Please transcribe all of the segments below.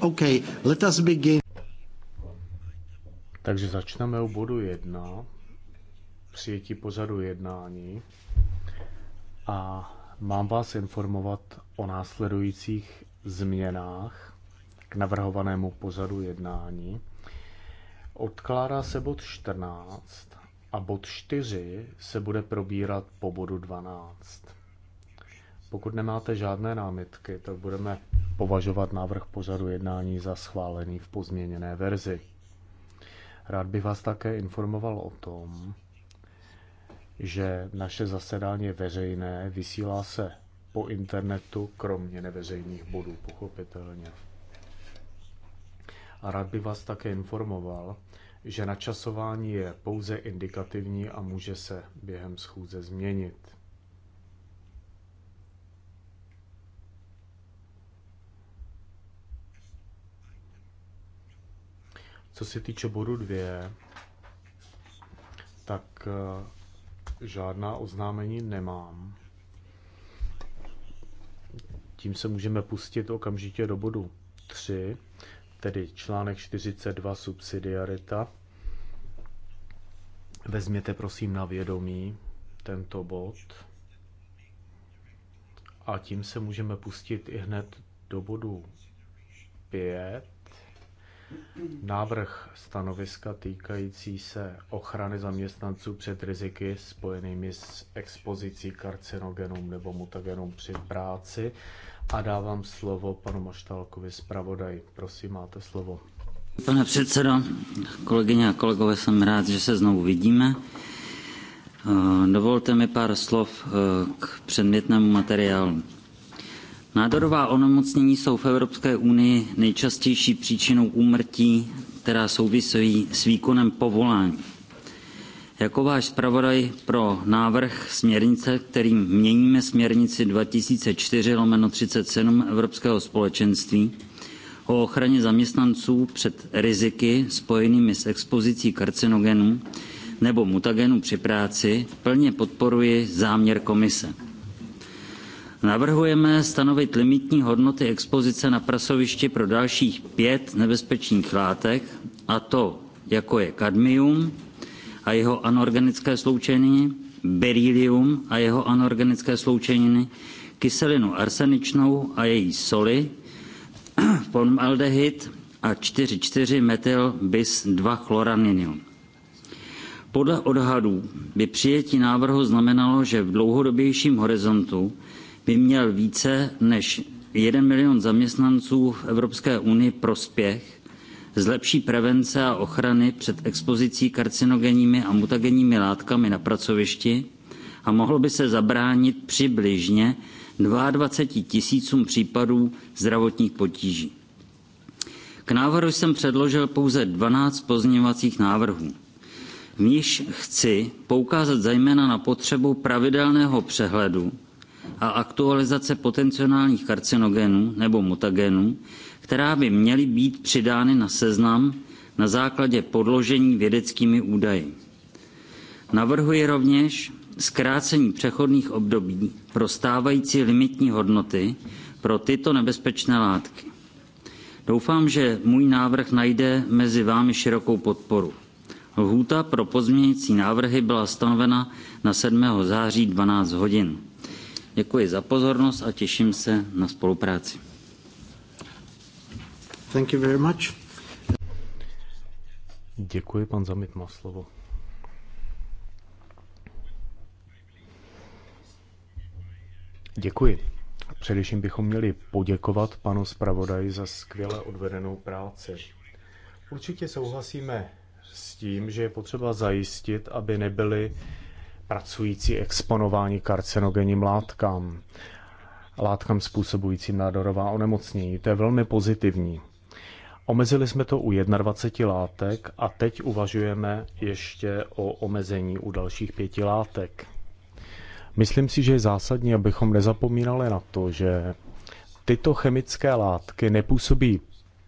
Okay, let us begin. Takže začneme u bodu 1, přijetí pozadu jednání a mám vás informovat o následujících změnách k navrhovanému pozadu jednání. Odkládá se bod 14 a bod 4 se bude probírat po bodu 12. Pokud nemáte žádné námitky, tak budeme považovat návrh pořadu jednání za schválený v pozměněné verzi. Rád bych vás také informoval o tom, že naše zasedání je veřejné, vysílá se po internetu, kromě neveřejných bodů, pochopitelně. A rád bych vás také informoval, že načasování je pouze indikativní a může se během schůze změnit. Co se týče bodu 2, tak eh, žádná oznámení nemám. Tím se můžeme pustit okamžitě do bodu 3, tedy článek 42 subsidiarita. Vezměte prosím na vědomí tento bod. A tím se můžeme pustit i hned do bodu 5, návrh stanoviska týkající se ochrany zaměstnanců před riziky spojenými s expozicí karcinogenům nebo mutagenům při práci. A dávám slovo panu Maštálkovi zpravodaj. Prosím, máte slovo. Pane předsedo, kolegyně a kolegové, jsem rád, že se znovu vidíme. Eh, dovolte mi pár slov eh, k předmětnému materiálu. Nádorová onemocnění jsou v Evropské unii nejčastější příčinou úmrtí, která souvisejí s výkonem povolání. Jako váš zpravodaj pro návrh směrnice, kterým měníme směrnici 2004-37 Evropského společenství o ochraně zaměstnanců před riziky spojenými s expozicí karcinogenů nebo mutagenů při práci, plně podporuji záměr komise. Navrhujeme stanovit limitní hodnoty expozice na prasovišti pro dalších pět nebezpečných látek, a to jako je kadmium a jeho anorganické sloučeniny, berylium a jeho anorganické sloučeniny, kyselinu arseničnou a její soli, formaldehyd a 4,4 metyl bis 2 chloraninium. Podle odhadů by přijetí návrhu znamenalo, že v dlouhodobějším horizontu by měl více než jeden milion zaměstnanců v Evropské unii prospěch z lepší prevence a ochrany před expozicí karcinogenními a mutagenními látkami na pracovišti a mohlo by se zabránit přibližně 22 tisícům případů zdravotních potíží. K návrhu jsem předložil pouze 12 pozměňovacích návrhů. V níž chci poukázat zejména na potřebu pravidelného přehledu a aktualizace potenciálních karcinogenů nebo mutagenů, která by měly být přidány na seznam na základě podložení vědeckými údaji. Navrhuji rovněž zkrácení přechodných období pro stávající limitní hodnoty pro tyto nebezpečné látky. Doufám, že můj návrh najde mezi vámi širokou podporu. Lhůta pro pozměňující návrhy byla stanovena na 7. září 12 hodin. Děkuji za pozornost a těším se na spolupráci. Thank you very much. Děkuji, pan Zamit má slovo. Děkuji. Především bychom měli poděkovat panu zpravodaji za skvěle odvedenou práci. Určitě souhlasíme s tím, že je potřeba zajistit, aby nebyly pracující exponování karcinogenním látkám, látkám způsobujícím nádorová onemocnění. To je velmi pozitivní. Omezili jsme to u 21 látek a teď uvažujeme ještě o omezení u dalších pěti látek. Myslím si, že je zásadní, abychom nezapomínali na to, že tyto chemické látky nepůsobí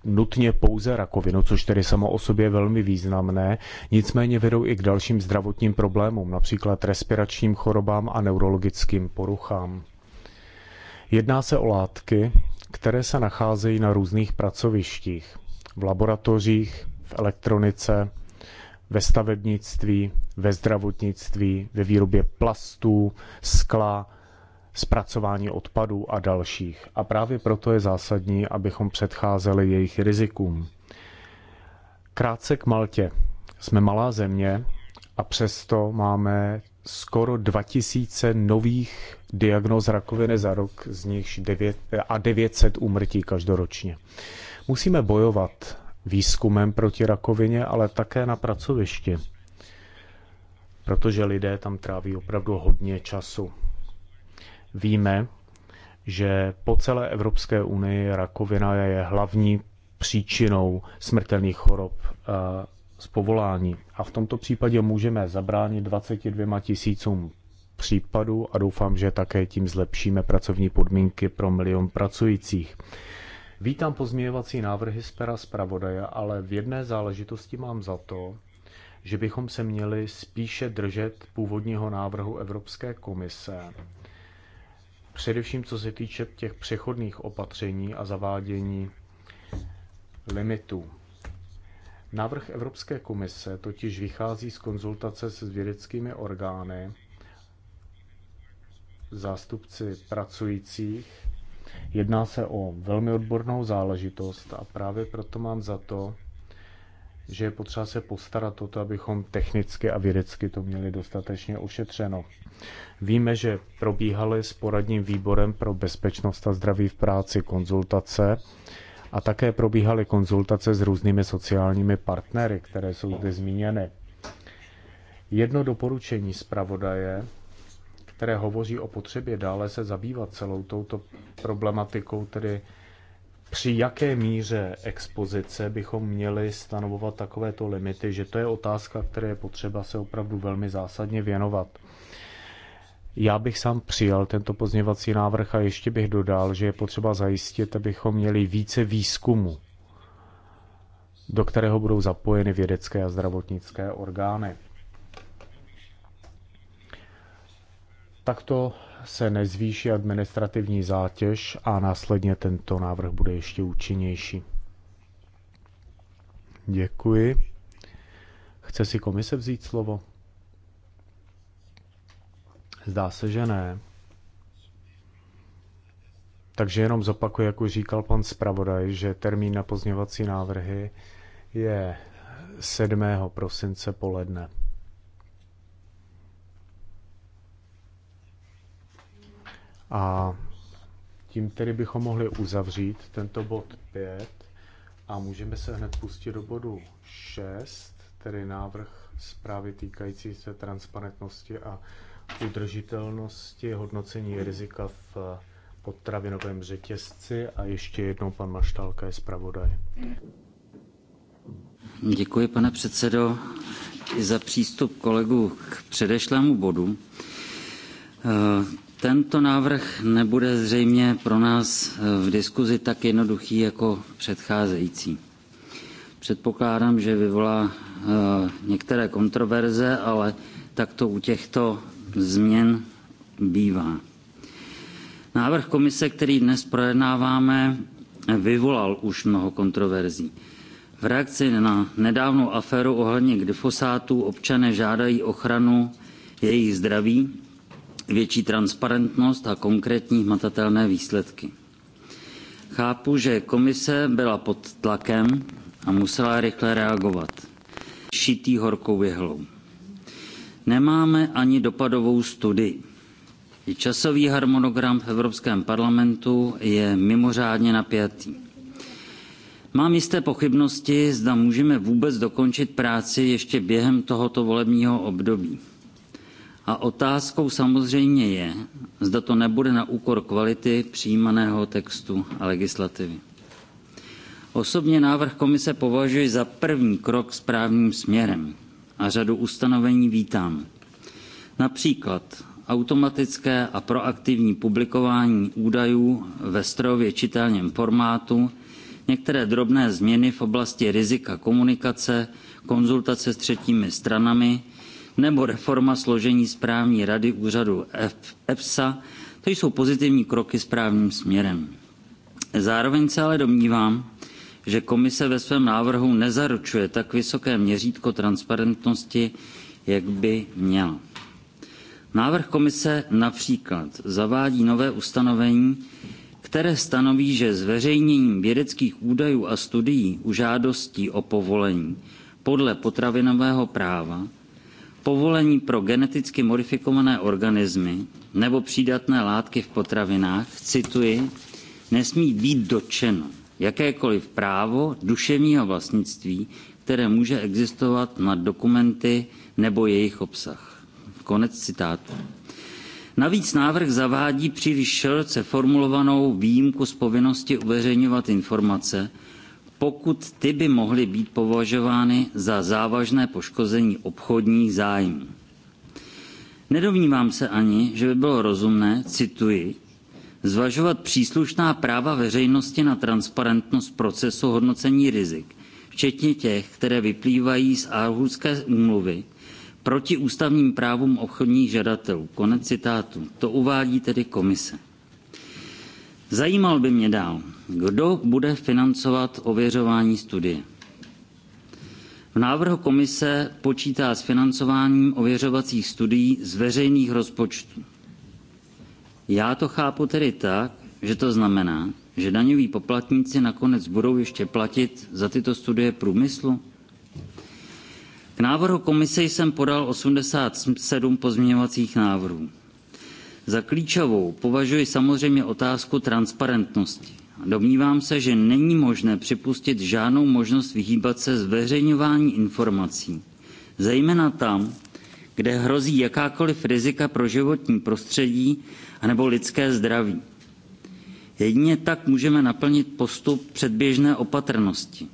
nutně pouze rakovinu, což tedy samo o sobě je velmi významné, nicméně vedou i k dalším zdravotním problémům, například respiračním chorobám a neurologickým poruchám. Jedná se o látky, které se nacházejí na různých pracovištích, v laboratořích, v elektronice, ve stavebnictví, ve zdravotnictví, ve výrobě plastů, skla, zpracování odpadů a dalších. A právě proto je zásadní, abychom předcházeli jejich rizikům. Krátce k Maltě. Jsme malá země a přesto máme skoro 2000 nových diagnóz rakoviny za rok, z nichž 9, a 900 úmrtí každoročně. Musíme bojovat výzkumem proti rakovině, ale také na pracovišti, protože lidé tam tráví opravdu hodně času. Víme, že po celé Evropské unii rakovina je hlavní příčinou smrtelných chorob eh, z povolání. A v tomto případě můžeme zabránit 22 tisícům případů a doufám, že také tím zlepšíme pracovní podmínky pro milion pracujících. Vítám pozměňovací návrhy z pera zpravodaje, ale v jedné záležitosti mám za to, že bychom se měli spíše držet původního návrhu Evropské komise Především co se týče těch přechodných opatření a zavádění limitů. Návrh Evropské komise totiž vychází z konzultace se vědeckými orgány, zástupci pracujících. Jedná se o velmi odbornou záležitost a právě proto mám za to, že je potřeba se postarat o to, abychom technicky a vědecky to měli dostatečně ošetřeno. Víme, že probíhaly s poradním výborem pro bezpečnost a zdraví v práci konzultace a také probíhaly konzultace s různými sociálními partnery, které jsou zde zmíněny. Jedno doporučení zpravodaje, které hovoří o potřebě dále se zabývat celou touto problematikou, tedy při jaké míře expozice bychom měli stanovovat takovéto limity, že to je otázka, které je potřeba se opravdu velmi zásadně věnovat. Já bych sám přijal tento pozměvací návrh a ještě bych dodal, že je potřeba zajistit, abychom měli více výzkumu, do kterého budou zapojeny vědecké a zdravotnické orgány. Takto se nezvýší administrativní zátěž a následně tento návrh bude ještě účinnější. Děkuji. Chce si komise vzít slovo? Zdá se, že ne. Takže jenom zopakuju, jak už říkal pan zpravodaj, že termín na pozněvací návrhy je 7. prosince poledne. A tím tedy bychom mohli uzavřít tento bod 5 a můžeme se hned pustit do bodu 6, tedy návrh zprávy týkající se transparentnosti a udržitelnosti hodnocení rizika v potravinovém řetězci a ještě jednou pan Maštálka je zpravodaj. Děkuji, pane předsedo, i za přístup kolegů k předešlému bodu. Tento návrh nebude zřejmě pro nás eh, v diskuzi tak jednoduchý jako předcházející. Předpokládám, že vyvolá eh, některé kontroverze, ale tak to u těchto změn bývá. Návrh komise, který dnes projednáváme, vyvolal už mnoho kontroverzí. V reakci na nedávnou aféru ohledně glyfosátů občané žádají ochranu jejich zdraví větší transparentnost a konkrétní hmatatelné výsledky. Chápu, že komise byla pod tlakem a musela rychle reagovat. Šitý horkou jehlou. Nemáme ani dopadovou studii. Časový harmonogram v Evropském parlamentu je mimořádně napjatý. Mám jisté pochybnosti, zda můžeme vůbec dokončit práci ještě během tohoto volebního období. A otázkou samozřejmě je, zda to nebude na úkor kvality přijímaného textu a legislativy. Osobně návrh komise považuji za první krok správným směrem a řadu ustanovení vítám. Například automatické a proaktivní publikování údajů ve strojově čitelném formátu, některé drobné změny v oblasti rizika komunikace, konzultace s třetími stranami, nebo reforma složení správní rady úřadu EFSA, to jsou pozitivní kroky správným směrem. Zároveň se ale domnívám, že komise ve svém návrhu nezaručuje tak vysoké měřítko transparentnosti, jak by měla. Návrh komise například zavádí nové ustanovení, které stanoví, že zveřejněním vědeckých údajů a studií u žádostí o povolení podle potravinového práva povolení pro geneticky modifikované organismy nebo přídatné látky v potravinách, cituji, nesmí být dotčeno jakékoliv právo duševního vlastnictví, které může existovat nad dokumenty nebo jejich obsah. Konec citátu. Navíc návrh zavádí příliš široce formulovanou výjimku z povinnosti uveřejňovat informace, pokud ty by mohly být považovány za závažné poškození obchodních zájmů. Nedomnívám se ani, že by bylo rozumné, cituji, zvažovat příslušná práva veřejnosti na transparentnost procesu hodnocení rizik, včetně těch, které vyplývají z Aarhuské úmluvy, proti ústavním právům obchodních žadatelů. Konec citátu. To uvádí tedy komise. Zajímal by mě dál, kdo bude financovat ověřování studie? V návrhu komise počítá s financováním ověřovacích studií z veřejných rozpočtů. Já to chápu tedy tak, že to znamená, že daňoví poplatníci nakonec budou ještě platit za tyto studie průmyslu? K návrhu komise jsem podal 87 pozměňovacích návrhů. Za klíčovou považuji samozřejmě otázku transparentnosti. Domnívám se, že není možné připustit žádnou možnost vyhýbat se zveřejňování informací, zejména tam, kde hrozí jakákoliv rizika pro životní prostředí anebo lidské zdraví. Jedině tak můžeme naplnit postup předběžné opatrnosti.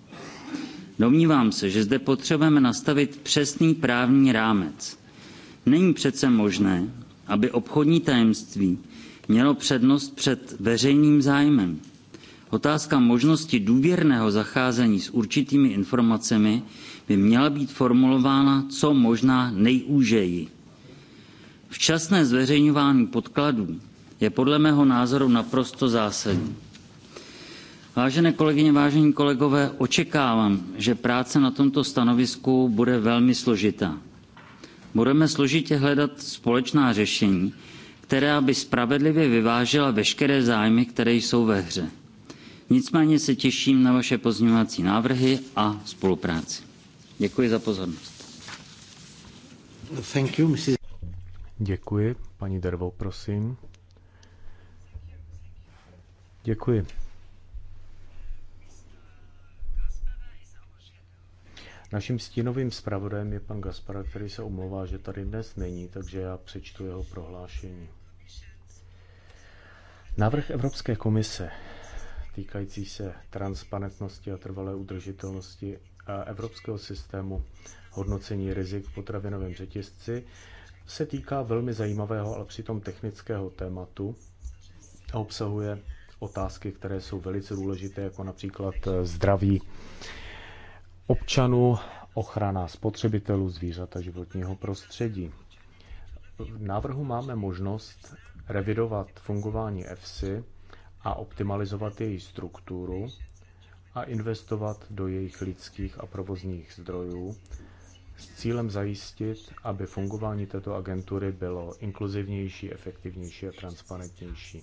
Domnívám se, že zde potřebujeme nastavit přesný právní rámec. Není přece možné, aby obchodní tajemství mělo přednost před veřejným zájmem. Otázka možnosti důvěrného zacházení s určitými informacemi by měla být formulována co možná nejúžeji. Včasné zveřejňování podkladů je podle mého názoru naprosto zásadní. Vážené kolegyně, vážení kolegové, očekávám, že práce na tomto stanovisku bude velmi složitá. Budeme složitě hledat společná řešení, která by spravedlivě vyvážila veškeré zájmy, které jsou ve hře. Nicméně se těším na vaše pozměňovací návrhy a spolupráci. Děkuji za pozornost. Thank you, Mrs. Děkuji. Paní Dervo, prosím. Děkuji. Naším stínovým zpravodajem je pan Gaspar, který se omlouvá, že tady dnes není, takže já přečtu jeho prohlášení. Návrh Evropské komise týkající se transparentnosti a trvalé udržitelnosti evropského systému hodnocení rizik v potravinovém řetězci se týká velmi zajímavého, ale přitom technického tématu a obsahuje otázky, které jsou velice důležité, jako například zdraví občanů, ochrana spotřebitelů, zvířat a životního prostředí. V návrhu máme možnost revidovat fungování EFSI a optimalizovat její strukturu a investovat do jejich lidských a provozních zdrojů s cílem zajistit, aby fungování této agentury bylo inkluzivnější, efektivnější a transparentnější.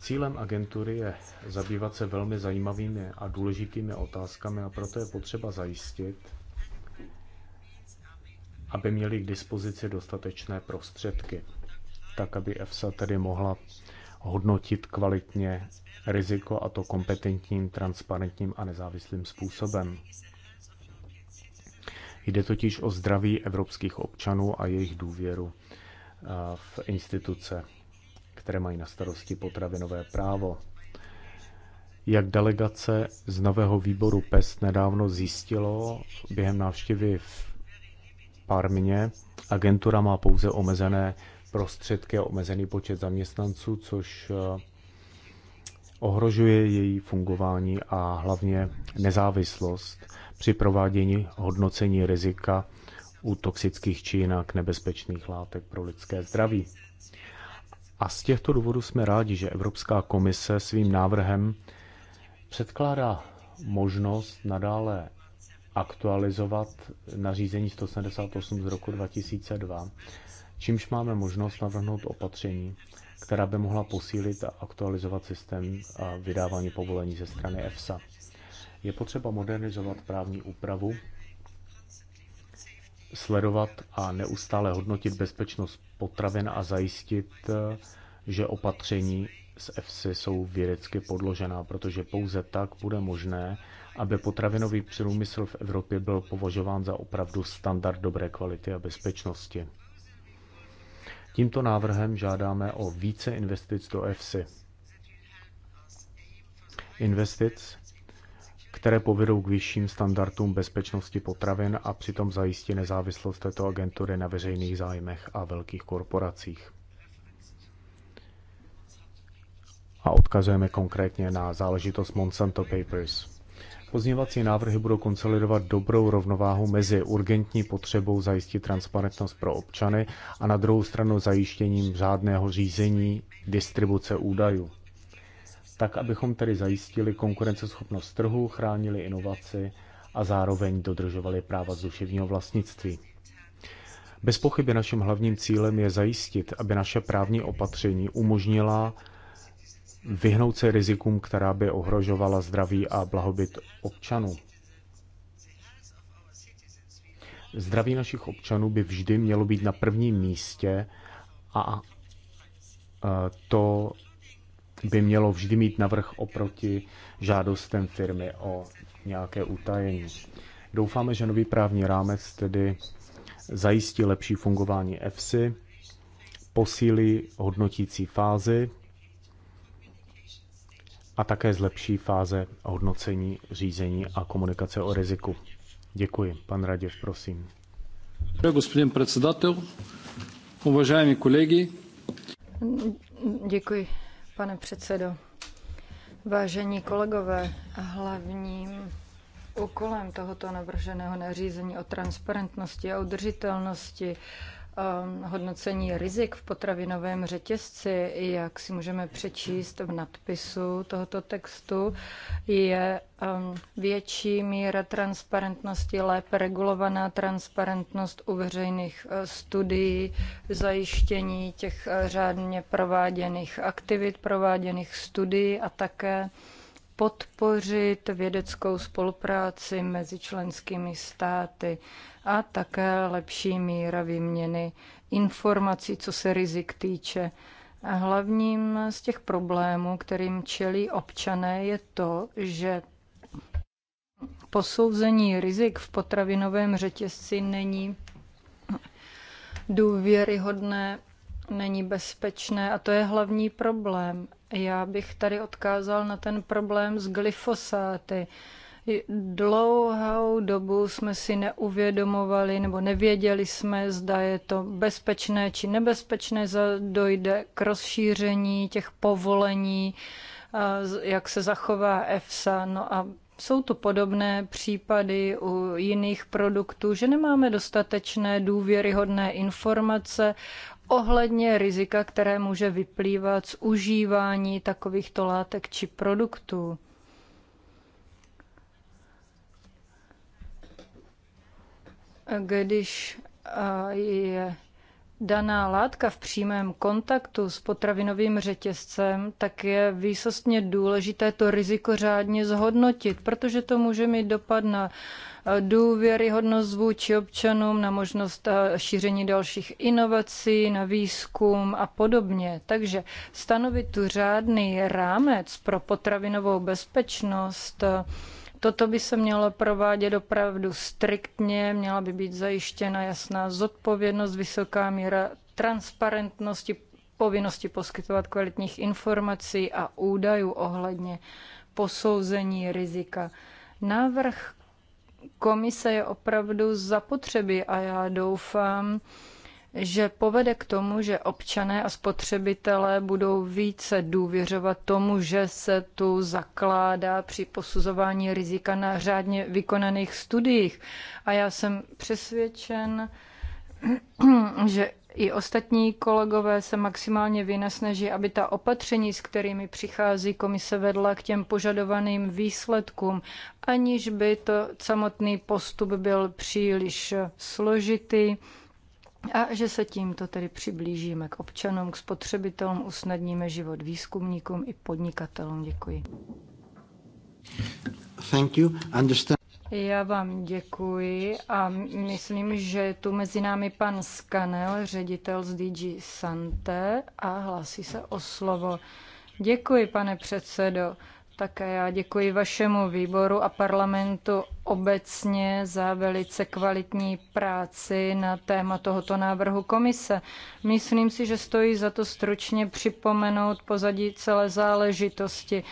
Cílem agentury je zabývat se velmi zajímavými a důležitými otázkami a proto je potřeba zajistit, aby měli k dispozici dostatečné prostředky, tak aby EFSA tedy mohla hodnotit kvalitně riziko a to kompetentním, transparentním a nezávislým způsobem. Jde totiž o zdraví evropských občanů a jejich důvěru eh, v instituce, které mají na starosti potravinové právo. Jak delegace z nového výboru PES nedávno zjistilo během návštěvy v Parmě, agentura má pouze omezené prostředky a omezený počet zaměstnanců, což eh, ohrožuje její fungování a hlavně nezávislost při provádění hodnocení rizika u toxických či jinak nebezpečných látek pro lidské zdraví. A z těchto důvodů jsme rádi, že Evropská komise svým návrhem předkládá možnost nadále aktualizovat nařízení 178 z roku 2002 čímž máme možnost navrhnout opatření, která by mohla posílit a aktualizovat systém a vydávání povolení ze strany EFSA. Je potřeba modernizovat právní úpravu, sledovat a neustále hodnotit bezpečnost potravin a zajistit, že opatření z EFSA jsou vědecky podložená, protože pouze tak bude možné, aby potravinový průmysl v Evropě byl považován za opravdu standard dobré kvality a bezpečnosti. Tímto návrhem žádáme o více investic do EFSI. Investic, které povedou k vyšším standardům bezpečnosti potravin a přitom zajistí nezávislost této agentury na veřejných zájmech a velkých korporacích. A odkazujeme konkrétně na záležitost Monsanto Papers. Pozměňovací návrhy budou konsolidovat dobrou rovnováhu mezi urgentní potřebou zajistit transparentnost pro občany a na druhou stranu zajištěním řádného řízení distribuce údajů. Tak, abychom tedy zajistili konkurenceschopnost trhu, chránili inovaci a zároveň dodržovali práva z duševního vlastnictví. Bez pochyby naším hlavním cílem je zajistit, aby naše právní opatření umožnila vyhnout se rizikům, která by ohrožovala zdraví a blahobyt občanů. Zdraví našich občanů by vždy mělo být na prvním místě a e, to by mělo vždy mít navrh oproti žádostem firmy o nějaké utajení. Doufáme, že nový právní rámec tedy zajistí lepší fungování EFSI, posílí hodnotící fázi a také zlepší fáze hodnocení, řízení a komunikace o riziku. Děkuji. Pan Raděv, prosím. Господин председател, уважаеми kolegy. Děkuji, pane předsedo. Vážení kolegové, hlavním úkolem tohoto navrženého nařízení o transparentnosti a udržitelnosti Um, hodnocení rizik v potravinovém řetězci, jak si můžeme přečíst v nadpisu tohoto textu, je um, větší míra transparentnosti, lépe regulovaná transparentnost u veřejných uh, studií, zajištění těch uh, řádně prováděných aktivit, prováděných studií a také podpořit vědeckou spolupráci mezi členskými státy a také lepší míra výměny informací, co se rizik týče. A hlavním z těch problémů, kterým čelí občané, je to, že posouzení rizik v potravinovém řetězci není důvěryhodné, není bezpečné a to je hlavní problém. Já bych tady odkázal na ten problém s glyfosáty. Dlouhou dobu jsme si neuvědomovali nebo nevěděli jsme, zda je to bezpečné či nebezpečné, zda dojde k rozšíření těch povolení, jak se zachová EFSA. No a jsou to podobné případy u jiných produktů, že nemáme dostatečné důvěryhodné informace ohledně rizika, které může vyplývat z užívání takovýchto látek či produktů. když je daná látka v přímém kontaktu s potravinovým řetězcem, tak je výsostně důležité to riziko řádně zhodnotit, protože to může mít dopad na důvěryhodnost vůči občanům, na možnost šíření dalších inovací, na výzkum a podobně. Takže stanovit tu řádný rámec pro potravinovou bezpečnost Toto by se mělo provádět opravdu striktně, měla by být zajištěna jasná zodpovědnost, vysoká míra transparentnosti, povinnosti poskytovat kvalitních informací a údajů ohledně posouzení rizika. Návrh komise je opravdu zapotřebí a já doufám, že povede k tomu, že občané a spotřebitelé budou více důvěřovat tomu, že se tu zakládá při posuzování rizika na řádně vykonaných studiích. A já jsem přesvědčen, že i ostatní kolegové se maximálně vynasnaží, aby ta opatření, s kterými přichází komise, vedla k těm požadovaným výsledkům, aniž by to samotný postup byl příliš složitý a že se tímto tedy přiblížíme k občanům, k spotřebitelům, usnadníme život výzkumníkům i podnikatelům. Děkuji. Thank you. Understand. Já vám děkuji a myslím, že je tu mezi námi pan Skanel, ředitel z DG Sante a hlásí se o slovo. Děkuji, pane předsedo. Také já děkuji vašemu výboru a parlamentu obecně za velice kvalitní práci na téma tohoto návrhu komise. Myslím si, že stojí za to stručně připomenout pozadí celé záležitosti.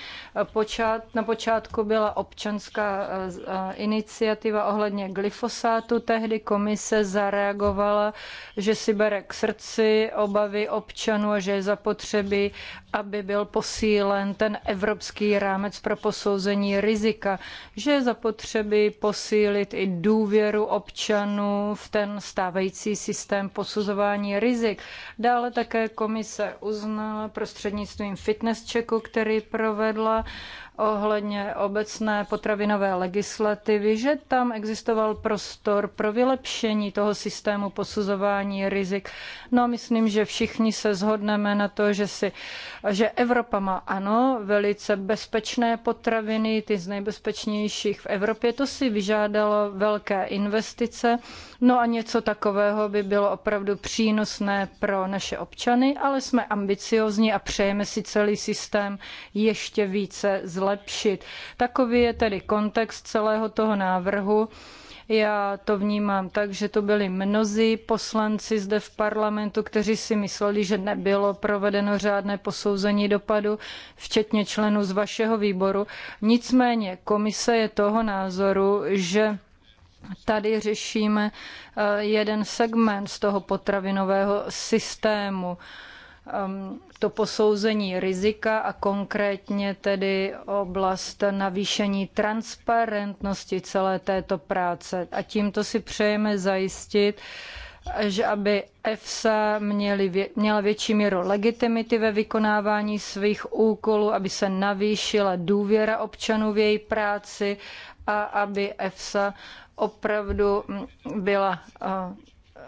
Počát, na počátku byla občanská eh, eh, iniciativa ohledně glyfosátu. Tehdy komise zareagovala, že si bere k srdci obavy občanů a že je zapotřebí aby byl posílen ten evropský rámec pro posouzení rizika, že je zapotřebí posílit i důvěru občanů v ten stávající systém posuzování rizik. Dále také komise uznala prostřednictvím fitness checku, který provedla, ohledně obecné potravinové legislativy, že tam existoval prostor pro vylepšení toho systému posuzování rizik. No a myslím, že všichni se zhodneme na to, že, si, že Evropa má ano, velice bezpečné potraviny, ty z nejbezpečnějších v Evropě. To si vyžádalo velké investice. No a něco takového by bylo opravdu přínosné pro naše občany, ale jsme ambiciozní a přejeme si celý systém ještě více zlepšit zlepšit. Takový je tedy kontext celého toho návrhu. Já to vnímám tak, že to byli mnozí poslanci zde v parlamentu, kteří si mysleli, že nebylo provedeno řádné posouzení dopadu, včetně členů z vašeho výboru. Nicméně komise je toho názoru, že tady řešíme eh, jeden segment z toho potravinového systému. Ehm, to posouzení rizika a konkrétně tedy oblast navýšení transparentnosti celé této práce. A tímto si přejeme zajistit, že aby EFSA měli, měla větší míru legitimity ve vykonávání svých úkolů, aby se navýšila důvěra občanů v její práci a aby EFSA opravdu byla eh,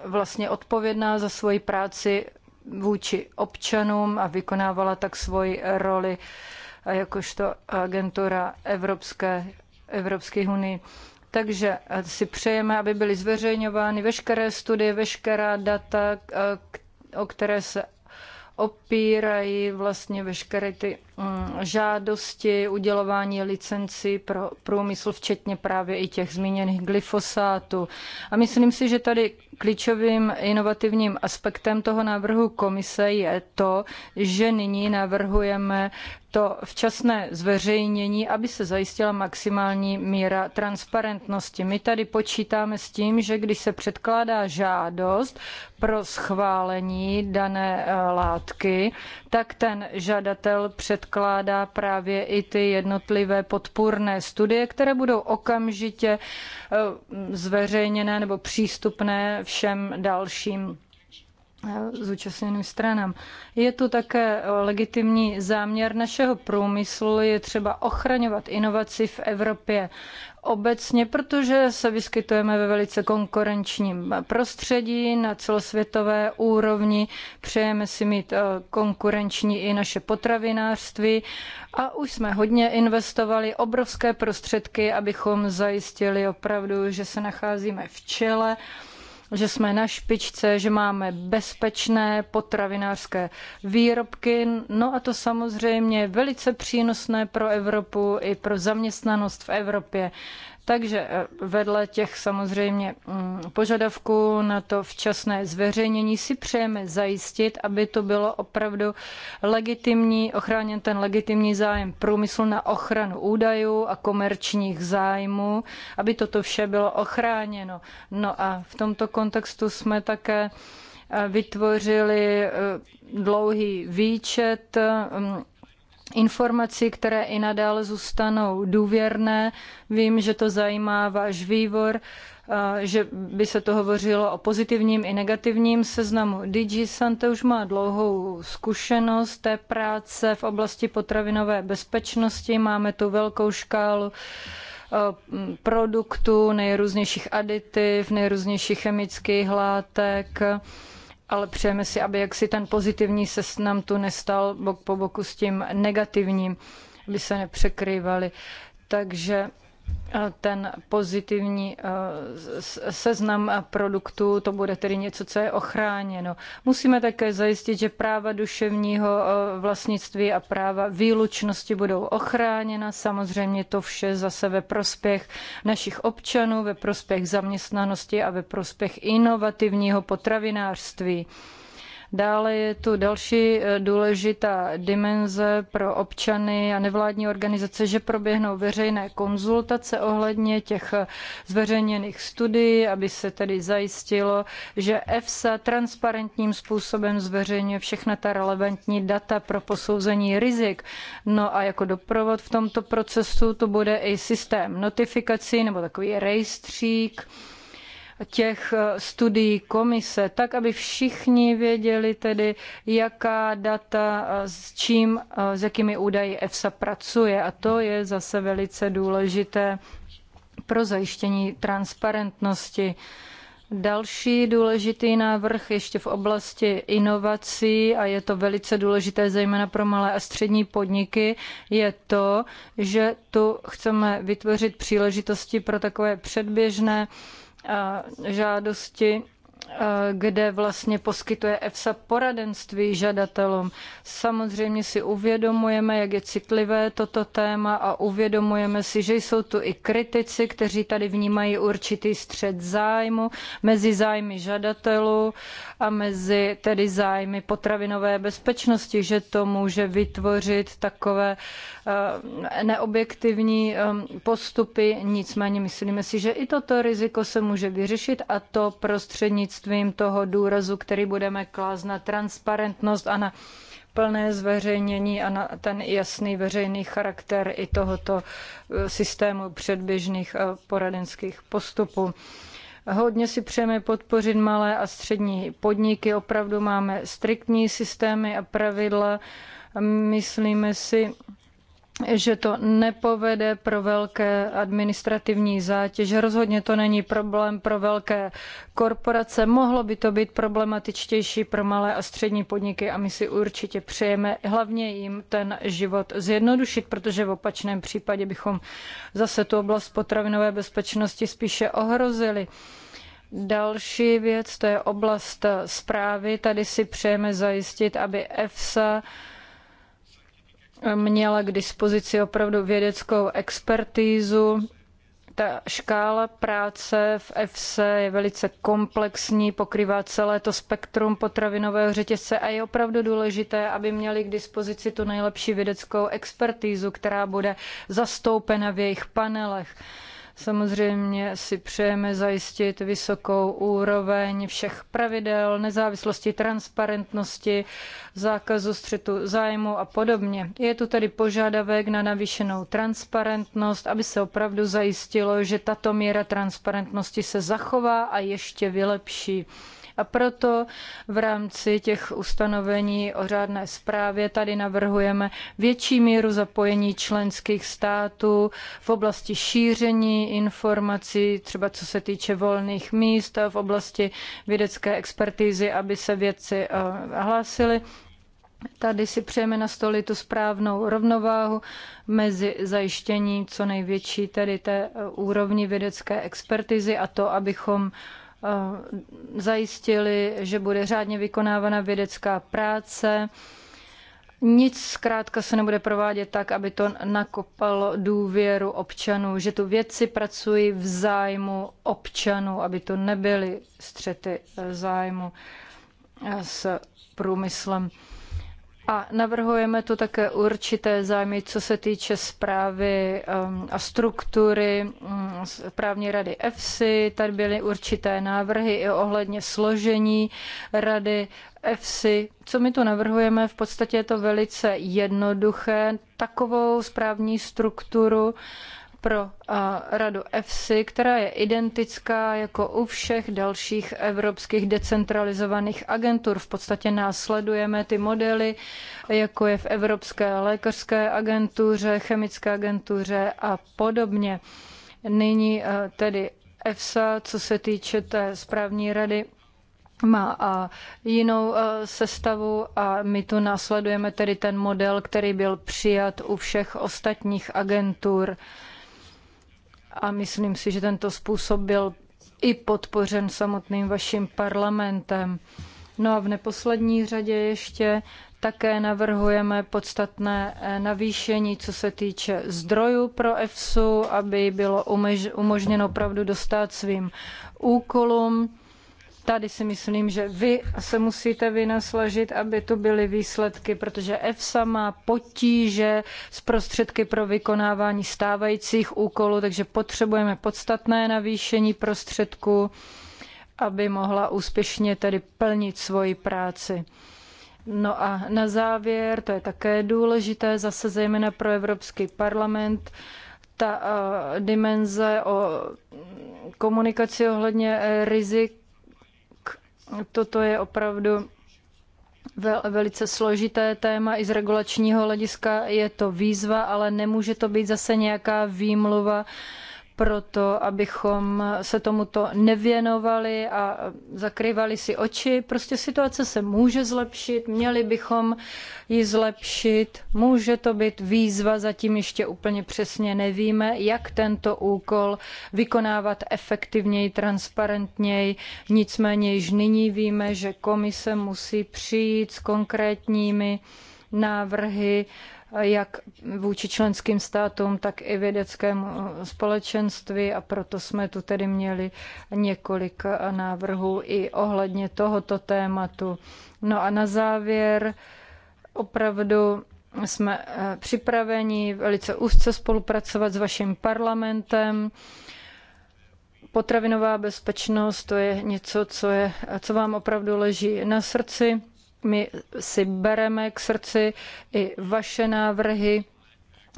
vlastně odpovědná za svoji práci vůči občanům a vykonávala tak svoji roli eh, jakožto agentura Evropské, Evropské unii. Takže eh, si přejeme, aby byly zveřejňovány veškeré studie, veškerá data, eh, o které se opírají vlastně veškeré ty mm, žádosti, udělování licencí pro průmysl, včetně právě i těch zmíněných glyfosátů. A myslím si, že tady Klíčovým inovativním aspektem toho návrhu komise je to, že nyní navrhujeme to včasné zveřejnění, aby se zajistila maximální míra transparentnosti. My tady počítáme s tím, že když se předkládá žádost pro schválení dané eh, látky, tak ten žadatel předkládá právě i ty jednotlivé podpůrné studie, které budou okamžitě eh, zveřejněné nebo přístupné všem dalším Eh, zúčastněným stranám. Je tu také eh, legitimní záměr našeho průmyslu, je třeba ochraňovat inovaci v Evropě obecně, protože se vyskytujeme ve velice konkurenčním prostředí na celosvětové úrovni. Přejeme si mít eh, konkurenční i naše potravinářství a už jsme hodně investovali obrovské prostředky, abychom zajistili opravdu, že se nacházíme v čele že jsme na špičce, že máme bezpečné potravinářské výrobky. No a to samozřejmě je velice přínosné pro Evropu i pro zaměstnanost v Evropě. Takže eh, vedle těch samozřejmě mm, požadavků na to včasné zveřejnění si přejeme zajistit, aby to bylo opravdu legitimní, ochráněn ten legitimní zájem průmyslu na ochranu údajů a komerčních zájmů, aby toto vše bylo ochráněno. No a v tomto kontextu jsme také eh, vytvořili eh, dlouhý výčet mm, informací, které i nadále zůstanou důvěrné. Vím, že to zajímá váš vývor, že by se to hovořilo o pozitivním i negativním seznamu. DG Santa už má dlouhou zkušenost té práce v oblasti potravinové bezpečnosti. Máme tu velkou škálu produktů, nejrůznějších aditiv, nejrůznějších chemických látek ale přejeme si, aby jaksi ten pozitivní seznam tu nestal bok po boku s tím negativním, aby se nepřekrývali, Takže ten pozitivní eh, seznam produktů, to bude tedy něco, co je ochráněno. Musíme také zajistit, že práva duševního eh, vlastnictví a práva výlučnosti budou ochráněna. Samozřejmě to vše zase ve prospěch našich občanů, ve prospěch zaměstnanosti a ve prospěch inovativního potravinářství. Dále je tu další e, důležitá dimenze pro občany a nevládní organizace, že proběhnou veřejné konzultace ohledně těch zveřejněných studií, aby se tedy zajistilo, že EFSA transparentním způsobem zveřejňuje všechna ta relevantní data pro posouzení rizik. No a jako doprovod v tomto procesu to bude i systém notifikací nebo takový rejstřík, těch eh, studií komise, tak aby všichni věděli tedy, jaká data, eh, s čím, eh, s jakými údaji EFSA pracuje. A to je zase velice důležité pro zajištění transparentnosti. Další důležitý návrh ještě v oblasti inovací, a je to velice důležité zejména pro malé a střední podniky, je to, že tu chceme vytvořit příležitosti pro takové předběžné uh, žádosti Eh, kde vlastně poskytuje EFSA poradenství žadatelům. Samozřejmě si uvědomujeme, jak je citlivé toto téma a uvědomujeme si, že jsou tu i kritici, kteří tady vnímají určitý střed zájmu mezi zájmy žadatelů a mezi tedy zájmy potravinové bezpečnosti, že to může vytvořit takové eh, neobjektivní eh, postupy. Nicméně myslíme si, že i toto riziko se může vyřešit a to prostřednictvím prostřednictvím toho důrazu, který budeme klást na transparentnost a na plné zveřejnění a na ten jasný veřejný charakter i tohoto eh, systému předběžných eh, poradenských postupů. Hodně si přejeme podpořit malé a střední podniky. Opravdu máme striktní systémy a pravidla. Myslíme si, že to nepovede pro velké administrativní zátěže. Rozhodně to není problém pro velké korporace. Mohlo by to být problematičtější pro malé a střední podniky a my si určitě přejeme hlavně jim ten život zjednodušit, protože v opačném případě bychom zase tu oblast potravinové bezpečnosti spíše ohrozili. Další věc, to je oblast zprávy. Tady si přejeme zajistit, aby EFSA měla k dispozici opravdu vědeckou expertízu. Ta škála práce v EFSE je velice komplexní, pokrývá celé to spektrum potravinového řetězce a je opravdu důležité, aby měli k dispozici tu nejlepší vědeckou expertízu, která bude zastoupena v jejich panelech. Samozřejmě si přejeme zajistit vysokou úroveň všech pravidel, nezávislosti, transparentnosti, zákazu střetu zájmu a podobně. Je tu tedy požadavek na navýšenou transparentnost, aby se opravdu zajistilo, že tato míra transparentnosti se zachová a ještě vylepší. A proto v rámci těch ustanovení o řádné správě tady navrhujeme větší míru zapojení členských států v oblasti šíření informací, třeba co se týče volných míst v oblasti vědecké expertízy, aby se vědci eh, hlásili. Tady si přejeme nastolit tu správnou rovnováhu mezi zajištění co největší tedy té eh, úrovni vědecké expertizy a to, abychom Eh, zajistili, že bude řádně vykonávána vědecká práce. Nic zkrátka se nebude provádět tak, aby to nakopalo důvěru občanů, že tu věci pracují v zájmu občanů, aby to nebyly střety eh, zájmu eh, s průmyslem. A navrhujeme tu také určité zájmy, co se týče zprávy um, a struktury správní mm, rady EFSI. Tady byly určité návrhy i ohledně složení rady EFSI. Co my tu navrhujeme? V podstatě je to velice jednoduché. Takovou správní strukturu, pro radu EFSI, která je identická jako u všech dalších evropských decentralizovaných agentur. V podstatě následujeme ty modely, jako je v Evropské lékařské agentuře, chemické agentuře a podobně. Nyní tedy EFSA, co se týče té správní rady, má a jinou sestavu a my tu následujeme tedy ten model, který byl přijat u všech ostatních agentur a myslím si, že tento způsob byl i podpořen samotným vaším parlamentem. No a v neposlední řadě ještě také navrhujeme podstatné eh, navýšení, co se týče zdrojů pro EFSU, aby bylo umožněno opravdu dostat svým úkolům Tady si myslím, že vy se musíte vynasložit, aby to byly výsledky, protože EFSA má potíže s prostředky pro vykonávání stávajících úkolů, takže potřebujeme podstatné navýšení prostředků, aby mohla úspěšně tedy plnit svoji práci. No a na závěr, to je také důležité, zase zejména pro Evropský parlament, ta dimenze o komunikaci ohledně rizik Toto je opravdu velice složité téma i z regulačního hlediska. Je to výzva, ale nemůže to být zase nějaká výmluva, proto, abychom se tomuto nevěnovali a zakrývali si oči. Prostě situace se může zlepšit, měli bychom ji zlepšit, může to být výzva, zatím ještě úplně přesně nevíme, jak tento úkol vykonávat efektivněji, transparentněji. Nicméně již nyní víme, že komise musí přijít s konkrétními návrhy, jak vůči členským státům, tak i vědeckému společenství a proto jsme tu tedy měli několik návrhů i ohledně tohoto tématu. No a na závěr opravdu jsme eh, připraveni velice úzce spolupracovat s vaším parlamentem. Potravinová bezpečnost to je něco, co, je, co vám opravdu leží na srdci my si bereme k srdci i vaše návrhy.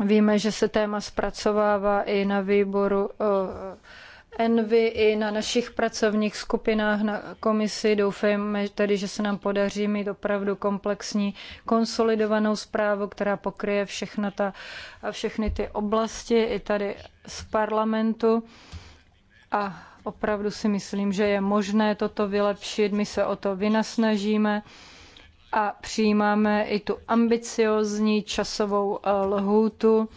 Víme, že se téma zpracovává i na výboru eh, Envy, i na našich pracovních skupinách na komisi. Doufejme tedy, že se nám podaří mít opravdu komplexní konsolidovanou zprávu, která pokryje všechna ta, všechny ty oblasti i tady z parlamentu. A opravdu si myslím, že je možné toto vylepšit. My se o to vynasnažíme a přijímáme i tu ambiciozní časovou eh, lhůtu.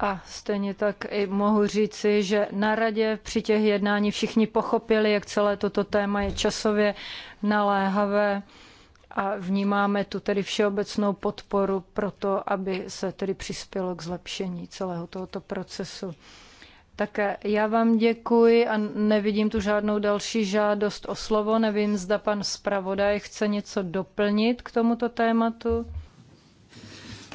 A stejně tak i mohu říci, že na radě při těch jednání všichni pochopili, jak celé toto téma je časově naléhavé a vnímáme tu tedy všeobecnou podporu pro to, aby se tedy přispělo k zlepšení celého tohoto procesu. Tak já vám děkuji a nevidím tu žádnou další žádost o slovo. Nevím, zda pan zpravodaj chce něco doplnit k tomuto tématu.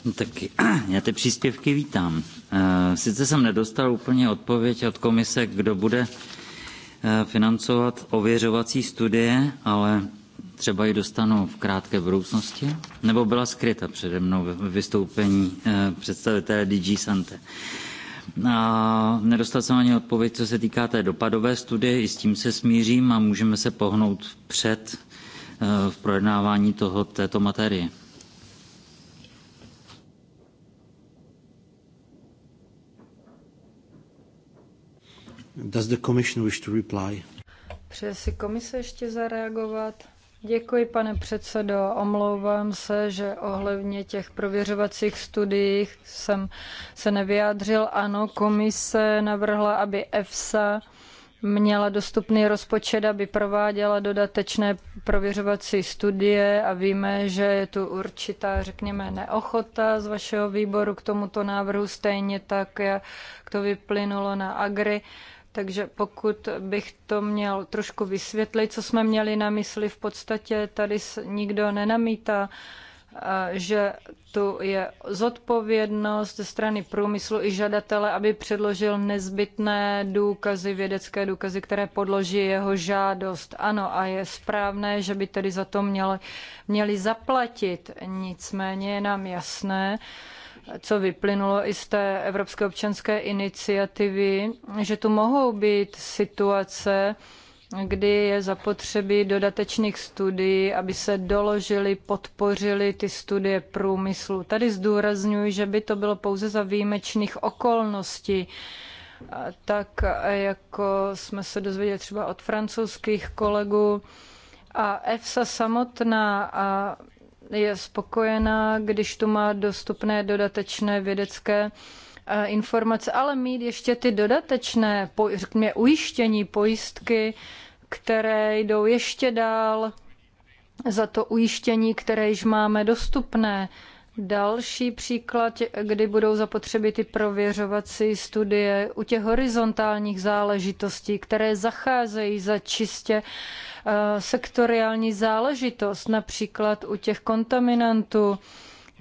No tak já ty příspěvky vítám. Eh, sice jsem nedostal úplně odpověď od komise, kdo bude eh, financovat ověřovací studie, ale třeba ji dostanu v krátké budoucnosti, nebo byla skryta přede mnou ve vystoupení eh, představitele DG Sante a nedostal jsem ani odpověď, co se týká té dopadové studie, i s tím se smířím a můžeme se pohnout před eh, v projednávání toho, této materie. Does the commission wish to reply? Přeje si komise ještě zareagovat? Děkuji, pane předsedo. Omlouvám se, že ohledně těch prověřovacích studií jsem se nevyjádřil. Ano, komise navrhla, aby EFSA měla dostupný rozpočet, aby prováděla dodatečné prověřovací studie a víme, že je tu určitá, řekněme, neochota z vašeho výboru k tomuto návrhu, stejně tak, jak to vyplynulo na Agri. Takže pokud bych to měl trošku vysvětlit, co jsme měli na mysli, v podstatě tady nikdo nenamítá, že tu je zodpovědnost ze strany průmyslu i žadatele, aby předložil nezbytné důkazy, vědecké důkazy, které podloží jeho žádost. Ano, a je správné, že by tedy za to měli, měli zaplatit. Nicméně je nám jasné, co vyplynulo i z té Evropské občanské iniciativy, že tu mohou být situace, kdy je zapotřebí dodatečných studií, aby se doložili, podpořili ty studie průmyslu. Tady zdůrazňuji, že by to bylo pouze za výjimečných okolností. Tak jako jsme se dozvěděli třeba od francouzských kolegů, a EFSA samotná a je spokojená, když tu má dostupné dodatečné vědecké eh, informace, ale mít ještě ty dodatečné, řekněme, ujištění, pojistky, které jdou ještě dál za to ujištění, které již máme dostupné. Další příklad, kdy budou zapotřeby ty prověřovací studie u těch horizontálních záležitostí, které zacházejí za čistě Eh, sektoriální záležitost, například u těch kontaminantů,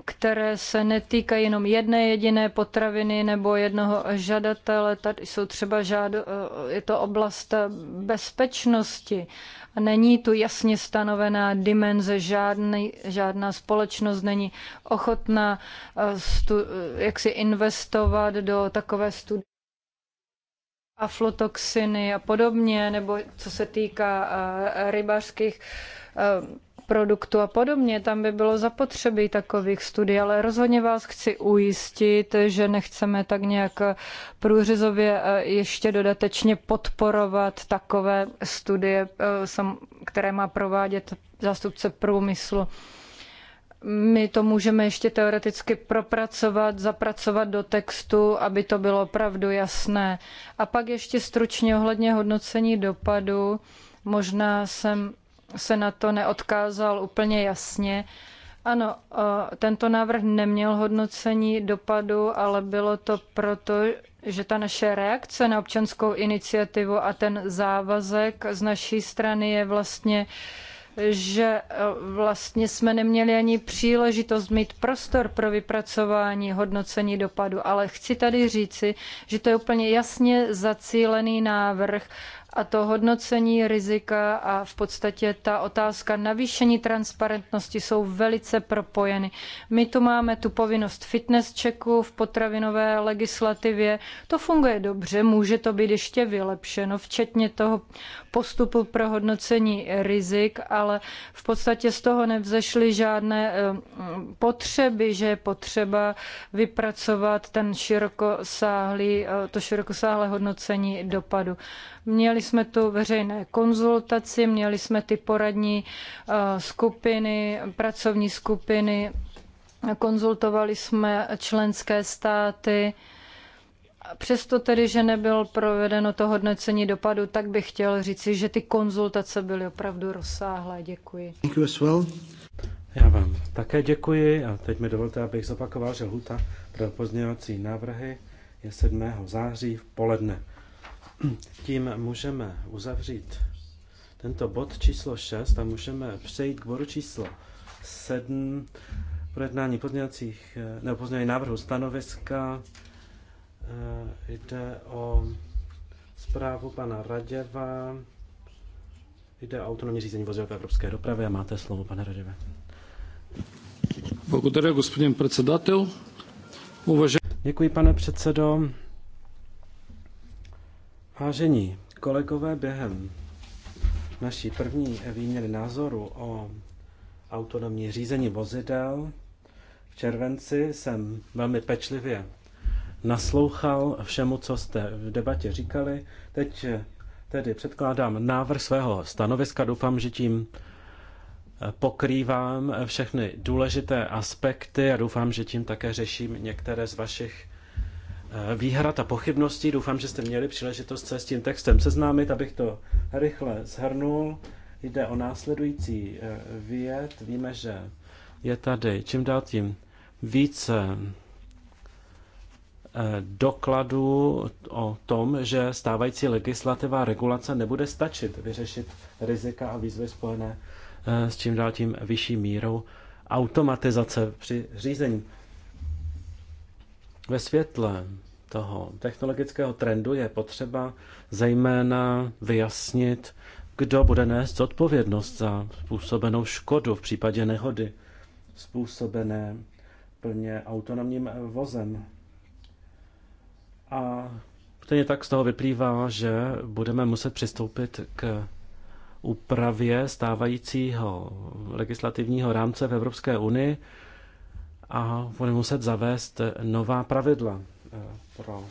které se netýkají jenom jedné jediné potraviny nebo jednoho žadatele. Tady jsou třeba žádo, eh, je to oblast bezpečnosti. není tu jasně stanovená dimenze, žádný, žádná společnost není ochotná eh, stu, jak si investovat do takové studie aflotoxiny a podobně, nebo co se týká eh, rybářských eh, produktu a podobně. Tam by bylo zapotřebí takových studií, ale rozhodně vás chci ujistit, že nechceme tak nějak eh, průřezově ještě dodatečně podporovat takové studie, které má provádět zástupce průmyslu my to můžeme ještě teoreticky propracovat, zapracovat do textu, aby to bylo opravdu jasné. A pak ještě stručně ohledně hodnocení dopadu, možná jsem se na to neodkázal úplně jasně. Ano, tento návrh neměl hodnocení dopadu, ale bylo to proto, že ta naše reakce na občanskou iniciativu a ten závazek z naší strany je vlastně uh, že e, vlastně jsme neměli ani příležitost mít prostor pro vypracování hodnocení dopadu, ale chci tady říci, že to je úplně jasně zacílený návrh a to hodnocení rizika a v podstatě ta otázka navýšení transparentnosti jsou velice propojeny. My tu máme tu povinnost fitness checku v potravinové legislativě. To funguje dobře, může to být ještě vylepšeno, včetně toho postupu pro hodnocení rizik, ale v podstatě z toho nevzešly žádné eh, potřeby, že je potřeba vypracovat ten širokosáhlý, eh, to širokosáhlé hodnocení dopadu. Měli jsme tu veřejné konzultaci, měli jsme ty poradní eh, skupiny, pracovní skupiny, konzultovali jsme členské státy. Přesto tedy, že nebylo provedeno to hodnocení dopadu, tak bych chtěl říci, že ty konzultace byly opravdu rozsáhlé. Děkuji. Děkuji Já vám také děkuji a teď mi dovolte, abych zopakoval, že lhuta pro pozměňovací návrhy je 7. září v poledne tím můžeme uzavřít tento bod číslo 6 a můžeme přejít k bodu číslo 7 projednání pozměňovacích eh, nebo pozměňovacích návrhu stanoviska. Eh, jde o zprávu pana Raděva. Jde o autonomní řízení vozidel v evropské dopravy a máte slovo, pane Raděve. Děkuji, pane předsedo. Vážení kolegové, během naší první výměny názoru o autonomní řízení vozidel v červenci jsem velmi pečlivě naslouchal všemu, co jste v debatě říkali. Teď eh, tedy předkládám návrh svého stanoviska. Doufám, že tím eh, pokrývám všechny důležité aspekty a doufám, že tím také řeším některé z vašich Eh, výhrad a pochybností. Doufám, že jste měli příležitost se s tím textem seznámit, abych to rychle shrnul. Jde o následující eh, věd. Víme, že je tady čím dál tím více eh, dokladů o tom, že stávající legislativa regulace nebude stačit vyřešit rizika a výzvy spojené s čím dál tím vyšší mírou automatizace při řízení. Ve světle toho technologického trendu je potřeba zejména vyjasnit, kdo bude nést odpovědnost za způsobenou škodu v případě nehody způsobené plně autonomním vozem. A stejně tak z toho vyplývá, že budeme muset přistoupit k úpravě stávajícího legislativního rámce v Evropské unii, a bude muset zavést nová pravidla eh, pro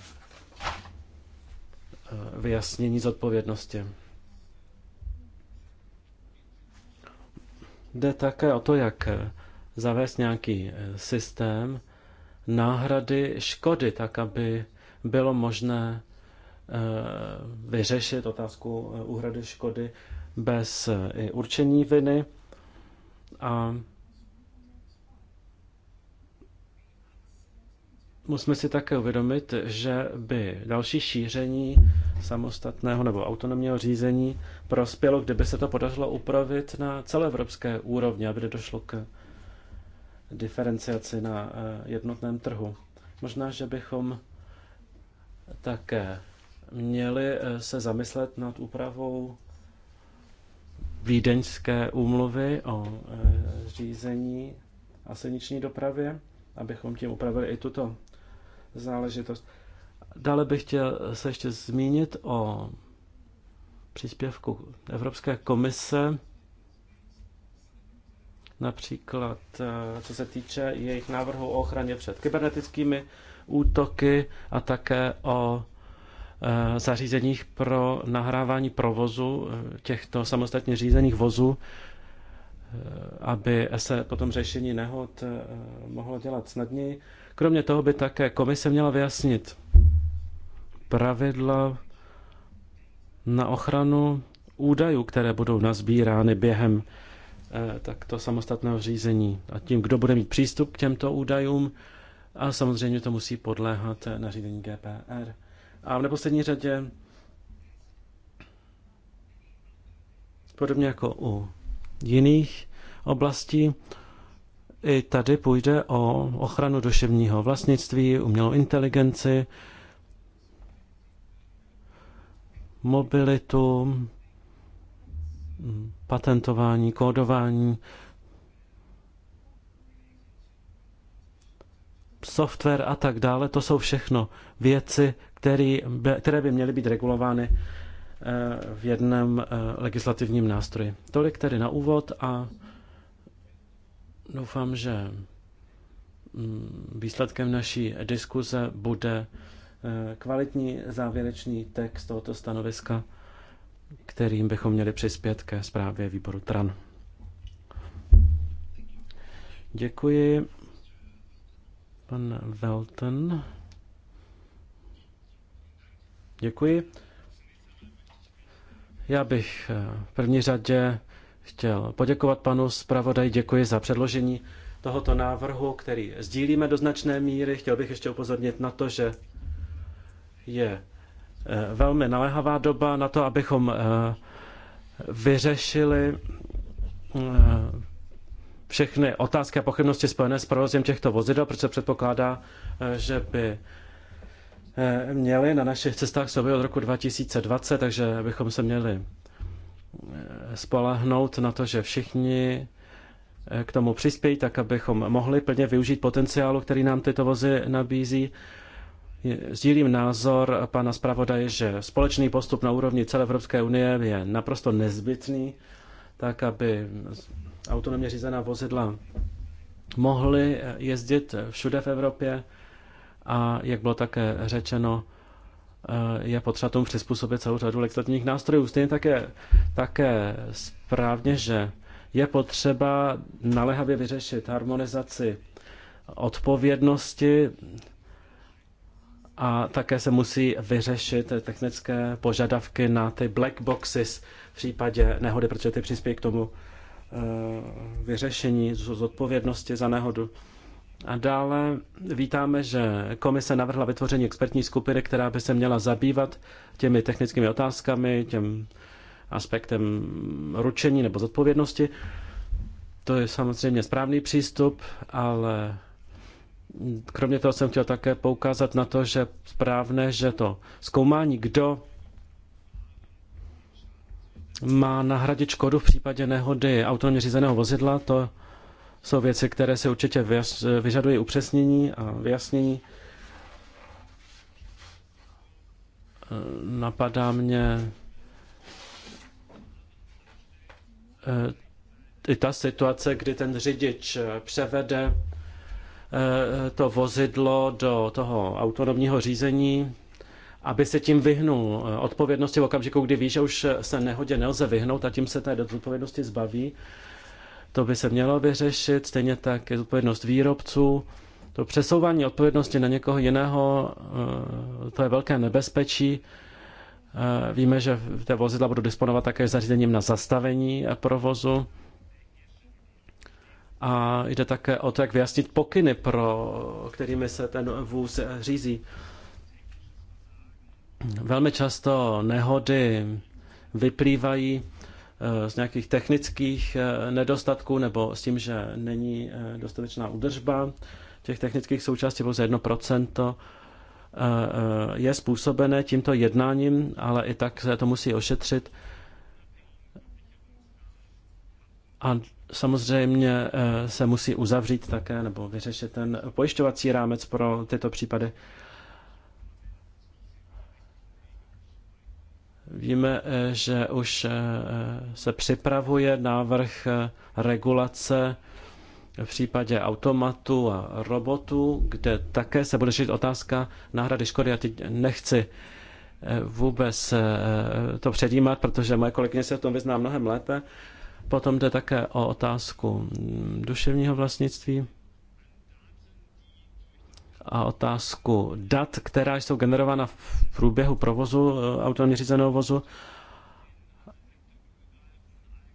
eh, vyjasnění zodpovědnosti. Jde také o to, jak eh, zavést nějaký systém náhrady škody, tak aby bylo možné vyřešit otázku úhrady škody bez určení viny a Musíme si také uvědomit, že by další šíření samostatného nebo autonomního řízení prospělo, kdyby se to podařilo upravit na celoevropské úrovni, aby došlo k diferenciaci na eh, jednotném trhu. Možná, že bychom také měli eh, se zamyslet nad úpravou Vídeňské úmluvy o eh, řízení a silniční dopravě, abychom tím upravili i tuto záležitost. Dále bych chtěl se ještě zmínit o příspěvku Evropské komise, například eh, co se týče jejich návrhu o ochraně před kybernetickými útoky a také o eh, zařízeních pro nahrávání provozu eh, těchto samostatně řízených vozů, aby se potom řešení nehod mohlo dělat snadněji. Kromě toho by také komise měla vyjasnit pravidla na ochranu údajů, které budou nazbírány během eh, takto samostatného řízení a tím, kdo bude mít přístup k těmto údajům a samozřejmě to musí podléhat eh, nařízení GPR. A v neposlední řadě podobně jako u jiných oblastí i tady půjde o ochranu duševního vlastnictví, umělou inteligenci, mobilitu, patentování, kódování, software a tak dále. To jsou všechno věci, který, které by měly být regulovány eh, v jednom eh, legislativním nástroji. Tolik tedy na úvod a Doufám, že mm, výsledkem naší diskuze bude eh, kvalitní závěrečný text tohoto stanoviska, kterým bychom měli přispět ke zprávě výboru TRAN. Děkuji. Pan Velten. Děkuji. Já bych eh, v první řadě chtěl poděkovat panu zpravodaj, děkuji za předložení tohoto návrhu, který sdílíme do značné míry. Chtěl bych ještě upozornit na to, že je e, velmi naléhavá doba na to, abychom e, vyřešili e, všechny otázky a pochybnosti spojené s provozem těchto vozidel, protože se předpokládá, že by měli na našich cestách sobě od roku 2020, takže bychom se měli spolehnout na to, že všichni eh, k tomu přispějí, tak abychom mohli plně využít potenciálu, který nám tyto vozy nabízí. Sdílím názor pana zpravodaje, že společný postup na úrovni celé Evropské unie je naprosto nezbytný, tak aby autonomně řízená vozidla mohly eh, jezdit eh, všude v Evropě a jak bylo také řečeno, Eh, je potřeba tomu přizpůsobit celou řadu legislativních nástrojů. Stejně také, také správně, že je potřeba naléhavě vyřešit harmonizaci odpovědnosti a také se musí vyřešit technické požadavky na ty black boxes v případě nehody, protože ty přispějí k tomu eh, vyřešení z odpovědnosti za nehodu. A dále vítáme, že komise navrhla vytvoření expertní skupiny, která by se měla zabývat těmi technickými otázkami, těm aspektem ručení nebo zodpovědnosti. To je samozřejmě správný přístup, ale kromě toho jsem chtěl také poukázat na to, že správné, že to zkoumání, kdo má nahradit škodu v případě nehody autonomně řízeného vozidla, to jsou věci, které se určitě vyžadují upřesnění a vyjasnění. Eh, napadá mě eh, i ta situace, kdy ten řidič eh, převede to vozidlo do toho autonomního řízení, aby se tím vyhnul odpovědnosti v okamžiku, kdy ví, že už se nehodě nelze vyhnout a tím se té odpovědnosti zbaví. To by se mělo vyřešit, stejně tak je odpovědnost výrobců. To přesouvání odpovědnosti na někoho jiného, eh, to je velké nebezpečí. Eh, víme, že ta vozidla budou disponovat také zařízením na zastavení a provozu. A jde také o to, jak vyjasnit pokyny, pro kterými se ten vůz řízí. Velmi často nehody vyplývají z nějakých technických eh, nedostatků nebo s tím, že není eh, dostatečná udržba těch technických součástí pouze 1% eh, je způsobené tímto jednáním, ale i tak se to musí ošetřit. A samozřejmě se musí uzavřít také nebo vyřešit ten pojišťovací rámec pro tyto případy. Víme, eh, že už eh, se připravuje návrh eh, regulace v případě automatu a robotu, kde také se bude řešit otázka náhrady škody. Já teď nechci vůbec to předjímat, protože moje kolegyně se v tom vyzná mnohem lépe. Potom jde také o otázku mm, duševního vlastnictví a otázku dat, která jsou generována v průběhu provozu eh, autonomně řízeného vozu.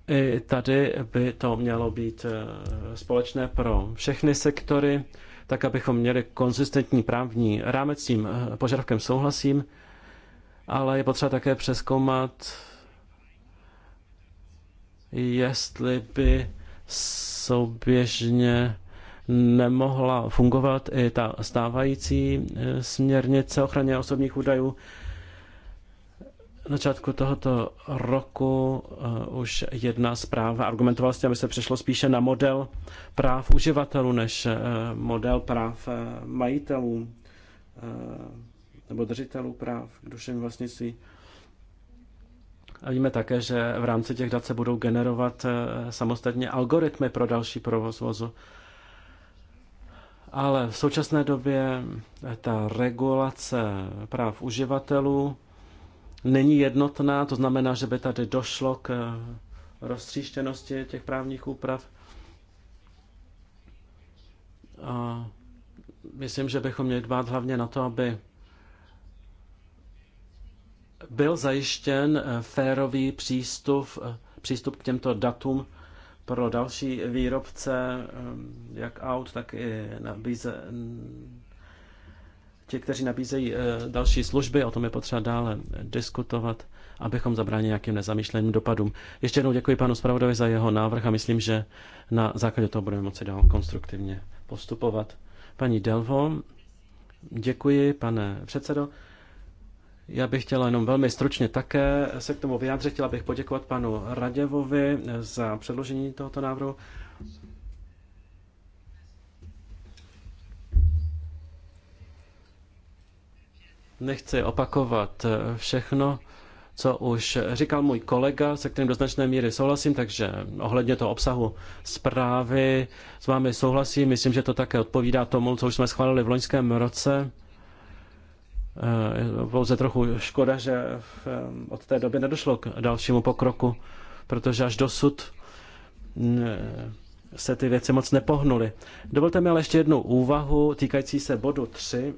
I tady by to mělo být eh, společné pro všechny sektory, tak abychom měli konzistentní právní rámec s tím eh, požadavkem souhlasím, ale je potřeba také přeskoumat, jestli by souběžně nemohla fungovat i ta stávající e, směrnice ochraně osobních údajů. Na začátku tohoto roku e, už jedna zpráva argumentovala s tím, aby se přešlo spíše na model práv uživatelů než e, model práv majitelů nebo držitelů práv k duševní vlastnictví. A víme také, že v rámci těch dat se budou generovat samostatně algoritmy pro další provoz vozu ale v současné době eh, ta regulace práv uživatelů není jednotná, to znamená, že by tady došlo k eh, roztříštěnosti těch právních úprav. A myslím, že bychom měli dbát hlavně na to, aby byl zajištěn eh, férový přístup, přístup k těmto datům pro další výrobce, ehm, jak aut, tak i nabíze, ti, kteří nabízejí eh, další služby, o tom je potřeba dále diskutovat, abychom zabránili nějakým nezamýšleným dopadům. Ještě jednou děkuji panu Spravodovi za jeho návrh a myslím, že na základě toho budeme moci dál konstruktivně postupovat. Paní Delvo, děkuji, pane předsedo. Já bych chtěla jenom velmi stručně také se k tomu vyjádřit. Chtěla bych poděkovat panu Raděvovi za předložení tohoto návrhu. Nechci opakovat všechno, co už říkal můj kolega, se kterým do značné míry souhlasím, takže ohledně toho obsahu zprávy s vámi souhlasím. Myslím, že to také odpovídá tomu, co už jsme schválili v loňském roce Eh, pouze trochu škoda, že ehm, od té doby nedošlo k dalšímu pokroku, protože až dosud se ty věci moc nepohnuly. Dovolte mi ale ještě jednu úvahu týkající se bodu 3,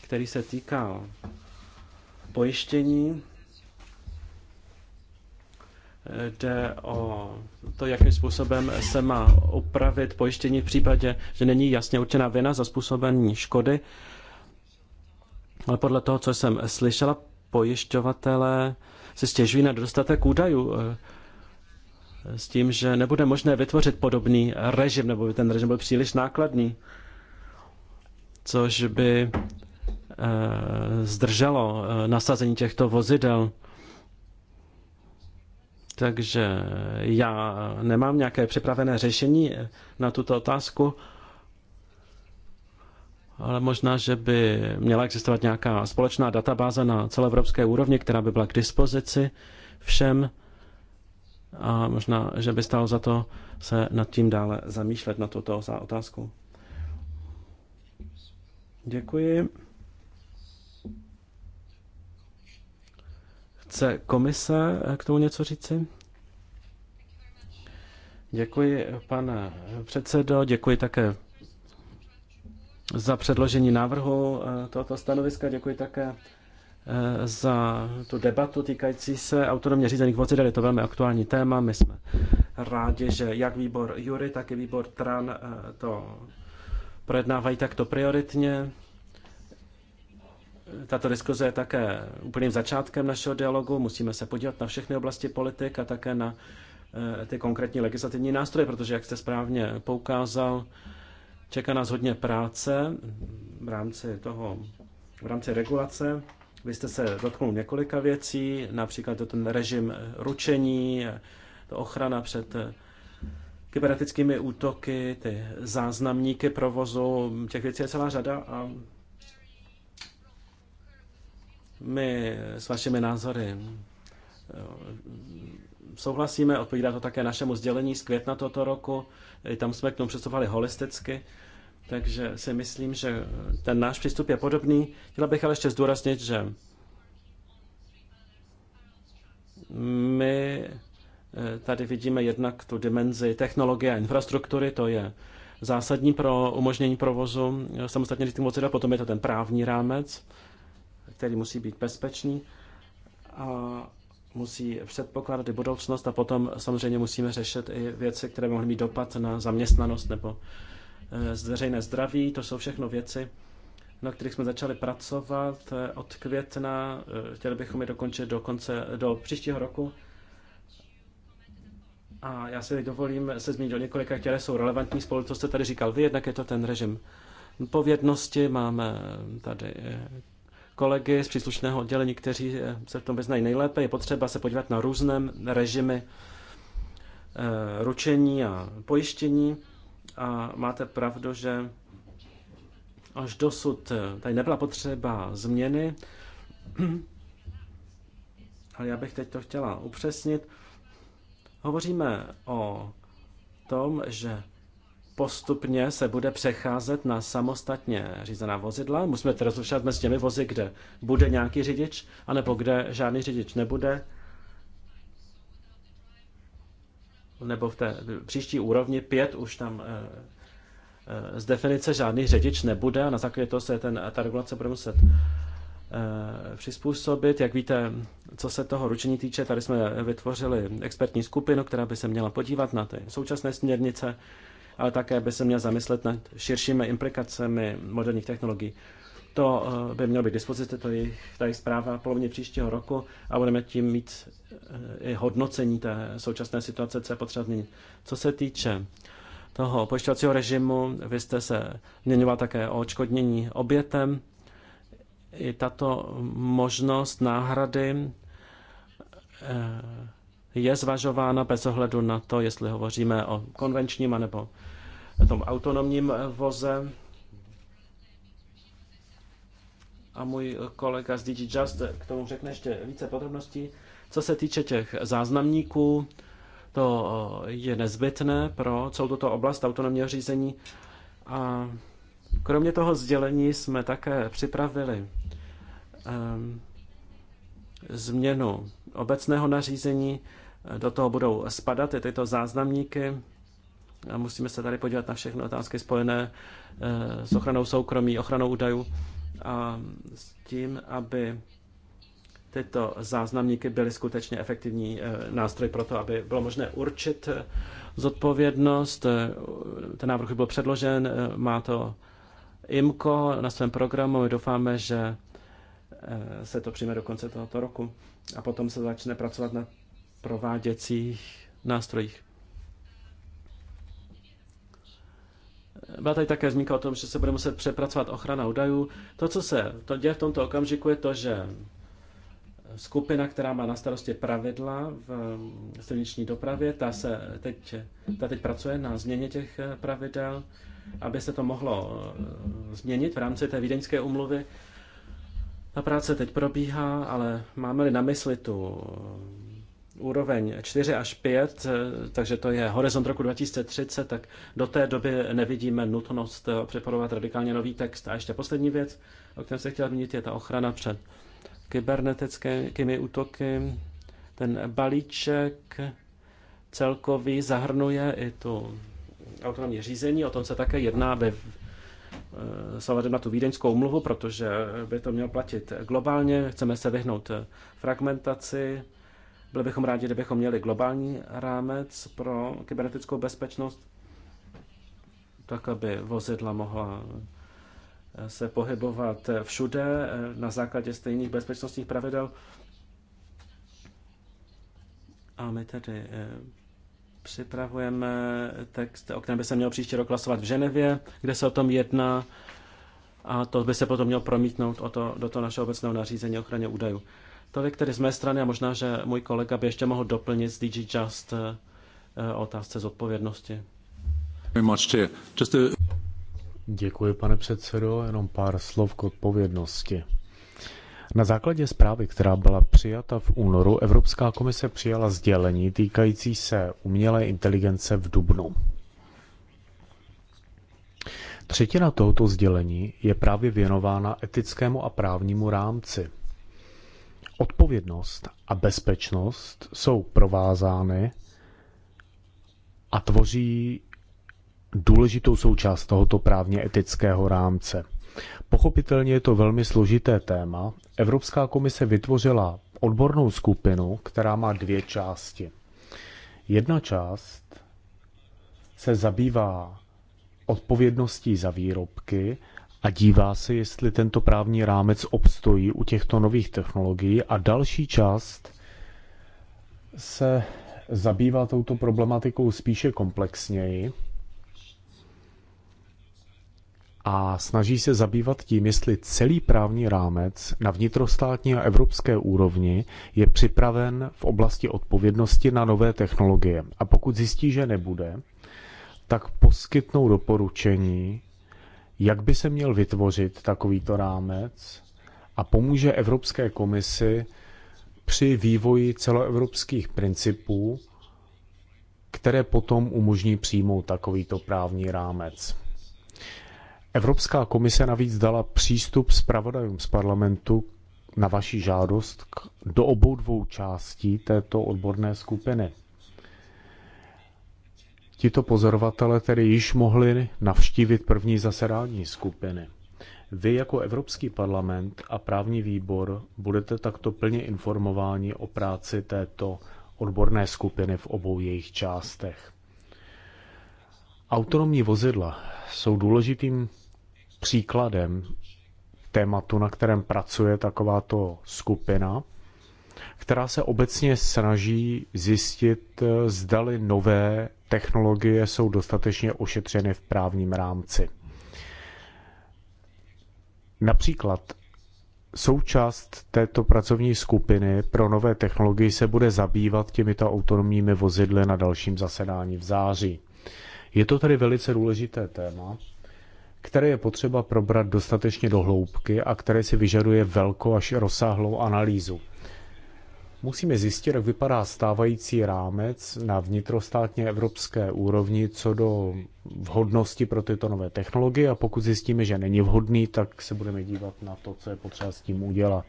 který se týkal pojištění jde o to, jakým způsobem se má upravit pojištění v případě, že není jasně určena vina za způsobení škody. Ale podle toho, co jsem slyšela, pojišťovatelé, se stěžují na dostatek údajů eh, s tím, že nebude možné vytvořit podobný režim, nebo by ten režim byl příliš nákladný, což by eh, zdrželo eh, nasazení těchto vozidel. Takže já nemám nějaké připravené řešení na tuto otázku, ale možná, že by měla existovat nějaká společná databáze na celoevropské úrovni, která by byla k dispozici všem a možná, že by stálo za to se nad tím dále zamýšlet na tuto otázku. Děkuji. Chce komise eh, k tomu něco říci? Děkuji, pane předsedo, děkuji také za předložení návrhu eh, tohoto stanoviska, děkuji také eh, za tu debatu týkající se autonomně řízených vozidel. Je to velmi aktuální téma. My jsme rádi, že jak výbor Jury, tak i výbor TRAN to projednávají takto prioritně. Tato diskuze je také úplným začátkem našeho dialogu. Musíme se podívat na všechny oblasti politik a také na eh, ty konkrétní legislativní nástroje, protože, jak jste správně poukázal, čeká nás hodně práce v rámci toho, v rámci regulace. Vy jste se dotknul několika věcí, například to ten režim ručení, to ochrana před eh, kybernetickými útoky, ty záznamníky provozu, těch věcí je celá řada a my eh, s vašimi názory eh, souhlasíme, odpovídá to také našemu sdělení z května tohoto roku, tam jsme k tomu přistupovali holisticky, takže si myslím, že ten náš přístup je podobný. Chtěla bych ale ještě zdůraznit, že my eh, tady vidíme jednak tu dimenzi technologie a infrastruktury, to je zásadní pro umožnění provozu samostatně říditým vozidel, potom je to ten právní rámec, který musí být bezpečný a musí předpokládat i budoucnost a potom samozřejmě musíme řešit i věci, které mohly mít dopad na zaměstnanost nebo eh, veřejné zdraví. To jsou všechno věci, na kterých jsme začali pracovat eh, od května. Eh, chtěli bychom je dokončit do, konce, do příštího roku. A já si dovolím se zmínit o několika, které jsou relevantní spolu, co jste tady říkal vy. Jednak je to ten režim povědnosti, máme tady kolegy z příslušného oddělení, kteří eh, se v tom vyznají nejlépe. Je potřeba se podívat na různé režimy eh, ručení a pojištění. A máte pravdu, že až dosud eh, tady nebyla potřeba změny, ale já bych teď to chtěla upřesnit. Hovoříme o tom, že postupně se bude přecházet na samostatně řízená vozidla. Musíme tedy rozlišovat mezi těmi vozy, kde bude nějaký řidič, anebo kde žádný řidič nebude. Nebo v té příští úrovni 5 už tam eh, eh, z definice žádný řidič nebude a na základě toho se ten, ta regulace bude muset eh, přizpůsobit. Jak víte, co se toho ručení týče, tady jsme vytvořili expertní skupinu, která by se měla podívat na ty současné směrnice ale také by se měl zamyslet nad širšími implikacemi moderních technologií. To eh, by mělo být k dispozici, to je tady zpráva polovině příštího roku a budeme tím mít eh, i hodnocení té současné situace, co je potřeba změnit. Co se týče toho pojišťovacího režimu, vy jste se měňoval také o očkodnění obětem. I tato možnost náhrady eh, je zvažována bez ohledu na to, jestli hovoříme o konvenčním nebo tom autonomním voze. A můj kolega z DigiJust Just k tomu řekne ještě více podrobností. Co se týče těch záznamníků, to je nezbytné pro celou tuto oblast autonomního řízení. A kromě toho sdělení jsme také připravili um, změnu obecného nařízení, do toho budou spadat i tyto záznamníky. A musíme se tady podívat na všechny otázky spojené eh, s ochranou soukromí, ochranou údajů a s tím, aby tyto záznamníky byly skutečně efektivní eh, nástroj pro to, aby bylo možné určit eh, zodpovědnost. Ten návrh byl předložen, má to IMCO na svém programu. My doufáme, že se to přijme do konce tohoto roku a potom se začne pracovat na prováděcích nástrojích. Byla tady také zmínka o tom, že se bude muset přepracovat ochrana údajů. To, co se to děje v tomto okamžiku, je to, že skupina, která má na starosti pravidla v silniční dopravě, ta, se teď, ta teď pracuje na změně těch pravidel, aby se to mohlo změnit v rámci té vídeňské umluvy. Ta práce teď probíhá, ale máme-li na mysli tu úroveň 4 až 5, eh, takže to je horizont roku 2030, tak do té doby nevidíme nutnost eh, připravovat radikálně nový text. A ještě poslední věc, o které se chtěl zmínit, je ta ochrana před kybernetickými útoky. Ten balíček celkový zahrnuje i tu autonomní řízení, o tom se také jedná ve eh, Samozřejmě na tu vídeňskou umluvu, protože by to mělo platit globálně. Chceme se vyhnout fragmentaci byli bychom rádi, kdybychom měli globální rámec pro kybernetickou bezpečnost, tak aby vozidla mohla se pohybovat všude na základě stejných bezpečnostních pravidel. A my tedy eh, připravujeme text, o kterém by se měl příští rok hlasovat v Ženevě, kde se o tom jedná a to by se potom mělo promítnout o to, do toho našeho obecného nařízení ochraně údajů. Tolik tedy z mé strany a možná, že můj kolega by ještě mohl doplnit z DG Just eh, eh, otázce zodpovědnosti. Děkuji, pane předsedo. Jenom pár slov k odpovědnosti. Na základě zprávy, která byla přijata v únoru, Evropská komise přijala sdělení týkající se umělé inteligence v Dubnu. Třetina tohoto sdělení je právě věnována etickému a právnímu rámci Odpovědnost a bezpečnost jsou provázány a tvoří důležitou součást tohoto právně etického rámce. Pochopitelně je to velmi složité téma. Evropská komise vytvořila odbornou skupinu, která má dvě části. Jedna část se zabývá odpovědností za výrobky a dívá se, jestli tento právní rámec obstojí u těchto nových technologií a další část se zabývá touto problematikou spíše komplexněji a snaží se zabývat tím, jestli celý právní rámec na vnitrostátní a evropské úrovni je připraven v oblasti odpovědnosti na nové technologie. A pokud zjistí, že nebude, tak poskytnou doporučení jak by se měl vytvořit takovýto rámec a pomůže Evropské komisi při vývoji celoevropských principů, které potom umožní přijmout takovýto právní rámec. Evropská komise navíc dala přístup zpravodajům z parlamentu na vaši žádost do obou dvou částí této odborné skupiny. Tito pozorovatelé tedy již mohli navštívit první zasedání skupiny. Vy jako Evropský parlament a právní výbor budete takto plně informováni o práci této odborné skupiny v obou jejich částech. Autonomní vozidla jsou důležitým příkladem tématu, na kterém pracuje takováto skupina, která se obecně snaží zjistit, eh, zdali nové technologie jsou dostatečně ošetřeny v právním rámci. Například součást této pracovní skupiny pro nové technologie se bude zabývat těmito autonomními vozidly na dalším zasedání v září. Je to tedy velice důležité téma, které je potřeba probrat dostatečně do hloubky a které si vyžaduje velkou až rozsáhlou analýzu. Musíme zjistit, jak vypadá stávající rámec na vnitrostátně evropské úrovni co do vhodnosti pro tyto nové technologie a pokud zjistíme, že není vhodný, tak se budeme dívat na to, co je potřeba s tím udělat.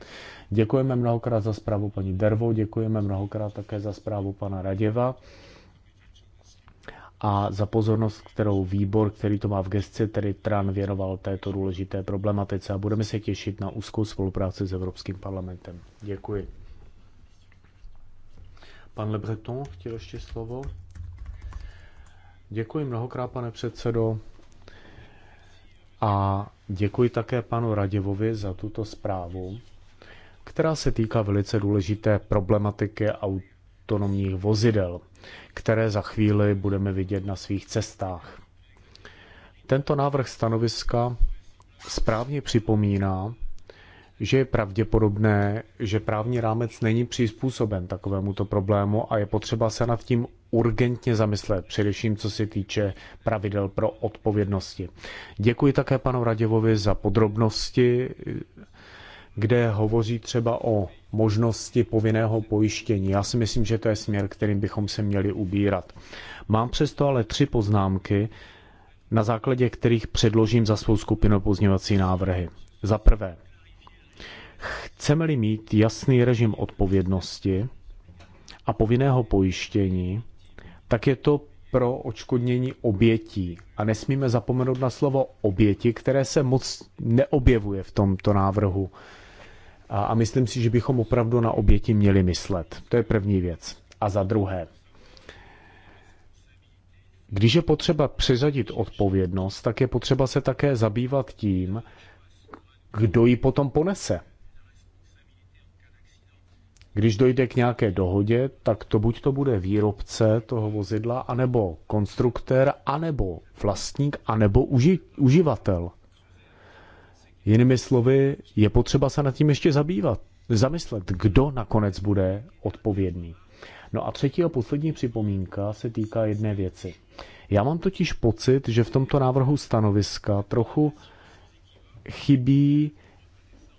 Děkujeme mnohokrát za zprávu paní Dervo, děkujeme mnohokrát také za zprávu pana Raděva a za pozornost, kterou výbor, který to má v gestci, tedy TRAN, věnoval této důležité problematice a budeme se těšit na úzkou spolupráci s Evropským parlamentem. Děkuji. Pan Lebreton chtěl ještě slovo. Děkuji mnohokrát, pane předsedo. A děkuji také panu Raděvovi za tuto zprávu, která se týká velice důležité problematiky autonomních vozidel, které za chvíli budeme vidět na svých cestách. Tento návrh stanoviska správně připomíná, že je pravděpodobné, že právní rámec není přizpůsoben takovémuto problému a je potřeba se nad tím urgentně zamyslet, především co se týče pravidel pro odpovědnosti. Děkuji také panu Raděvovi za podrobnosti, kde hovoří třeba o možnosti povinného pojištění. Já si myslím, že to je směr, kterým bychom se měli ubírat. Mám přesto ale tři poznámky, na základě kterých předložím za svou skupinu pozněvací návrhy. Za prvé, Chceme-li mít jasný režim odpovědnosti a povinného pojištění, tak je to pro očkodnění obětí. A nesmíme zapomenout na slovo oběti, které se moc neobjevuje v tomto návrhu. A, a myslím si, že bychom opravdu na oběti měli myslet. To je první věc. A za druhé, když je potřeba přiřadit odpovědnost, tak je potřeba se také zabývat tím, kdo ji potom ponese. Když dojde k nějaké dohodě, tak to buď to bude výrobce toho vozidla, anebo konstruktér, anebo vlastník, anebo uži, uživatel. Jinými slovy, je potřeba se nad tím ještě zabývat, zamyslet, kdo nakonec bude odpovědný. No a třetí a poslední připomínka se týká jedné věci. Já mám totiž pocit, že v tomto návrhu stanoviska trochu chybí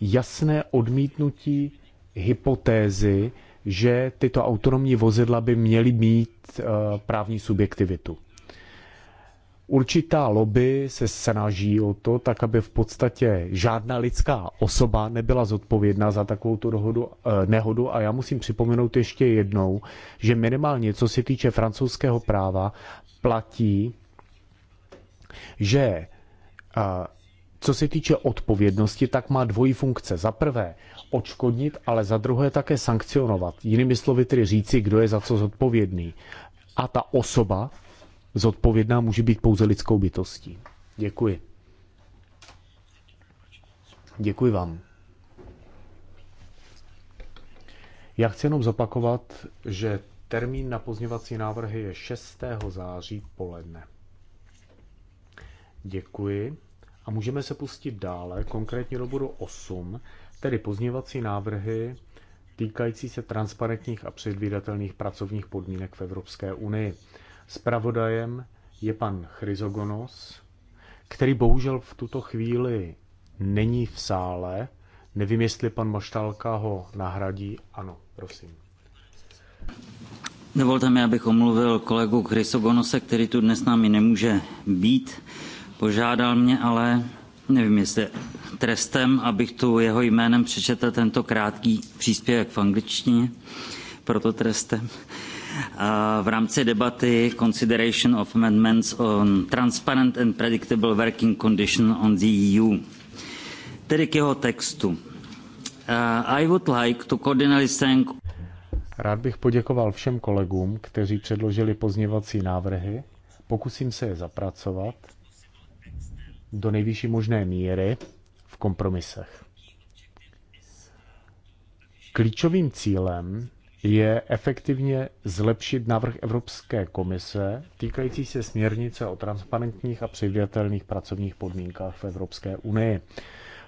jasné odmítnutí hypotézy, že tyto autonomní vozidla by měly mít eh, právní subjektivitu. Určitá lobby se snaží o to, tak aby v podstatě žádná lidská osoba nebyla zodpovědná za takovou tu dohodu, eh, nehodu. A já musím připomenout ještě jednou, že minimálně co se týče francouzského práva platí, že eh, co se týče odpovědnosti, tak má dvojí funkce. Za prvé odškodnit, ale za druhé také sankcionovat. Jinými slovy tedy říci, kdo je za co zodpovědný. A ta osoba zodpovědná může být pouze lidskou bytostí. Děkuji. Děkuji vám. Já chci jenom zopakovat, že termín na pozněvací návrhy je 6. září poledne. Děkuji. A můžeme se pustit dále, konkrétně do bodu 8, tedy pozněvací návrhy týkající se transparentních a předvídatelných pracovních podmínek v Evropské unii. Spravodajem je pan Chryzogonos, který bohužel v tuto chvíli není v sále. Nevím, jestli pan Maštálka ho nahradí. Ano, prosím. Dovolte mi, abych omluvil kolegu Chrysogonose, který tu dnes s námi nemůže být. Požádal mě ale, nevím jestli trestem, abych tu jeho jménem přečetl tento krátký příspěvek v angličtině, proto trestem. v rámci debaty Consideration of Amendments on Transparent and Predictable Working Condition on the EU. Tedy k jeho textu. Uh, I would like to cordially thank... Rád bych poděkoval všem kolegům, kteří předložili pozněvací návrhy. Pokusím se je zapracovat do nejvyšší možné míry v kompromisech. Klíčovým cílem je efektivně zlepšit návrh Evropské komise týkající se směrnice o transparentních a přivětelných pracovních podmínkách v Evropské unii.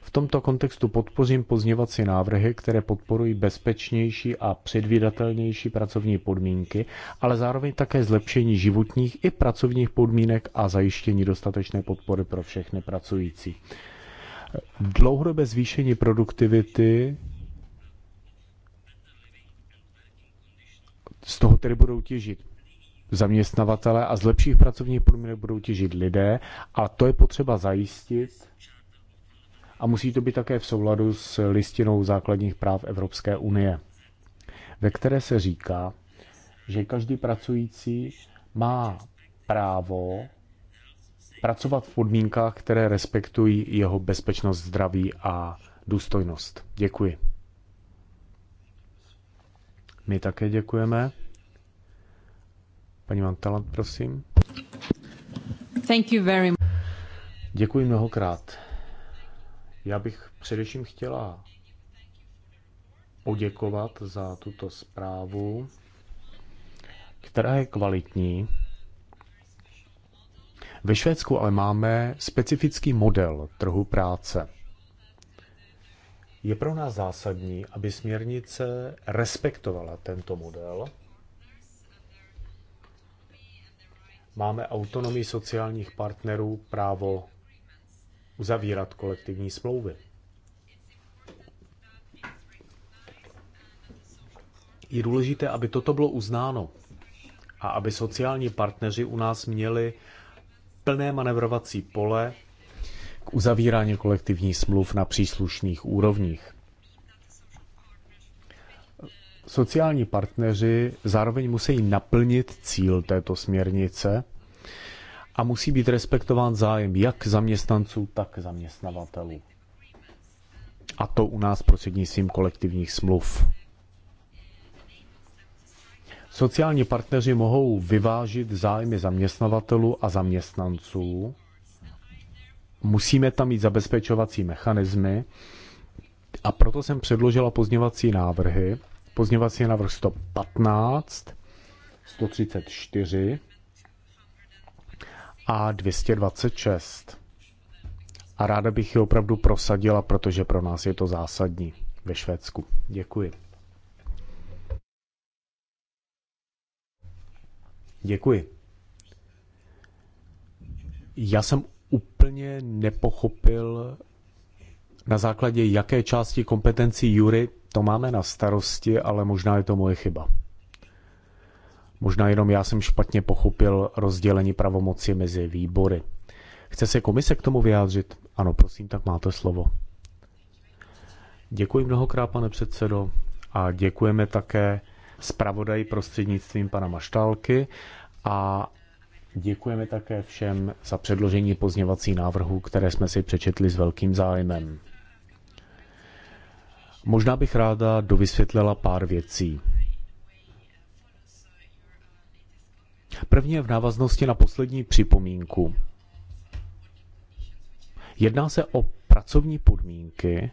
V tomto kontextu podpořím pozněvací návrhy, které podporují bezpečnější a předvídatelnější pracovní podmínky, ale zároveň také zlepšení životních i pracovních podmínek a zajištění dostatečné podpory pro všechny pracující. Dlouhodobé zvýšení produktivity z toho tedy budou těžit zaměstnavatele a z lepších pracovních podmínek budou těžit lidé a to je potřeba zajistit a musí to být také v souladu s listinou základních práv Evropské unie, ve které se říká, že každý pracující má právo pracovat v podmínkách, které respektují jeho bezpečnost, zdraví a důstojnost. Děkuji. My také děkujeme. Paní Mantalant, prosím. Thank you very much. Děkuji mnohokrát. Já bych především chtěla poděkovat za tuto zprávu, která je kvalitní. Ve Švédsku ale máme specifický model trhu práce. Je pro nás zásadní, aby směrnice respektovala tento model. Máme autonomii sociálních partnerů, právo uzavírat kolektivní smlouvy. Je důležité, aby toto bylo uznáno a aby sociální partneři u nás měli plné manevrovací pole k uzavírání kolektivních smluv na příslušných úrovních. Sociální partneři zároveň musí naplnit cíl této směrnice – a musí být respektován zájem jak zaměstnanců, tak zaměstnavatelů. A to u nás prostřednictvím kolektivních smluv. Sociální partneři mohou vyvážit zájmy zaměstnavatelů a zaměstnanců. Musíme tam mít zabezpečovací mechanismy a proto jsem předložila pozněvací návrhy. Pozněvací návrh 115, 134, a 226. A ráda bych ji opravdu prosadila, protože pro nás je to zásadní ve Švédsku. Děkuji. Děkuji. Já jsem úplně nepochopil, na základě jaké části kompetencí Jury to máme na starosti, ale možná je to moje chyba. Možná jenom já jsem špatně pochopil rozdělení pravomoci mezi výbory. Chce se komise k tomu vyjádřit? Ano, prosím, tak máte slovo. Děkuji mnohokrát, pane předsedo, a děkujeme také zpravodaji prostřednictvím pana Maštálky a děkujeme také všem za předložení pozněvací návrhů, které jsme si přečetli s velkým zájmem. Možná bych ráda dovysvětlila pár věcí. První je v návaznosti na poslední připomínku. Jedná se o pracovní podmínky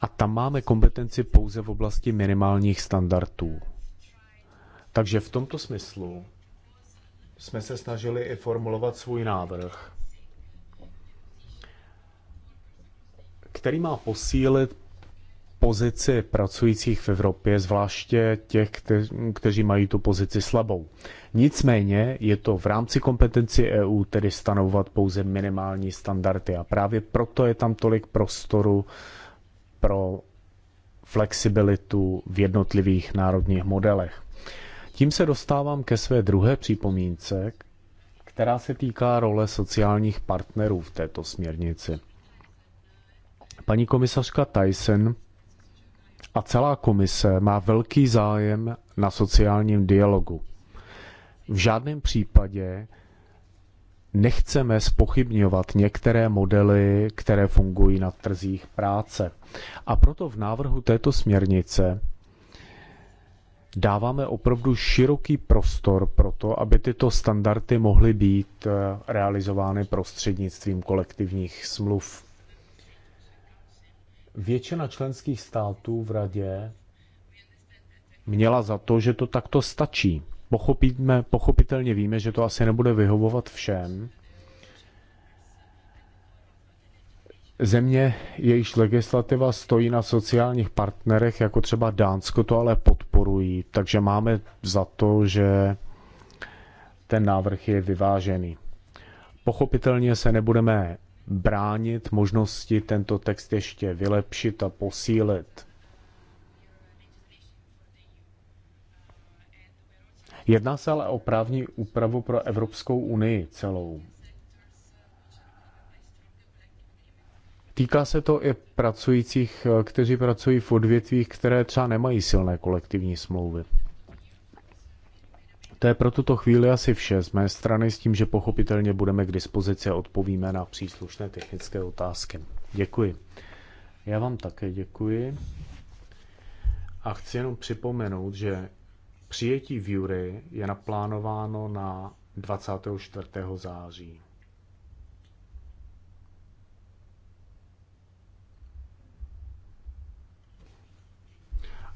a tam máme kompetenci pouze v oblasti minimálních standardů. Takže v tomto smyslu jsme se snažili i formulovat svůj návrh, který má posílit pozici pracujících v Evropě, zvláště těch, kteří mají tu pozici slabou. Nicméně je to v rámci kompetenci EU tedy stanovovat pouze minimální standardy a právě proto je tam tolik prostoru pro flexibilitu v jednotlivých národních modelech. Tím se dostávám ke své druhé připomínce, která se týká role sociálních partnerů v této směrnici. Paní komisařka Tyson a celá komise má velký zájem na sociálním dialogu. V žádném případě nechceme spochybňovat některé modely, které fungují na trzích práce. A proto v návrhu této směrnice dáváme opravdu široký prostor pro to, aby tyto standardy mohly být eh, realizovány prostřednictvím kolektivních smluv většina členských států v radě měla za to, že to takto stačí. Pochopíme, pochopitelně víme, že to asi nebude vyhovovat všem. Země, jejíž legislativa stojí na sociálních partnerech, jako třeba Dánsko, to ale podporují, takže máme za to, že ten návrh je vyvážený. Pochopitelně se nebudeme bránit možnosti tento text ještě vylepšit a posílit. Jedná se ale o právní úpravu pro Evropskou unii celou. Týká se to i pracujících, kteří pracují v odvětvích, které třeba nemají silné kolektivní smlouvy. To je pro tuto chvíli asi vše z mé strany s tím, že pochopitelně budeme k dispozici a odpovíme na příslušné technické otázky. Děkuji. Já vám také děkuji. A chci jenom připomenout, že přijetí v Jury je naplánováno na 24. září.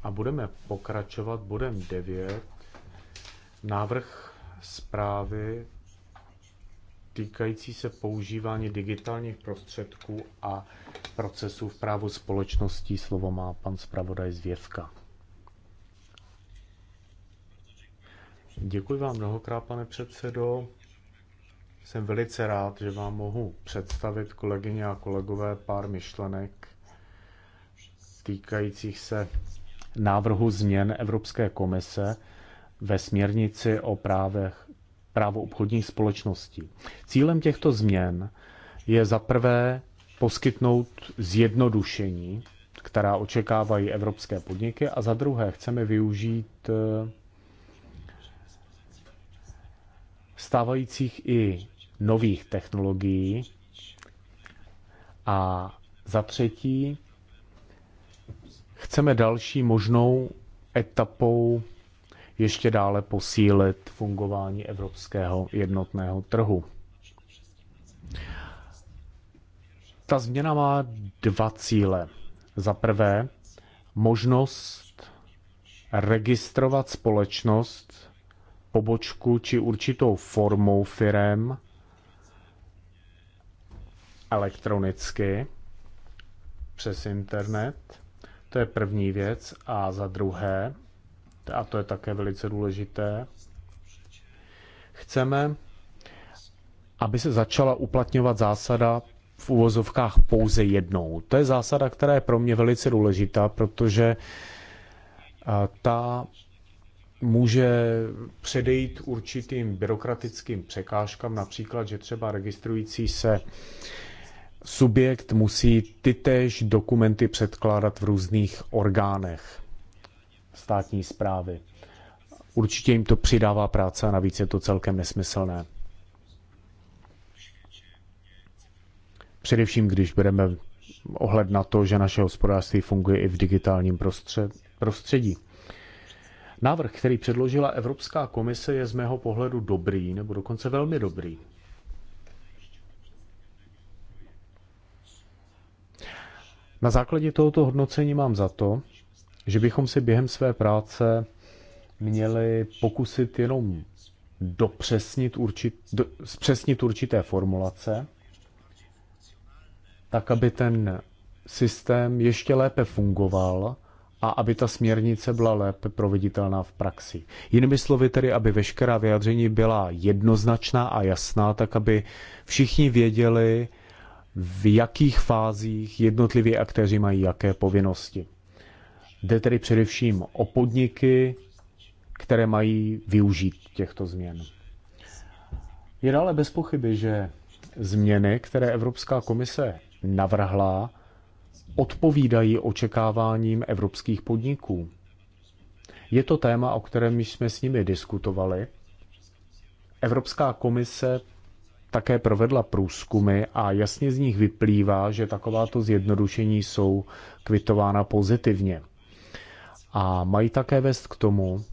A budeme pokračovat bodem 9, návrh zprávy týkající se používání digitálních prostředků a procesů v právu společností. Slovo má pan zpravodaj Zvěvka. Děkuji vám mnohokrát, pane předsedo. Jsem velice rád, že vám mohu představit, kolegyně a kolegové, pár myšlenek týkajících se návrhu změn Evropské komise ve směrnici o právech právo obchodních společností. Cílem těchto změn je zaprvé poskytnout zjednodušení, která očekávají evropské podniky, a za druhé chceme využít eh, stávajících i nových technologií a za třetí chceme další možnou etapou ještě dále posílit fungování evropského jednotného trhu. Ta změna má dva cíle. Za prvé, možnost registrovat společnost, pobočku či určitou formou firem elektronicky přes internet. To je první věc. A za druhé, a to je také velice důležité, chceme, aby se začala uplatňovat zásada v uvozovkách pouze jednou. To je zásada, která je pro mě velice důležitá, protože ta může předejít určitým byrokratickým překážkám, například, že třeba registrující se subjekt musí tytéž dokumenty předkládat v různých orgánech státní zprávy. Určitě jim to přidává práce a navíc je to celkem nesmyslné. Především, když bereme ohled na to, že naše hospodářství funguje i v digitálním prostředí. Návrh, který předložila Evropská komise, je z mého pohledu dobrý, nebo dokonce velmi dobrý. Na základě tohoto hodnocení mám za to, že bychom si během své práce měli pokusit jenom dopřesnit určit, do, zpřesnit určité formulace, tak aby ten systém ještě lépe fungoval a aby ta směrnice byla lépe proveditelná v praxi. Jinými slovy tedy, aby veškerá vyjádření byla jednoznačná a jasná, tak aby všichni věděli, v jakých fázích jednotliví aktéři mají jaké povinnosti. Jde tedy především o podniky, které mají využít těchto změn. Je dále bez pochyby, že změny, které Evropská komise navrhla, odpovídají očekáváním evropských podniků. Je to téma, o kterém jsme s nimi diskutovali. Evropská komise také provedla průzkumy a jasně z nich vyplývá, že takováto zjednodušení jsou kvitována pozitivně a mají také vést k tomu,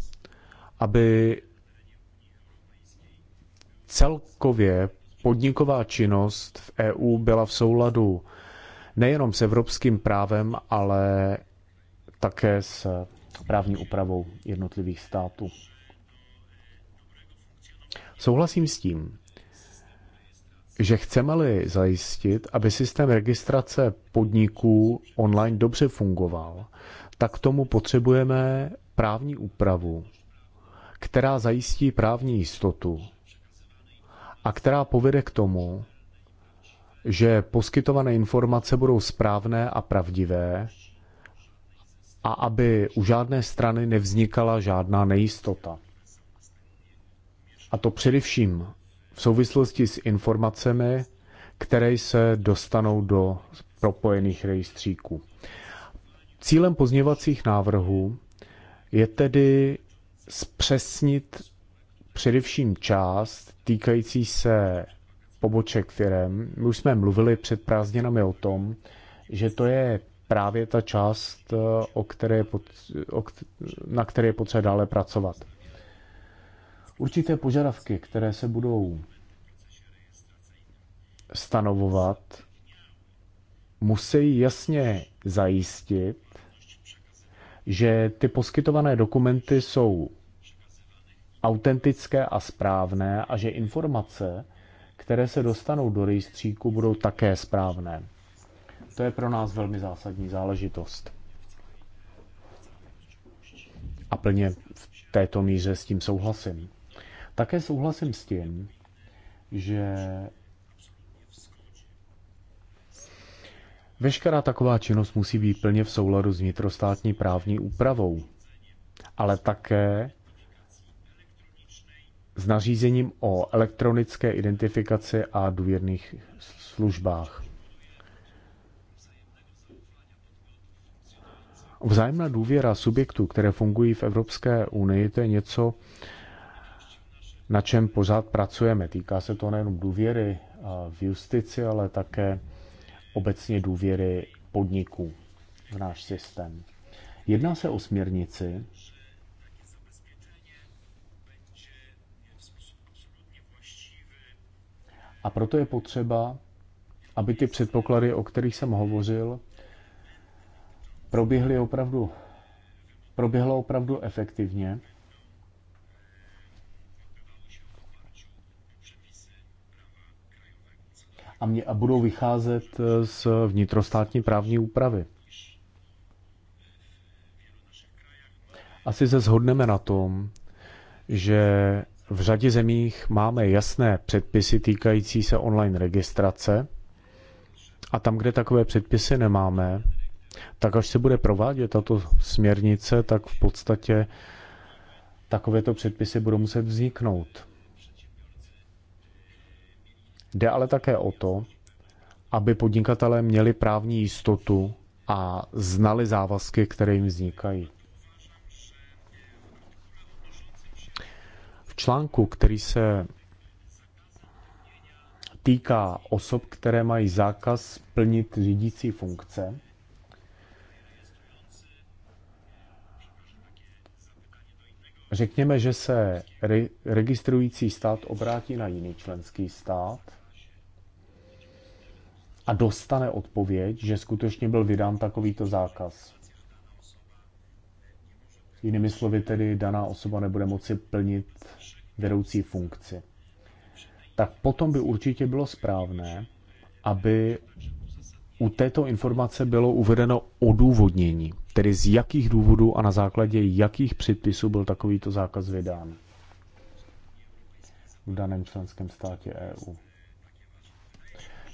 aby celkově podniková činnost v EU byla v souladu nejenom s evropským právem, ale také s právní úpravou jednotlivých států. Souhlasím s tím, že chceme-li zajistit, aby systém registrace podniků online dobře fungoval, tak tomu potřebujeme právní úpravu, která zajistí právní jistotu a která povede k tomu, že poskytované informace budou správné a pravdivé a aby u žádné strany nevznikala žádná nejistota. A to především v souvislosti s informacemi, které se dostanou do propojených rejstříků. Cílem pozněvacích návrhů je tedy zpřesnit především část týkající se poboček firem. My už jsme mluvili před prázdninami o tom, že to je právě ta část, eh, o které o, na které je potřeba dále pracovat. Určité požadavky, které se budou stanovovat, musí jasně zajistit, že ty poskytované dokumenty jsou autentické a správné a že informace, které se dostanou do rejstříku, budou také správné. To je pro nás velmi zásadní záležitost. A plně v této míře s tím souhlasím. Také souhlasím s tím, že Veškerá taková činnost musí být plně v souladu s vnitrostátní právní úpravou, ale také s nařízením o elektronické identifikaci a důvěrných službách. Vzájemná důvěra subjektů, které fungují v Evropské unii, to je něco, na čem pořád pracujeme. Týká se to nejenom důvěry v justici, ale také obecně důvěry podniků v náš systém. Jedná se o směrnici, a proto je potřeba, aby ty předpoklady, o kterých jsem hovořil, proběhly opravdu, proběhlo opravdu efektivně a, mě, a budou vycházet eh, z vnitrostátní právní úpravy. Asi se shodneme na tom, že v řadě zemích máme jasné předpisy týkající se online registrace a tam, kde takové předpisy nemáme, tak až se bude provádět tato směrnice, tak v podstatě takovéto předpisy budou muset vzniknout. Jde ale také o to, aby podnikatelé měli právní jistotu a znali závazky, které jim vznikají. V článku, který se týká osob, které mají zákaz plnit řídící funkce, řekněme, že se re- registrující stát obrátí na jiný členský stát – a dostane odpověď, že skutečně byl vydán takovýto zákaz. Jinými slovy tedy daná osoba nebude moci plnit vedoucí funkci. Tak potom by určitě bylo správné, aby u této informace bylo uvedeno odůvodnění, tedy z jakých důvodů a na základě jakých předpisů byl takovýto zákaz vydán v daném členském státě EU.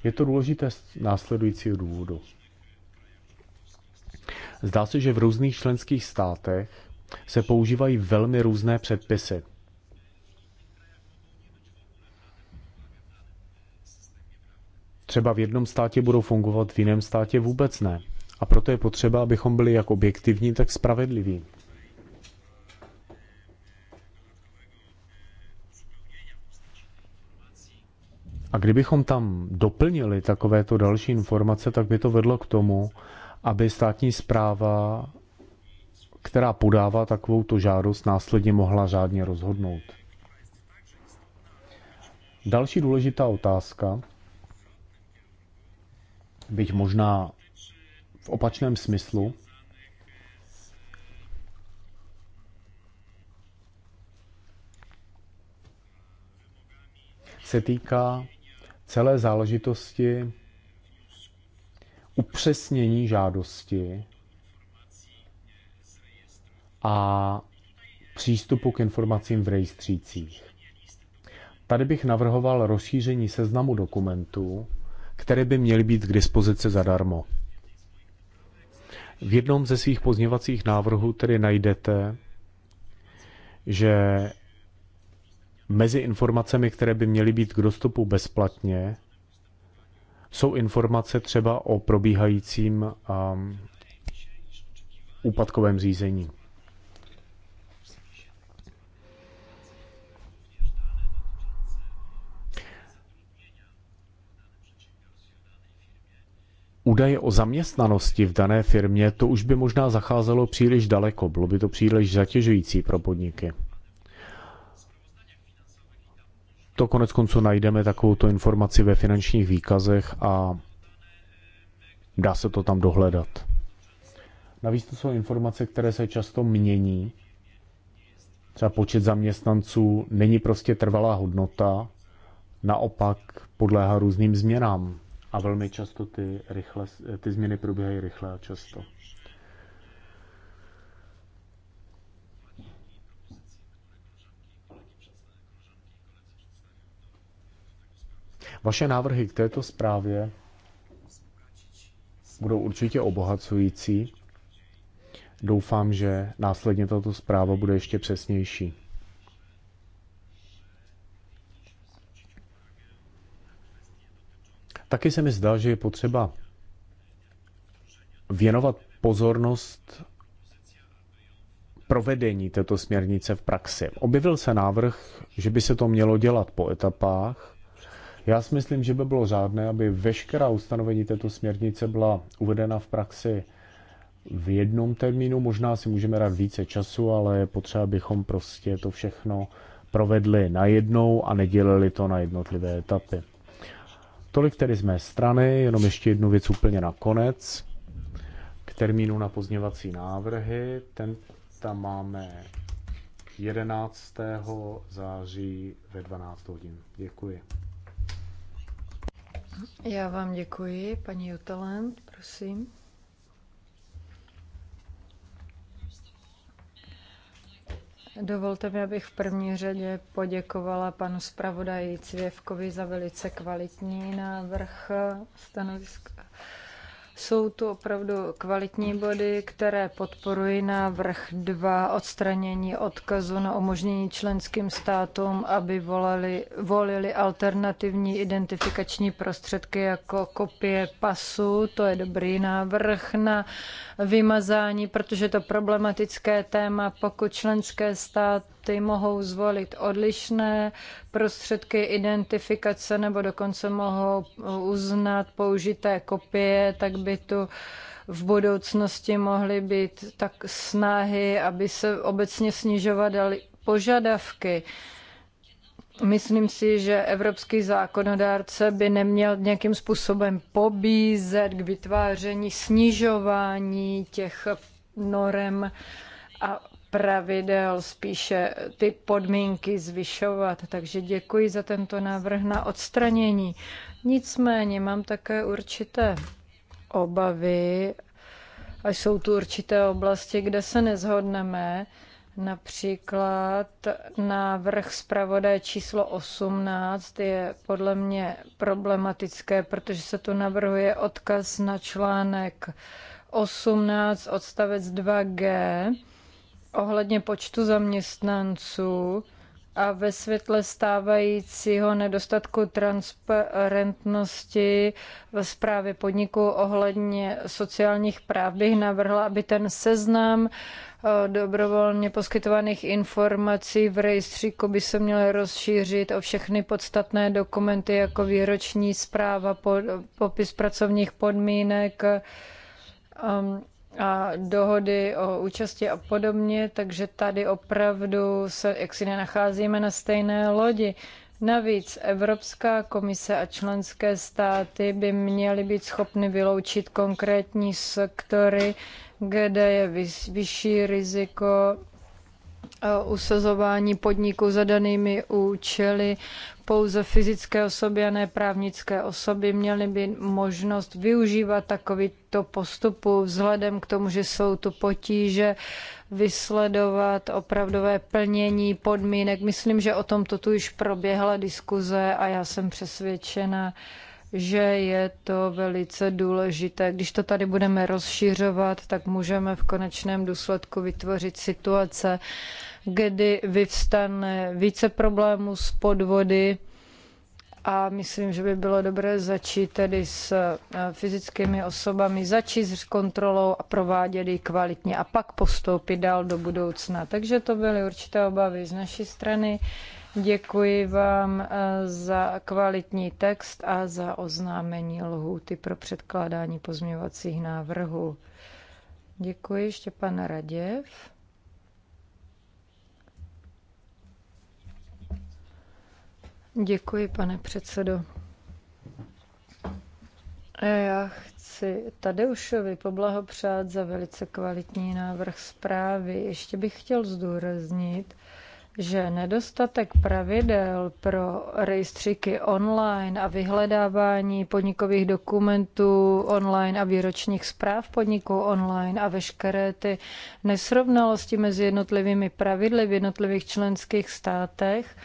Je to důležité z následujícího důvodu. Zdá se, že v různých členských státech se používají velmi různé předpisy. Třeba v jednom státě budou fungovat, v jiném státě vůbec ne. A proto je potřeba, abychom byli jak objektivní, tak spravedliví A kdybychom tam doplnili takovéto další informace, tak by to vedlo k tomu, aby státní zpráva, která podává takovou tu žádost, následně mohla řádně rozhodnout. Další důležitá otázka, byť možná v opačném smyslu, se týká celé záležitosti upřesnění žádosti a přístupu k informacím v rejstřících. Tady bych navrhoval rozšíření seznamu dokumentů, které by měly být k dispozici zadarmo. V jednom ze svých pozněvacích návrhů tedy najdete, že mezi informacemi, které by měly být k dostupu bezplatně, jsou informace třeba o probíhajícím um, úpadkovém řízení. Údaje o zaměstnanosti v dané firmě, to už by možná zacházelo příliš daleko, bylo by to příliš zatěžující pro podniky. To konec konců najdeme takovou informaci ve finančních výkazech a dá se to tam dohledat. Navíc to jsou informace, které se často mění. Třeba počet zaměstnanců není prostě trvalá hodnota, naopak podléhá různým změnám. A velmi často ty, rychle, ty změny probíhají rychle a často. Vaše návrhy k této zprávě budou určitě obohacující. Doufám, že následně tato zpráva bude ještě přesnější. Taky se mi zdá, že je potřeba věnovat pozornost provedení této směrnice v praxi. Objevil se návrh, že by se to mělo dělat po etapách, já si myslím, že by bylo řádné, aby veškerá ustanovení této směrnice byla uvedena v praxi v jednom termínu. Možná si můžeme dát více času, ale je potřeba, abychom prostě to všechno provedli najednou a nedělili to na jednotlivé etapy. Tolik tedy z mé strany, jenom ještě jednu věc úplně na konec. K termínu na pozněvací návrhy, ten tam máme 11. září ve 12 hodin. Děkuji. Já vám děkuji, paní Jotalent, prosím. Dovolte mi, abych v první řadě poděkovala panu zpravodaji Cvěvkovi za velice kvalitní návrh stanoviska jsou tu opravdu kvalitní body, které podporují návrh 2 odstranění odkazu na umožnění členským státům, aby volali, volili alternativní identifikační prostředky jako kopie pasu. To je dobrý návrh na vymazání, protože to problematické téma, pokud členské státy ty mohou zvolit odlišné prostředky identifikace nebo dokonce mohou uznat použité kopie, tak by tu v budoucnosti mohly být tak snahy, aby se obecně snižovaly požadavky. Myslím si, že evropský zákonodárce by neměl nějakým způsobem pobízet k vytváření, snižování těch norem a pravidel, spíše ty podmínky zvyšovat. Takže děkuji za tento návrh na odstranění. Nicméně mám také určité obavy a jsou tu určité oblasti, kde se nezhodneme. Například návrh zpravodaje číslo 18 je podle mě problematické, protože se tu navrhuje odkaz na článek 18 odstavec 2g ohledně počtu zaměstnanců a ve světle stávajícího nedostatku transparentnosti ve zprávě podniku ohledně sociálních práv bych navrhla, aby ten seznam eh, dobrovolně poskytovaných informací v rejstříku by se měl rozšířit o všechny podstatné dokumenty jako výroční zpráva, popis pracovních podmínek, eh, a dohody o účasti a podobně, takže tady opravdu se jaksi nenacházíme na stejné lodi. Navíc Evropská komise a členské státy by měly být schopny vyloučit konkrétní sektory, kde je vyšší riziko usazování podniků za danými účely pouze fyzické osoby a ne právnické osoby měly by možnost využívat takovýto postupu vzhledem k tomu, že jsou tu potíže vysledovat opravdové plnění podmínek. Myslím, že o tomto tu již proběhla diskuze a já jsem přesvědčena, že je to velice důležité. Když to tady budeme rozšiřovat, tak můžeme v konečném důsledku vytvořit situace, kdy vyvstane více problémů s podvody a myslím, že by bylo dobré začít tedy s eh, fyzickými osobami, začít s kontrolou a provádět ji kvalitně a pak postoupit dál do budoucna. Takže to byly určité obavy z naší strany. Děkuji vám eh, za kvalitní text a za oznámení lhůty pro předkládání pozměňovacích návrhů. Děkuji, ještě pan Raděv. Děkuji, pane předsedo. Já chci Tadeušovi poblahopřát za velice kvalitní návrh zprávy. Ještě bych chtěl zdůraznit, že nedostatek pravidel pro rejstříky online a vyhledávání podnikových dokumentů online a výročních zpráv podniků online a veškeré ty nesrovnalosti mezi jednotlivými pravidly v jednotlivých členských státech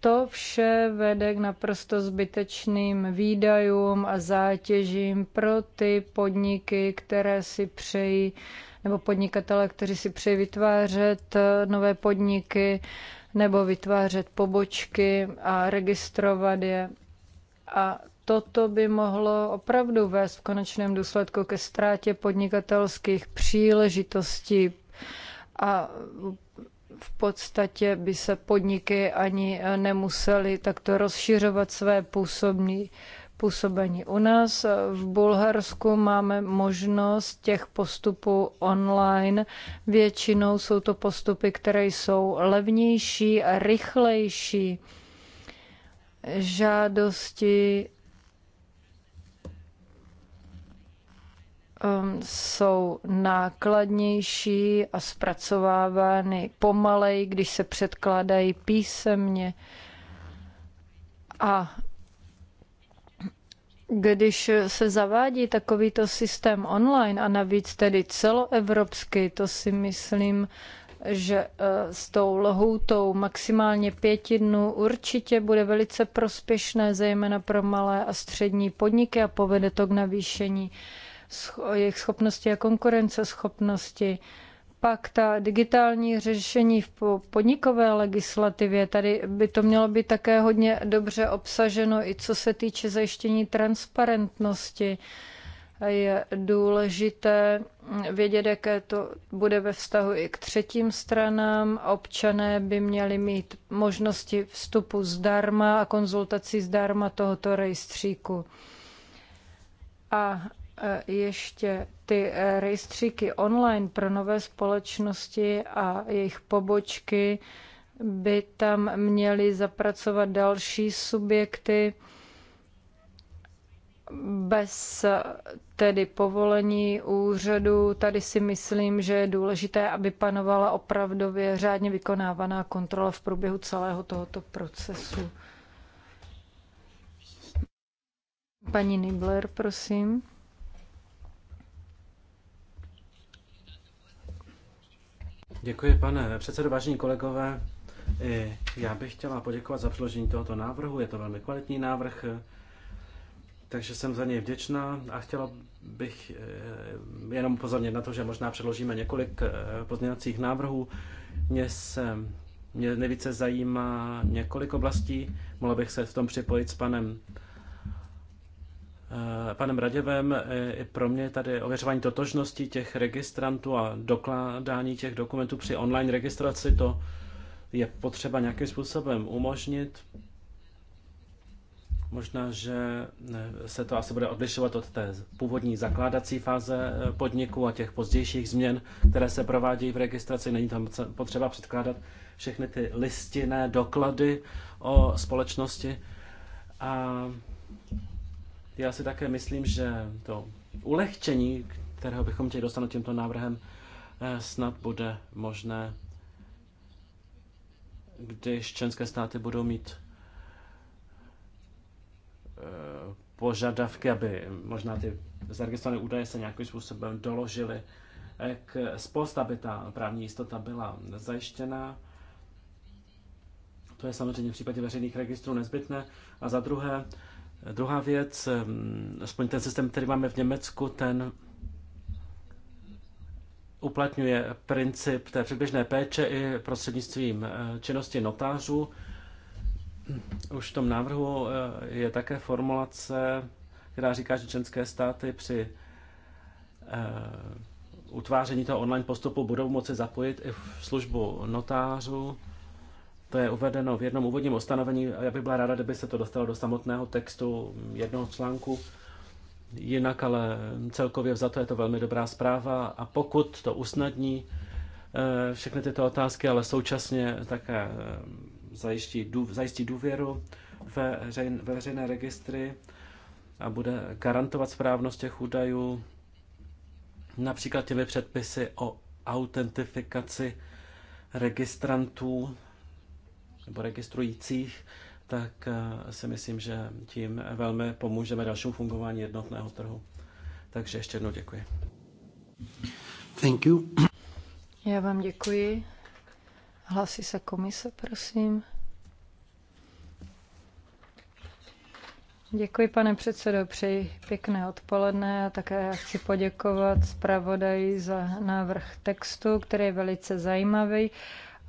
to vše vede k naprosto zbytečným výdajům a zátěžím pro ty podniky, které si přejí, nebo podnikatele, kteří si přejí vytvářet eh, nové podniky nebo vytvářet pobočky a registrovat je. A toto by mohlo opravdu vést v konečném důsledku ke ztrátě podnikatelských příležitostí a v podstatě by se podniky ani eh, nemusely takto rozšiřovat své působní, působení. U nás eh, v Bulharsku máme možnost těch postupů online. Většinou jsou to postupy, které jsou levnější a rychlejší. Žádosti Um, jsou nákladnější a zpracovávány pomaleji, když se předkládají písemně. A když se zavádí takovýto systém online a navíc tedy celoevropský, to si myslím, že e, s tou lhoutou maximálně pěti dnů určitě bude velice prospěšné, zejména pro malé a střední podniky a povede to k navýšení jejich schopnosti a konkurenceschopnosti. Pak ta digitální řešení v podnikové legislativě, tady by to mělo být také hodně dobře obsaženo, i co se týče zajištění transparentnosti je důležité vědět, jaké to bude ve vztahu i k třetím stranám. Občané by měli mít možnosti vstupu zdarma a konzultací zdarma tohoto rejstříku. A Eh, ještě ty eh, rejstříky online pro nové společnosti a jejich pobočky by tam měly zapracovat další subjekty bez eh, tedy povolení úřadu. Tady si myslím, že je důležité, aby panovala opravdově řádně vykonávaná kontrola v průběhu celého tohoto procesu. Paní Nibler, prosím. Děkuji, pane předsedo, vážení kolegové. Já bych chtěla poděkovat za předložení tohoto návrhu. Je to velmi kvalitní návrh, takže jsem za něj vděčná a chtěla bych eh, jenom upozornit na to, že možná předložíme několik eh, pozměňovacích návrhů. Mě se mě nejvíce zajímá několik oblastí. Mohla bych se v tom připojit s panem panem Raděvem. E, I pro mě tady ověřování totožnosti těch registrantů a dokládání těch dokumentů při online registraci, to je potřeba nějakým způsobem umožnit. Možná, že e, se to asi bude odlišovat od té původní zakládací fáze e, podniku a těch pozdějších změn, které se provádějí v registraci. Není tam potřeba předkládat všechny ty listinné doklady o společnosti. A já si také myslím, že to ulehčení, kterého bychom chtěli dostanout tímto návrhem, eh, snad bude možné, když členské státy budou mít eh, požadavky, aby možná ty zaregistrované údaje se nějakým způsobem doložily eh, k spoust, aby ta právní jistota byla zajištěna. To je samozřejmě v případě veřejných registrů nezbytné. A za druhé, Druhá věc, ehm, aspoň ten systém, který máme v Německu, ten uplatňuje princip té předběžné péče i prostřednictvím eh, činnosti notářů. Už v tom návrhu eh, je také formulace, která říká, že členské státy při eh, utváření toho online postupu budou moci zapojit i v službu notářů to je uvedeno v jednom úvodním ustanovení a já bych byla ráda, kdyby se to dostalo do samotného textu jednoho článku. Jinak ale celkově vzato je to velmi dobrá zpráva a pokud to usnadní eh, všechny tyto otázky, ale současně také eh, zajistí, zajistí důvěru ve, ve veřejné registry a bude garantovat správnost těch údajů, například těmi předpisy o autentifikaci registrantů nebo registrujících, tak eh, si myslím, že tím velmi pomůžeme dalšímu fungování jednotného trhu. Takže ještě jednou děkuji. Thank you. Já vám děkuji. Hlasí se komise, prosím. Děkuji, pane předsedo, přeji pěkné odpoledne a také já chci poděkovat zpravodaji za návrh textu, který je velice zajímavý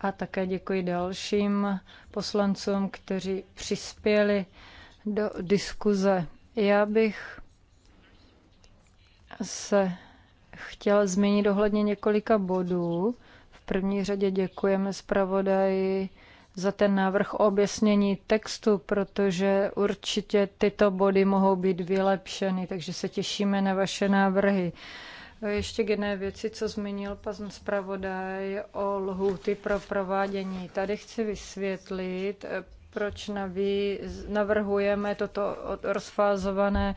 a také děkuji dalším poslancům, kteří přispěli do diskuze. Já bych se chtěla zmínit ohledně několika bodů. V první řadě děkujeme zpravodaji za ten návrh o objasnění textu, protože určitě tyto body mohou být vylepšeny, takže se těšíme na vaše návrhy. Ještě k jedné věci, co zmínil pan zpravodaj o lhůty pro provádění. Tady chci vysvětlit, proč naví, navrhujeme toto rozfázované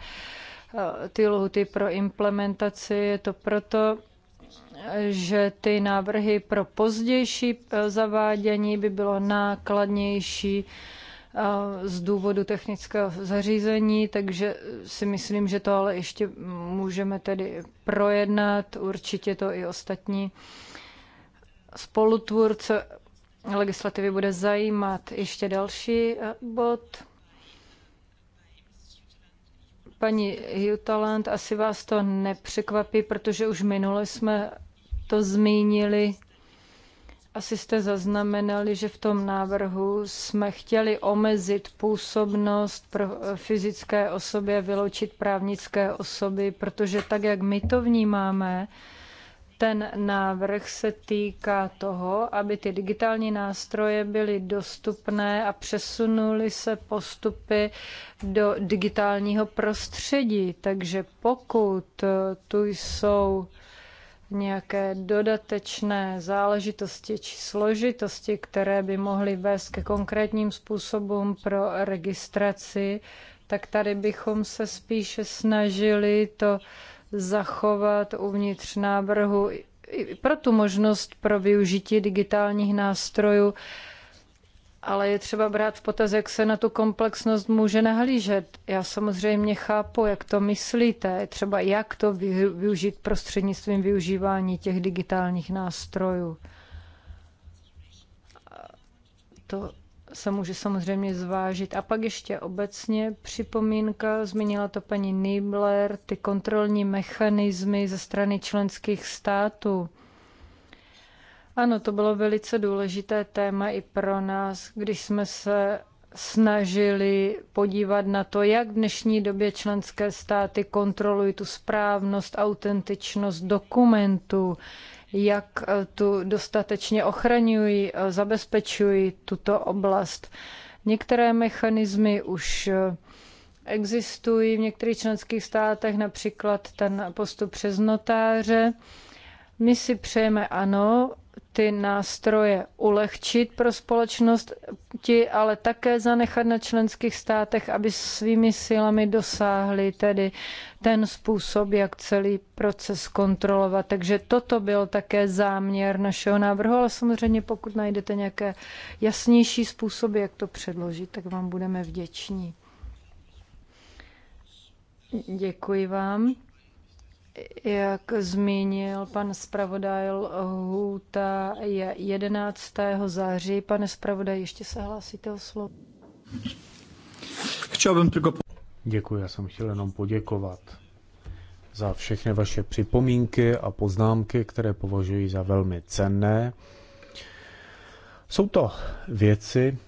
eh, ty lhuty pro implementaci. Je to proto, že ty návrhy pro pozdější eh, zavádění by bylo nákladnější z důvodu technického zařízení, takže si myslím, že to ale ještě můžeme tedy projednat, určitě to i ostatní spolutvůrce legislativy bude zajímat. Ještě další eh, bod. Paní Jutaland, asi vás to nepřekvapí, protože už minule jsme to zmínili asi jste zaznamenali, že v tom návrhu jsme chtěli omezit působnost pro eh, fyzické osoby a vyloučit právnické osoby, protože tak, jak my to vnímáme, ten návrh se týká toho, aby ty digitální nástroje byly dostupné a přesunuly se postupy do digitálního prostředí. Takže pokud eh, tu jsou nějaké dodatečné záležitosti či složitosti, které by mohly vést ke konkrétním způsobům pro registraci, tak tady bychom se spíše snažili to zachovat uvnitř návrhu i pro tu možnost pro využití digitálních nástrojů ale je třeba brát v potaz, jak se na tu komplexnost může nahlížet. Já samozřejmě chápu, jak to myslíte, třeba jak to využít prostřednictvím využívání těch digitálních nástrojů. To se může samozřejmě zvážit. A pak ještě obecně připomínka, zmínila to paní Niebler, ty kontrolní mechanismy ze strany členských států ano, to bylo velice důležité téma i pro nás, když jsme se snažili podívat na to, jak v dnešní době členské státy kontrolují tu správnost, autentičnost dokumentů, jak eh, tu dostatečně ochraňují, eh, zabezpečují tuto oblast. Některé mechanismy už eh, existují v některých členských státech, například ten postup přes notáře. My si přejeme, ano, ty nástroje ulehčit pro společnost, ale také zanechat na členských státech, aby svými silami dosáhli tedy ten způsob, jak celý proces kontrolovat. Takže toto byl také záměr našeho návrhu, ale samozřejmě pokud najdete nějaké jasnější způsoby, jak to předložit, tak vám budeme vděční. Děkuji vám. Jak zmínil pan zpravodaj, lhůta je 11. září. Pane zpravodaj, ještě se hlásíte o slovo. Chtěl bych tylko... Děkuji, já jsem chtěl jenom poděkovat za všechny vaše připomínky a poznámky, které považuji za velmi cenné. Jsou to věci,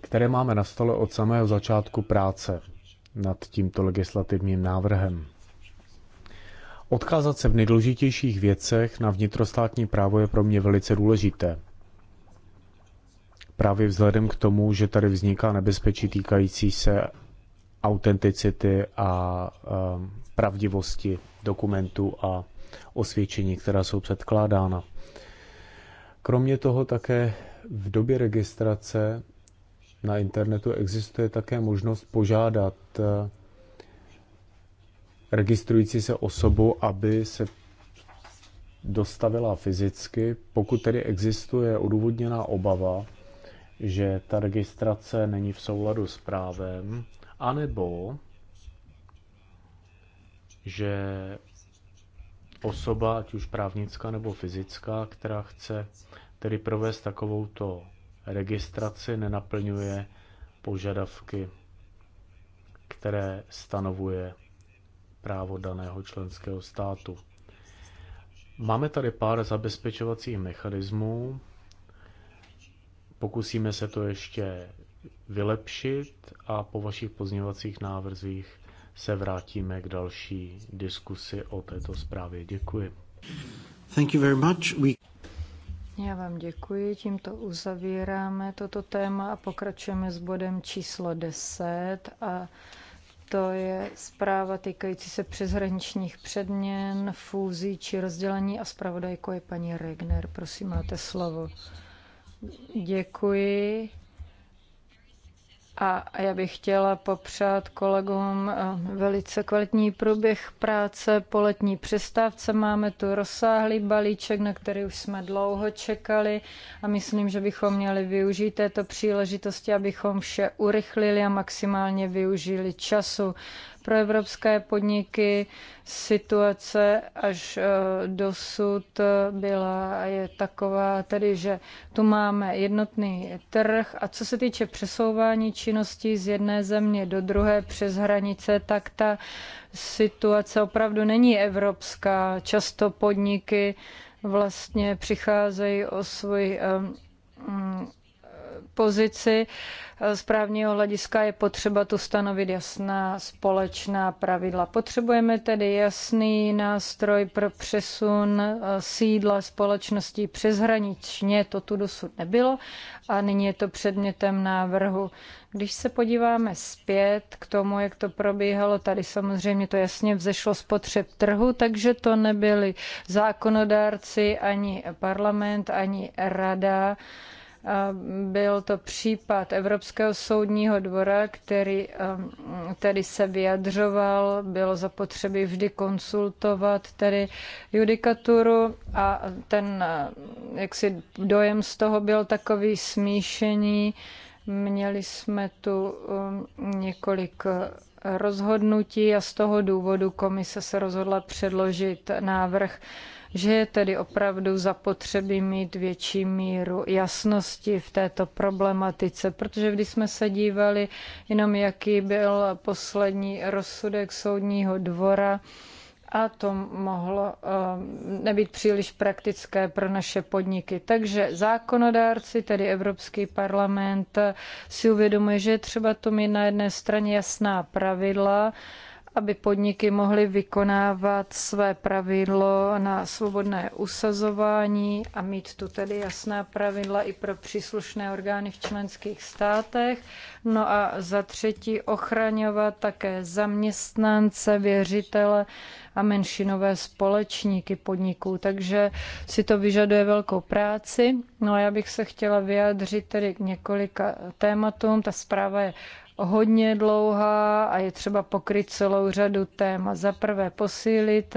které máme na stole od samého začátku práce nad tímto legislativním návrhem. Odkázat se v nejdůležitějších věcech na vnitrostátní právo je pro mě velice důležité. Právě vzhledem k tomu, že tady vzniká nebezpečí týkající se autenticity a ehm, pravdivosti dokumentů a osvědčení, která jsou předkládána. Kromě toho také v době registrace na internetu existuje také možnost požádat eh, registrující se osobu, aby se dostavila fyzicky, pokud tedy existuje odůvodněná obava, že ta registrace není v souladu s právem, anebo že osoba, ať už právnická nebo fyzická, která chce tedy provést takovouto registraci nenaplňuje požadavky, které stanovuje právo daného členského státu. Máme tady pár zabezpečovacích mechanismů. Pokusíme se to ještě vylepšit a po vašich pozněvacích návrzích se vrátíme k další diskusi o této zprávě. Děkuji. Thank you very much. We... Já vám děkuji, tímto uzavíráme toto téma a pokračujeme s bodem číslo 10 a to je zpráva týkající se přeshraničních předměn, fúzí či rozdělení a zpravodajko je paní Regner. Prosím, máte slovo. Děkuji. A já bych chtěla popřát kolegům eh, velice kvalitní průběh práce. Po letní přestávce máme tu rozsáhlý balíček, na který už jsme dlouho čekali a myslím, že bychom měli využít této příležitosti, abychom vše urychlili a maximálně využili času. Pro evropské podniky situace až eh, dosud eh, byla je taková, tedy že tu máme jednotný trh a co se týče přesouvání činností z jedné země do druhé přes hranice, tak ta situace opravdu není evropská. Často podniky vlastně přicházejí o svůj eh, mm, pozici. Eh, z právního hlediska je potřeba tu stanovit jasná společná pravidla. Potřebujeme tedy jasný nástroj pro přesun eh, sídla společností přeshraničně. To tu dosud nebylo a nyní je to předmětem návrhu. Když se podíváme zpět k tomu, jak to probíhalo, tady samozřejmě to jasně vzešlo z potřeb trhu, takže to nebyli zákonodárci, ani parlament, ani rada byl to případ Evropského soudního dvora, který um, tedy se vyjadřoval, bylo zapotřebí vždy konsultovat tedy judikaturu a ten uh, jaksi dojem z toho byl takový smíšený. Měli jsme tu um, několik rozhodnutí a z toho důvodu komise se rozhodla předložit návrh že je tedy opravdu zapotřebí mít větší míru jasnosti v této problematice, protože když jsme se dívali jenom, jaký byl poslední rozsudek soudního dvora, a to mohlo eh, nebýt příliš praktické pro naše podniky. Takže zákonodárci, tedy Evropský parlament, eh, si uvědomuje, že je třeba to mít na jedné straně jasná pravidla, aby podniky mohly vykonávat své pravidlo na svobodné usazování a mít tu tedy jasná pravidla i pro příslušné orgány v členských státech. No a za třetí ochraňovat také zaměstnance, věřitele a menšinové společníky podniků. Takže si to vyžaduje velkou práci. No a já bych se chtěla vyjádřit tedy k několika tématům. Ta zpráva je hodně dlouhá a je třeba pokryt celou řadu téma. Za prvé posílit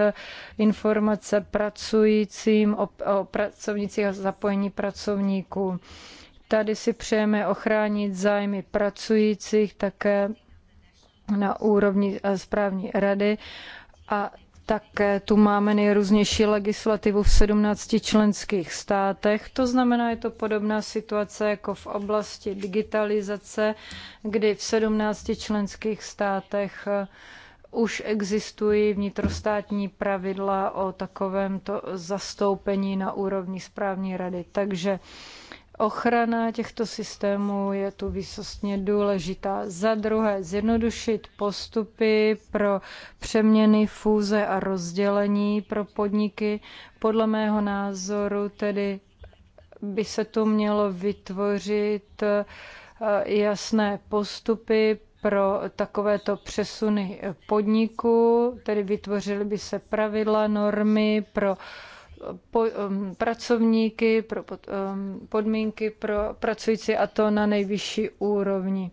informace pracujícím o, o pracovnicích a zapojení pracovníků. Tady si přejeme ochránit zájmy pracujících také na úrovni správní rady a tak tu máme nejrůznější legislativu v 17 členských státech. To znamená, je to podobná situace jako v oblasti digitalizace, kdy v 17 členských státech eh, už existují vnitrostátní pravidla o takovémto zastoupení na úrovni správní rady. Takže Ochrana těchto systémů je tu výsostně důležitá. Za druhé, zjednodušit postupy pro přeměny, fúze a rozdělení pro podniky. Podle mého názoru tedy by se tu mělo vytvořit eh, jasné postupy pro takovéto přesuny podniku, tedy vytvořily by se pravidla, normy pro uh, po, um, pracovníky, pro pod, um, podmínky pro pracující a to na nejvyšší úrovni.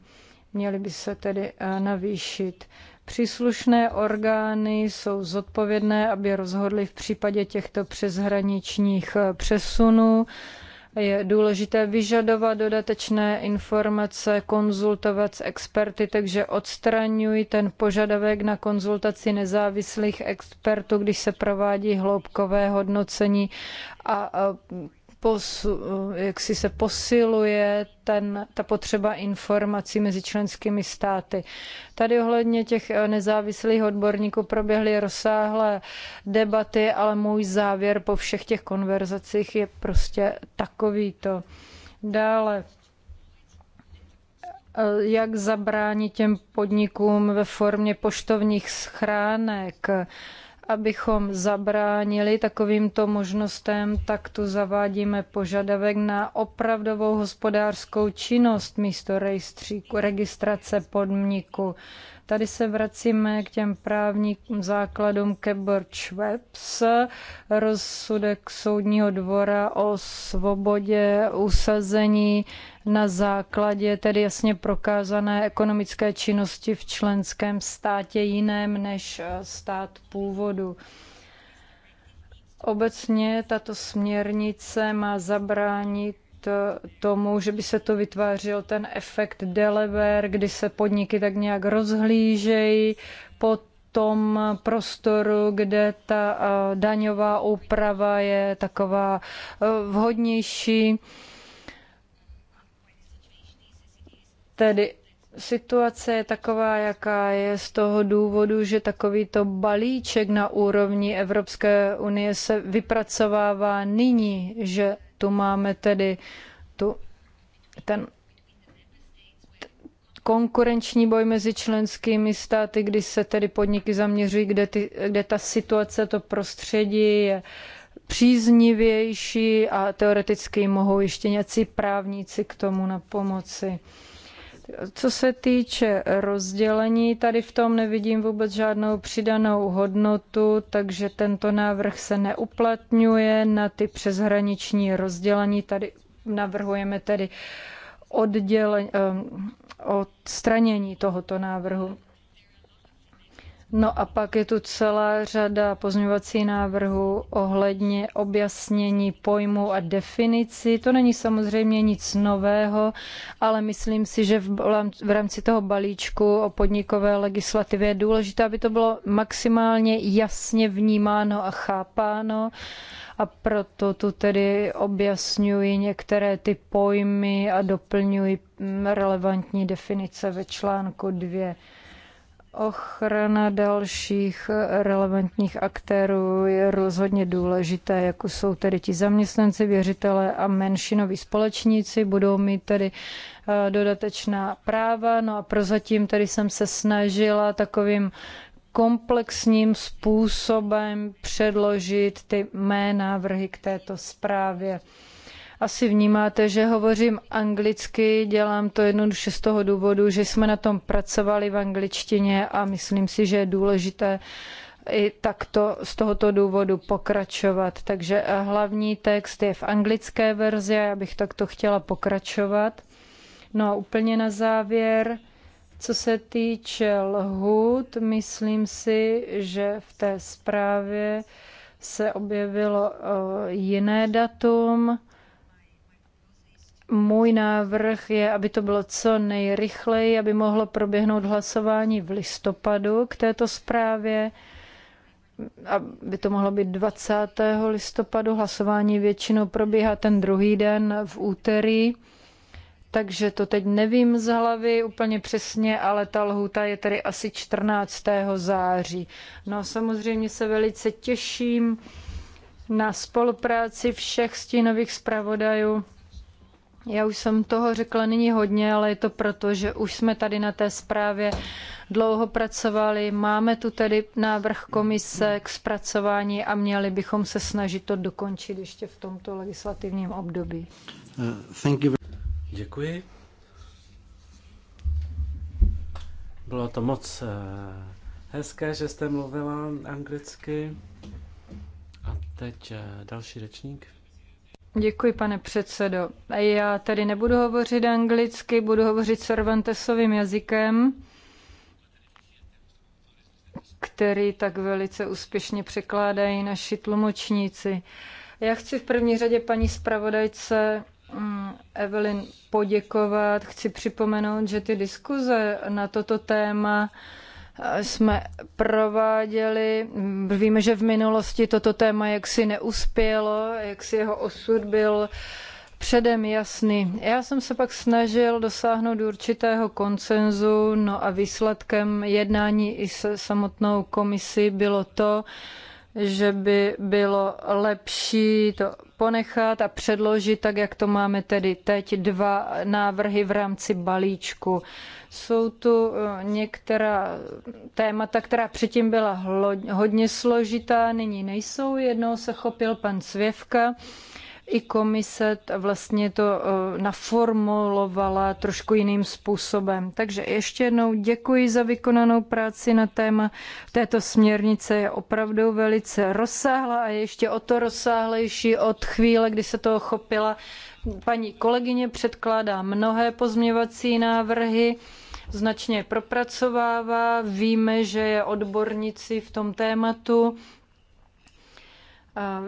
Měly by se tedy uh, navýšit. Příslušné orgány jsou zodpovědné, aby rozhodly v případě těchto přeshraničních eh, přesunů. Uh, je důležité vyžadovat dodatečné informace, konzultovat s experty, takže odstraňuji ten požadavek na konzultaci nezávislých expertů, když se provádí hloubkové hodnocení a posu, jak si se posiluje ten, ta potřeba informací mezi členskými státy. Tady ohledně těch eh, nezávislých odborníků proběhly rozsáhlé debaty, ale můj závěr po všech těch konverzacích je prostě takovýto. Dále eh, jak zabránit těm podnikům ve formě poštovních schránek abychom zabránili takovýmto možnostem, tak tu zavádíme požadavek na opravdovou hospodářskou činnost místo rejstříku, registrace podniku. Tady se vracíme k těm právním základům Kebber Schweppes, rozsudek soudního dvora o svobodě usazení na základě tedy jasně prokázané ekonomické činnosti v členském státě jiném než eh, stát původu. Obecně tato směrnice má zabránit tomu, že by se to vytvářel ten efekt delever, kdy se podniky tak nějak rozhlížejí po tom prostoru, kde ta daňová úprava je taková vhodnější. Tedy Situace je taková, jaká je z toho důvodu, že takovýto balíček na úrovni Evropské unie se vypracovává nyní, že tu máme tedy tu, ten konkurenční boj mezi členskými státy, kdy se tedy podniky zaměřují, kde, ty, kde ta situace, to prostředí je příznivější a teoreticky mohou ještě nějací právníci k tomu na pomoci. Co se týče rozdělení, tady v tom nevidím vůbec žádnou přidanou hodnotu, takže tento návrh se neuplatňuje na ty přeshraniční rozdělení. Tady navrhujeme tedy oddělení, eh, odstranění tohoto návrhu. No a pak je tu celá řada pozměňovací návrhů ohledně objasnění pojmů a definici. To není samozřejmě nic nového, ale myslím si, že v rámci toho balíčku o podnikové legislativě je důležité, aby to bylo maximálně jasně vnímáno a chápáno a proto tu tedy objasňuji některé ty pojmy a doplňuji mm, relevantní definice ve článku 2. Ochrana dalších relevantních aktérů je rozhodně důležité, jako jsou tedy ti zaměstnanci, věřitelé a menšinoví společníci, budou mít tedy eh, dodatečná práva. No a prozatím tedy jsem se snažila takovým komplexním způsobem předložit ty mé návrhy k této zprávě. Asi vnímáte, že hovořím anglicky, dělám to jednoduše z toho důvodu, že jsme na tom pracovali v angličtině a myslím si, že je důležité i takto z tohoto důvodu pokračovat. Takže eh, hlavní text je v anglické verzi a já bych takto chtěla pokračovat. No a úplně na závěr, co se týče lhůt, myslím si, že v té zprávě se objevilo eh, jiné datum. Můj návrh je, aby to bylo co nejrychleji, aby mohlo proběhnout hlasování v listopadu k této zprávě aby to mohlo být 20. listopadu, hlasování většinou probíhá ten druhý den v úterý, takže to teď nevím z hlavy úplně přesně, ale ta lhůta je tedy asi 14. září. No samozřejmě se velice těším na spolupráci všech stínových zpravodajů já už jsem toho řekla nyní hodně, ale je to proto, že už jsme tady na té zprávě dlouho pracovali. Máme tu tedy návrh komise k zpracování a měli bychom se snažit to dokončit ještě v tomto legislativním období. Uh, Děkuji. Bylo to moc eh, hezké, že jste mluvila anglicky. A teď eh, další řečník. Děkuji, pane předsedo. Já tady nebudu hovořit anglicky, budu hovořit Cervantesovým jazykem, který tak velice úspěšně překládají naši tlumočníci. Já chci v první řadě paní zpravodajce mm, Evelyn poděkovat. Chci připomenout, že ty diskuze na toto téma jsme prováděli. Víme, že v minulosti toto téma jaksi neuspělo, jaksi jeho osud byl předem jasný. Já jsem se pak snažil dosáhnout určitého koncenzu, no a výsledkem jednání i se samotnou komisí bylo to, že by bylo lepší to ponechat a předložit, tak jak to máme tedy teď, dva návrhy v rámci balíčku. Jsou tu eh, některá témata, která předtím byla hodně složitá, nyní nejsou. Jednou se chopil pan Svěvka i komise vlastně to eh, naformulovala trošku jiným způsobem. Takže ještě jednou děkuji za vykonanou práci na téma této směrnice. Je opravdu velice rozsáhlá a ještě o to rozsáhlejší od chvíle, kdy se toho chopila paní kolegyně, předkládá mnohé pozměvací návrhy značně propracovává. Víme, že je odbornici v tom tématu. A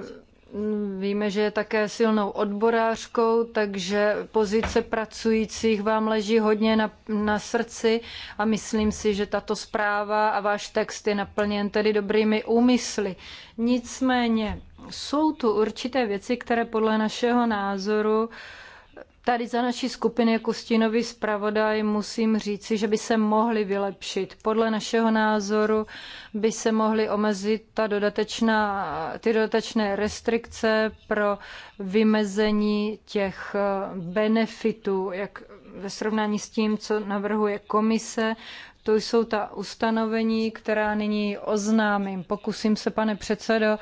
Víme, že je také silnou odborářkou, takže pozice pracujících vám leží hodně na, na srdci a myslím si, že tato zpráva a váš text je naplněn tedy dobrými úmysly. Nicméně jsou tu určité věci, které podle našeho názoru uh, Tady za naší skupiny jako stínový zpravodaj musím říci, že by se mohly vylepšit. Podle našeho názoru by se mohly omezit ta dodatečná, ty dodatečné restrikce pro vymezení těch eh, benefitů, jak ve srovnání s tím, co navrhuje komise, to jsou ta ustanovení, která nyní oznámím. Pokusím se, pane předsedo,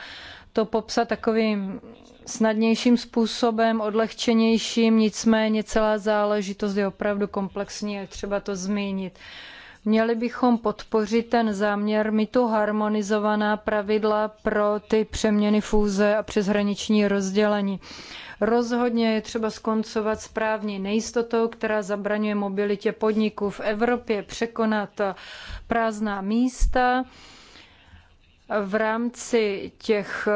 to popsat takovým snadnějším způsobem, odlehčenějším, nicméně celá záležitost je opravdu komplexní a je třeba to zmínit. Měli bychom podpořit ten záměr mít tu harmonizovaná pravidla pro ty přeměny fúze a přeshraniční rozdělení. Rozhodně je třeba skoncovat s právní nejistotou, která zabraňuje mobilitě podniků v Evropě, překonat prázdná místa, v rámci těch,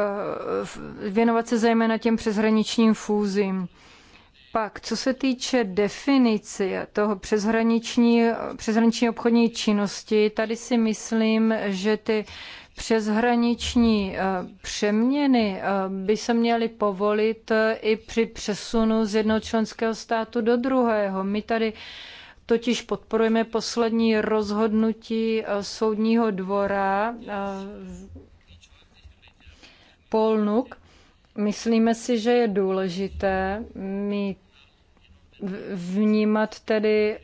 věnovat se zejména těm přeshraničním fúzím. Pak, co se týče definice toho přeshraniční, přeshraniční obchodní činnosti, tady si myslím, že ty přeshraniční eh, přeměny eh, by se měly povolit eh, i při přesunu z jednoho členského státu do druhého. My tady totiž podporujeme poslední rozhodnutí eh, soudního dvora eh, Polnuk. Myslíme si, že je důležité mít vnímat tedy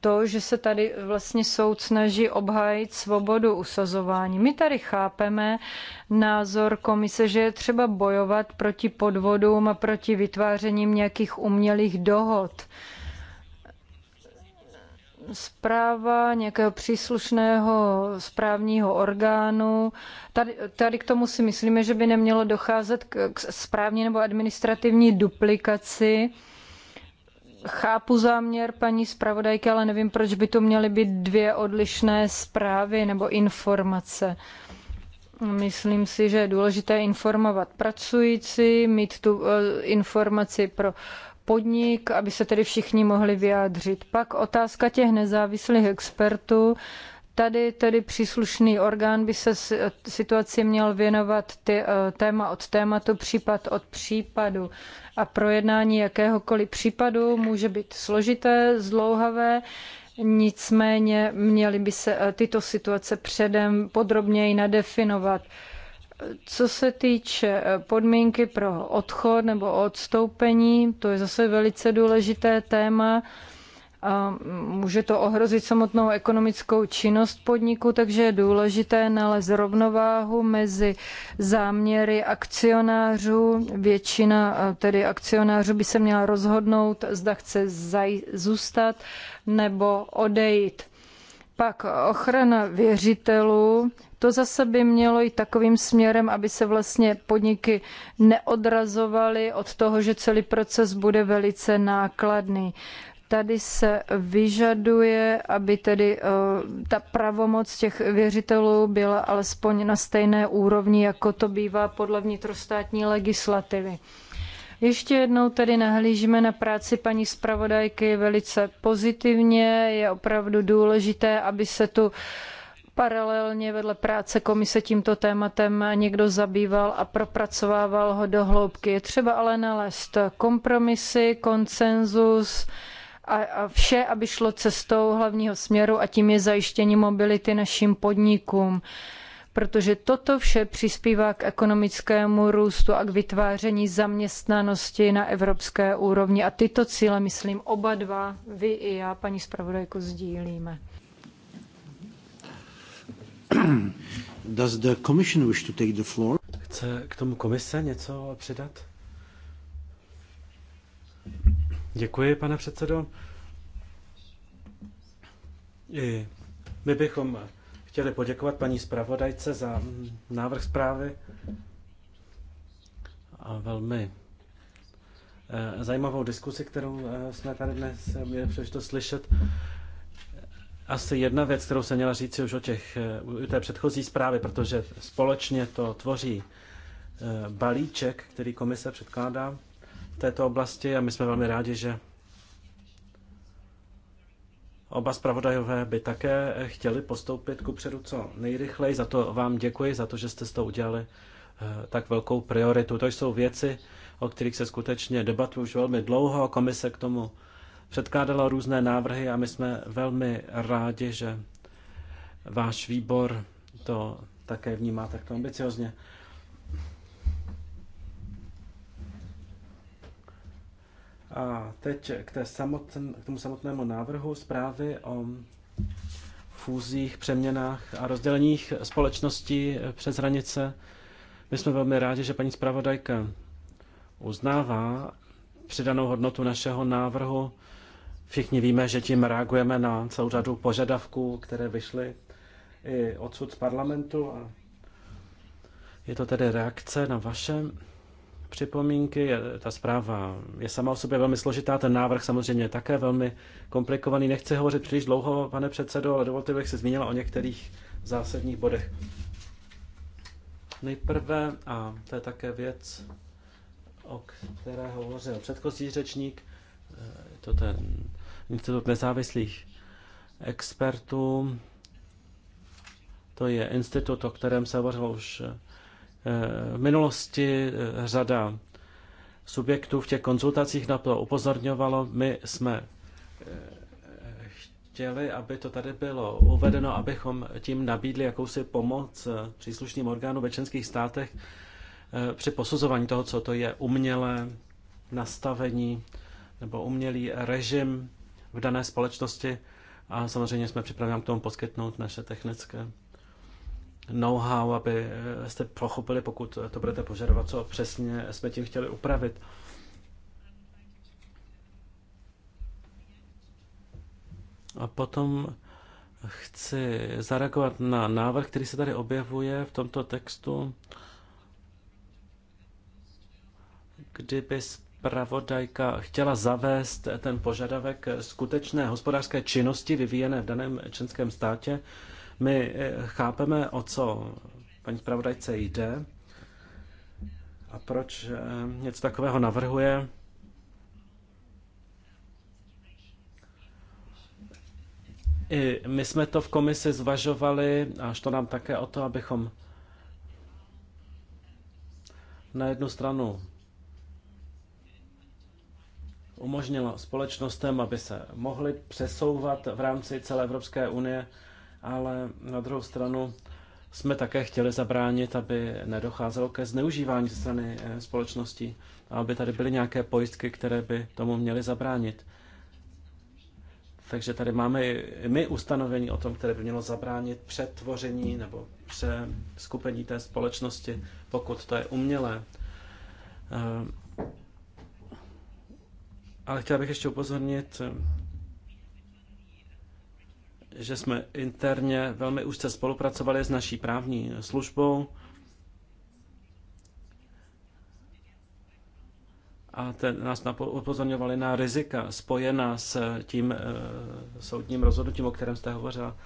to, že se tady vlastně soud snaží obhájit svobodu usazování. My tady chápeme názor komise, že je třeba bojovat proti podvodům a proti vytvářením nějakých umělých dohod zpráva nějakého příslušného správního orgánu. Tady, tady k tomu si myslíme, že by nemělo docházet k, k správní nebo administrativní duplikaci. Chápu záměr paní zpravodajky, ale nevím, proč by to měly být dvě odlišné zprávy nebo informace. Myslím si, že je důležité informovat pracující, mít tu eh, informaci pro podnik, aby se tedy všichni mohli vyjádřit. Pak otázka těch nezávislých expertů. Tady tedy příslušný orgán by se situaci měl věnovat ty, eh, téma od tématu, případ od případu. A projednání jakéhokoliv případu může být složité, zdlouhavé, nicméně měly by se eh, tyto situace předem podrobněji nadefinovat. Co se týče eh, podmínky pro odchod nebo odstoupení, to je zase velice důležité téma. A může to ohrozit samotnou ekonomickou činnost podniku, takže je důležité nalézt rovnováhu mezi záměry akcionářů. Většina eh, tedy akcionářů by se měla rozhodnout, zda chce zůstat nebo odejít. Pak ochrana věřitelů, to zase by mělo jít takovým směrem, aby se vlastně podniky neodrazovaly od toho, že celý proces bude velice nákladný tady se vyžaduje, aby tedy eh, ta pravomoc těch věřitelů byla alespoň na stejné úrovni, jako to bývá podle vnitrostátní legislativy. Ještě jednou tedy nahlížíme na práci paní zpravodajky velice pozitivně. Je opravdu důležité, aby se tu uh, paralelně vedle práce komise tímto tématem někdo zabýval a propracovával ho do hloubky. Je třeba ale nalézt kompromisy, konsenzus a, a vše, aby šlo cestou hlavního směru a tím je zajištění mobility našim podnikům protože toto vše přispívá k ekonomickému růstu a k vytváření zaměstnanosti na evropské úrovni. A tyto cíle, myslím, oba dva, vy i já, paní zpravodajko, sdílíme. Does the commission wish to take the floor? Chce k tomu komise něco přidat? Děkuji, pane předsedo. I my bychom chtěli poděkovat paní zpravodajce za návrh zprávy a velmi eh, zajímavou diskusi, kterou eh, jsme tady dnes eh, měli příležitost slyšet asi jedna věc, kterou jsem měla říct už o těch, u té předchozí zprávy, protože společně to tvoří eh, balíček, který komise předkládá v této oblasti a my jsme velmi rádi, že oba zpravodajové by také chtěli postoupit ku předu co nejrychleji. Za to vám děkuji, za to, že jste s to udělali eh, tak velkou prioritu. To jsou věci, o kterých se skutečně debatuje už velmi dlouho. Komise k tomu předkládala různé návrhy a my jsme velmi rádi, že váš výbor to také vnímá takto ambiciozně. A teď k, té samotn, k tomu samotnému návrhu zprávy o fúzích, přeměnách a rozděleních společností přes hranice. My jsme velmi rádi, že paní zpravodajka uznává přidanou hodnotu našeho návrhu Všichni víme, že tím reagujeme na celou řadu požadavků, které vyšly i odsud z parlamentu. A je to tedy reakce na vaše připomínky. Ta zpráva je sama o sobě velmi složitá, ten návrh samozřejmě je také velmi komplikovaný. Nechci hovořit příliš dlouho, pane předsedo, ale dovolte, bych se zmínila o některých zásadních bodech. Nejprve, a to je také věc, o které hovořil předchozí řečník, to ten institut nezávislých expertů. To je institut, o kterém se hovořilo už eh, v minulosti. Eh, řada subjektů v těch konzultacích na to upozorňovalo. My jsme eh, chtěli, aby to tady bylo uvedeno, abychom tím nabídli jakousi pomoc příslušným orgánům ve členských státech při posuzování toho, co to je umělé nastavení nebo umělý režim v dané společnosti a samozřejmě jsme připraveni k tomu poskytnout naše technické know-how, aby eh, jste pochopili, pokud to budete požadovat, co přesně jsme tím chtěli upravit. A potom chci zareagovat na návrh, který se tady objevuje v tomto textu. Kdyby zpravodajka chtěla zavést ten požadavek skutečné hospodářské činnosti vyvíjené v daném členském státě. My eh, chápeme, o co paní zpravodajce jde a proč eh, něco takového navrhuje. I my jsme to v komisi zvažovali a to nám také o to, abychom na jednu stranu umožnilo společnostem, aby se mohly přesouvat v rámci celé Evropské unie, ale na druhou stranu jsme také chtěli zabránit, aby nedocházelo ke zneužívání ze strany eh, společností a aby tady byly nějaké pojistky, které by tomu měly zabránit. Takže tady máme i my ustanovení o tom, které by mělo zabránit přetvoření nebo přeskupení té společnosti, pokud to je umělé. Eh, ale chtěl bych ještě upozornit, že jsme interně velmi úzce spolupracovali s naší právní službou a ten, nás upozorňovali na rizika spojená s tím e, soudním rozhodnutím, o kterém jste hovořila.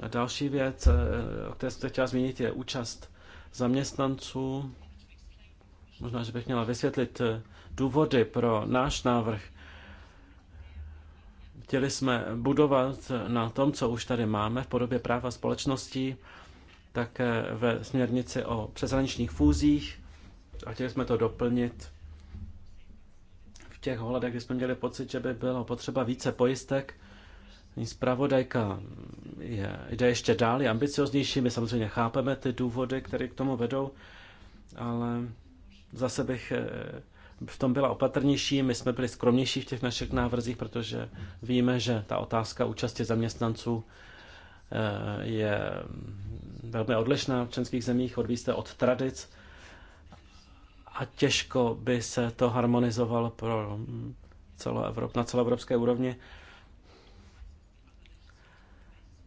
A další věc, eh, o které jste chtěla zmínit, je účast zaměstnanců Možná, že bych měla vysvětlit eh, důvody pro náš návrh. Chtěli jsme budovat na tom, co už tady máme v podobě práva společností, také ve směrnici o přeshraničních fúzích a chtěli jsme to doplnit v těch ohledech, kdy jsme měli pocit, že by bylo potřeba více pojistek. Zpravodajka je, jde ještě dál, je ambicioznější, my samozřejmě chápeme ty důvody, které k tomu vedou, ale zase bych eh, v tom byla opatrnější, my jsme byli skromnější v těch našich návrzích, protože víme, že ta otázka účasti zaměstnanců eh, je velmi odlišná v členských zemích, odvíste od tradic a těžko by se to harmonizovalo pro mm, celou Evrop, na celoevropské úrovni.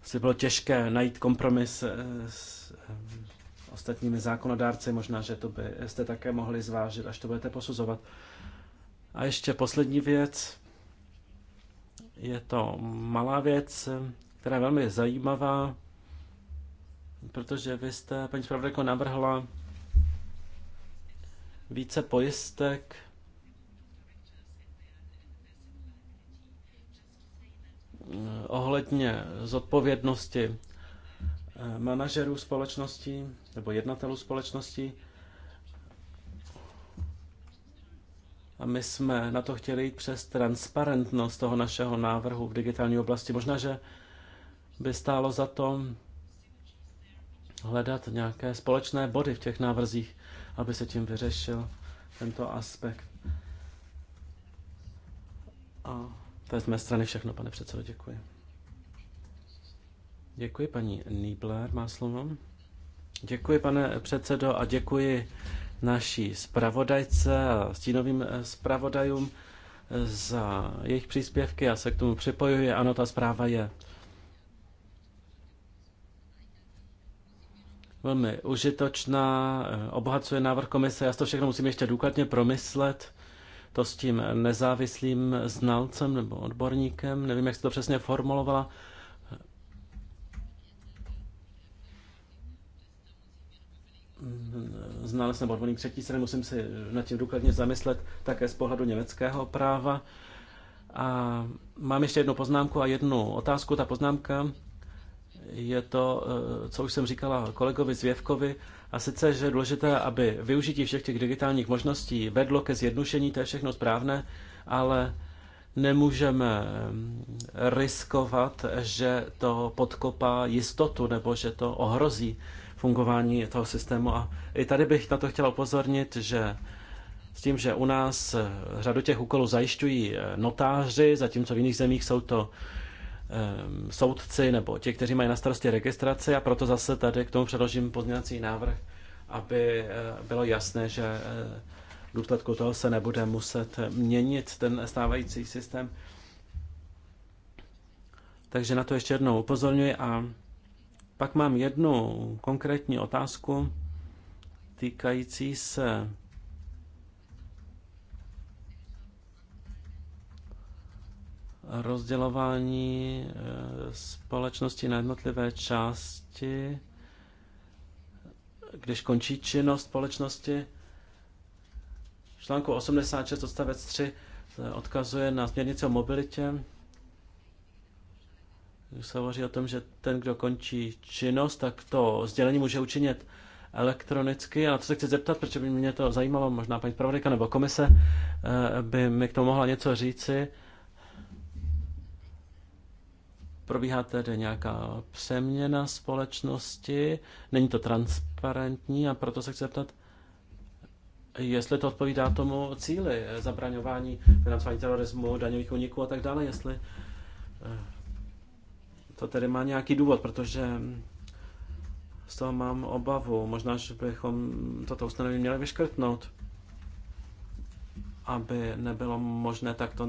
Si bylo těžké najít kompromis eh, s ostatními zákonodárci. Možná, že to byste také mohli zvážit, až to budete posuzovat. A ještě poslední věc. Je to malá věc, která je velmi zajímavá, protože vy jste, paní zpravodajko, navrhla více pojistek ohledně zodpovědnosti Eh, manažerů společnosti nebo jednatelů společnosti. A my jsme na to chtěli jít přes transparentnost toho našeho návrhu v digitální oblasti. Možná, že by stálo za to hledat nějaké společné body v těch návrzích, aby se tím vyřešil tento aspekt. A to je z mé strany všechno, pane předsedo, děkuji. Děkuji, paní Nýbler má slovo. Děkuji, pane předsedo, a děkuji naší zpravodajce a stínovým eh, zpravodajům eh, za jejich příspěvky. Já se k tomu připojuji. Ano, ta zpráva je velmi užitočná, eh, obohacuje návrh komise. Já to všechno musím ještě důkladně promyslet. To s tím nezávislým znalcem nebo odborníkem, nevím, jak se to přesně formulovala. znalec nebo odborník třetí strany, musím si nad tím důkladně zamyslet také z pohledu německého práva. A mám ještě jednu poznámku a jednu otázku. Ta poznámka je to, eh, co už jsem říkala kolegovi Zvěvkovi, a sice, že je důležité, aby využití všech těch digitálních možností vedlo ke zjednušení, to je všechno správné, ale nemůžeme eh, riskovat, že to podkopá jistotu nebo že to ohrozí fungování toho systému. A i tady bych na to chtěl upozornit, že s tím, že u nás eh, řadu těch úkolů zajišťují eh, notáři, zatímco v jiných zemích jsou to eh, soudci nebo ti, kteří mají na starosti registraci a proto zase tady k tomu předložím pozměňovací návrh, aby bylo jasné, že v důsledku toho se nebude muset měnit ten stávající systém. Takže na to ještě jednou upozorňuji a pak mám jednu konkrétní otázku týkající se rozdělování eh, společnosti na jednotlivé části, když končí činnost společnosti. V článku 86 odstavec 3 eh, odkazuje na směrnici o mobilitě se hovoří o tom, že ten, kdo končí činnost, tak to sdělení může učinit elektronicky. A na to se chci zeptat, protože by mě to zajímalo, možná paní zpravodajka nebo komise eh, by mi k tomu mohla něco říci. Probíhá tedy nějaká přeměna společnosti, není to transparentní a proto se chci zeptat, jestli to odpovídá tomu cíli eh, zabraňování financování terorismu, daňových úniků a tak dále, jestli eh, to tedy má nějaký důvod, protože z toho mám obavu. Možná, že bychom toto ustanovení měli vyškrtnout, aby nebylo možné takto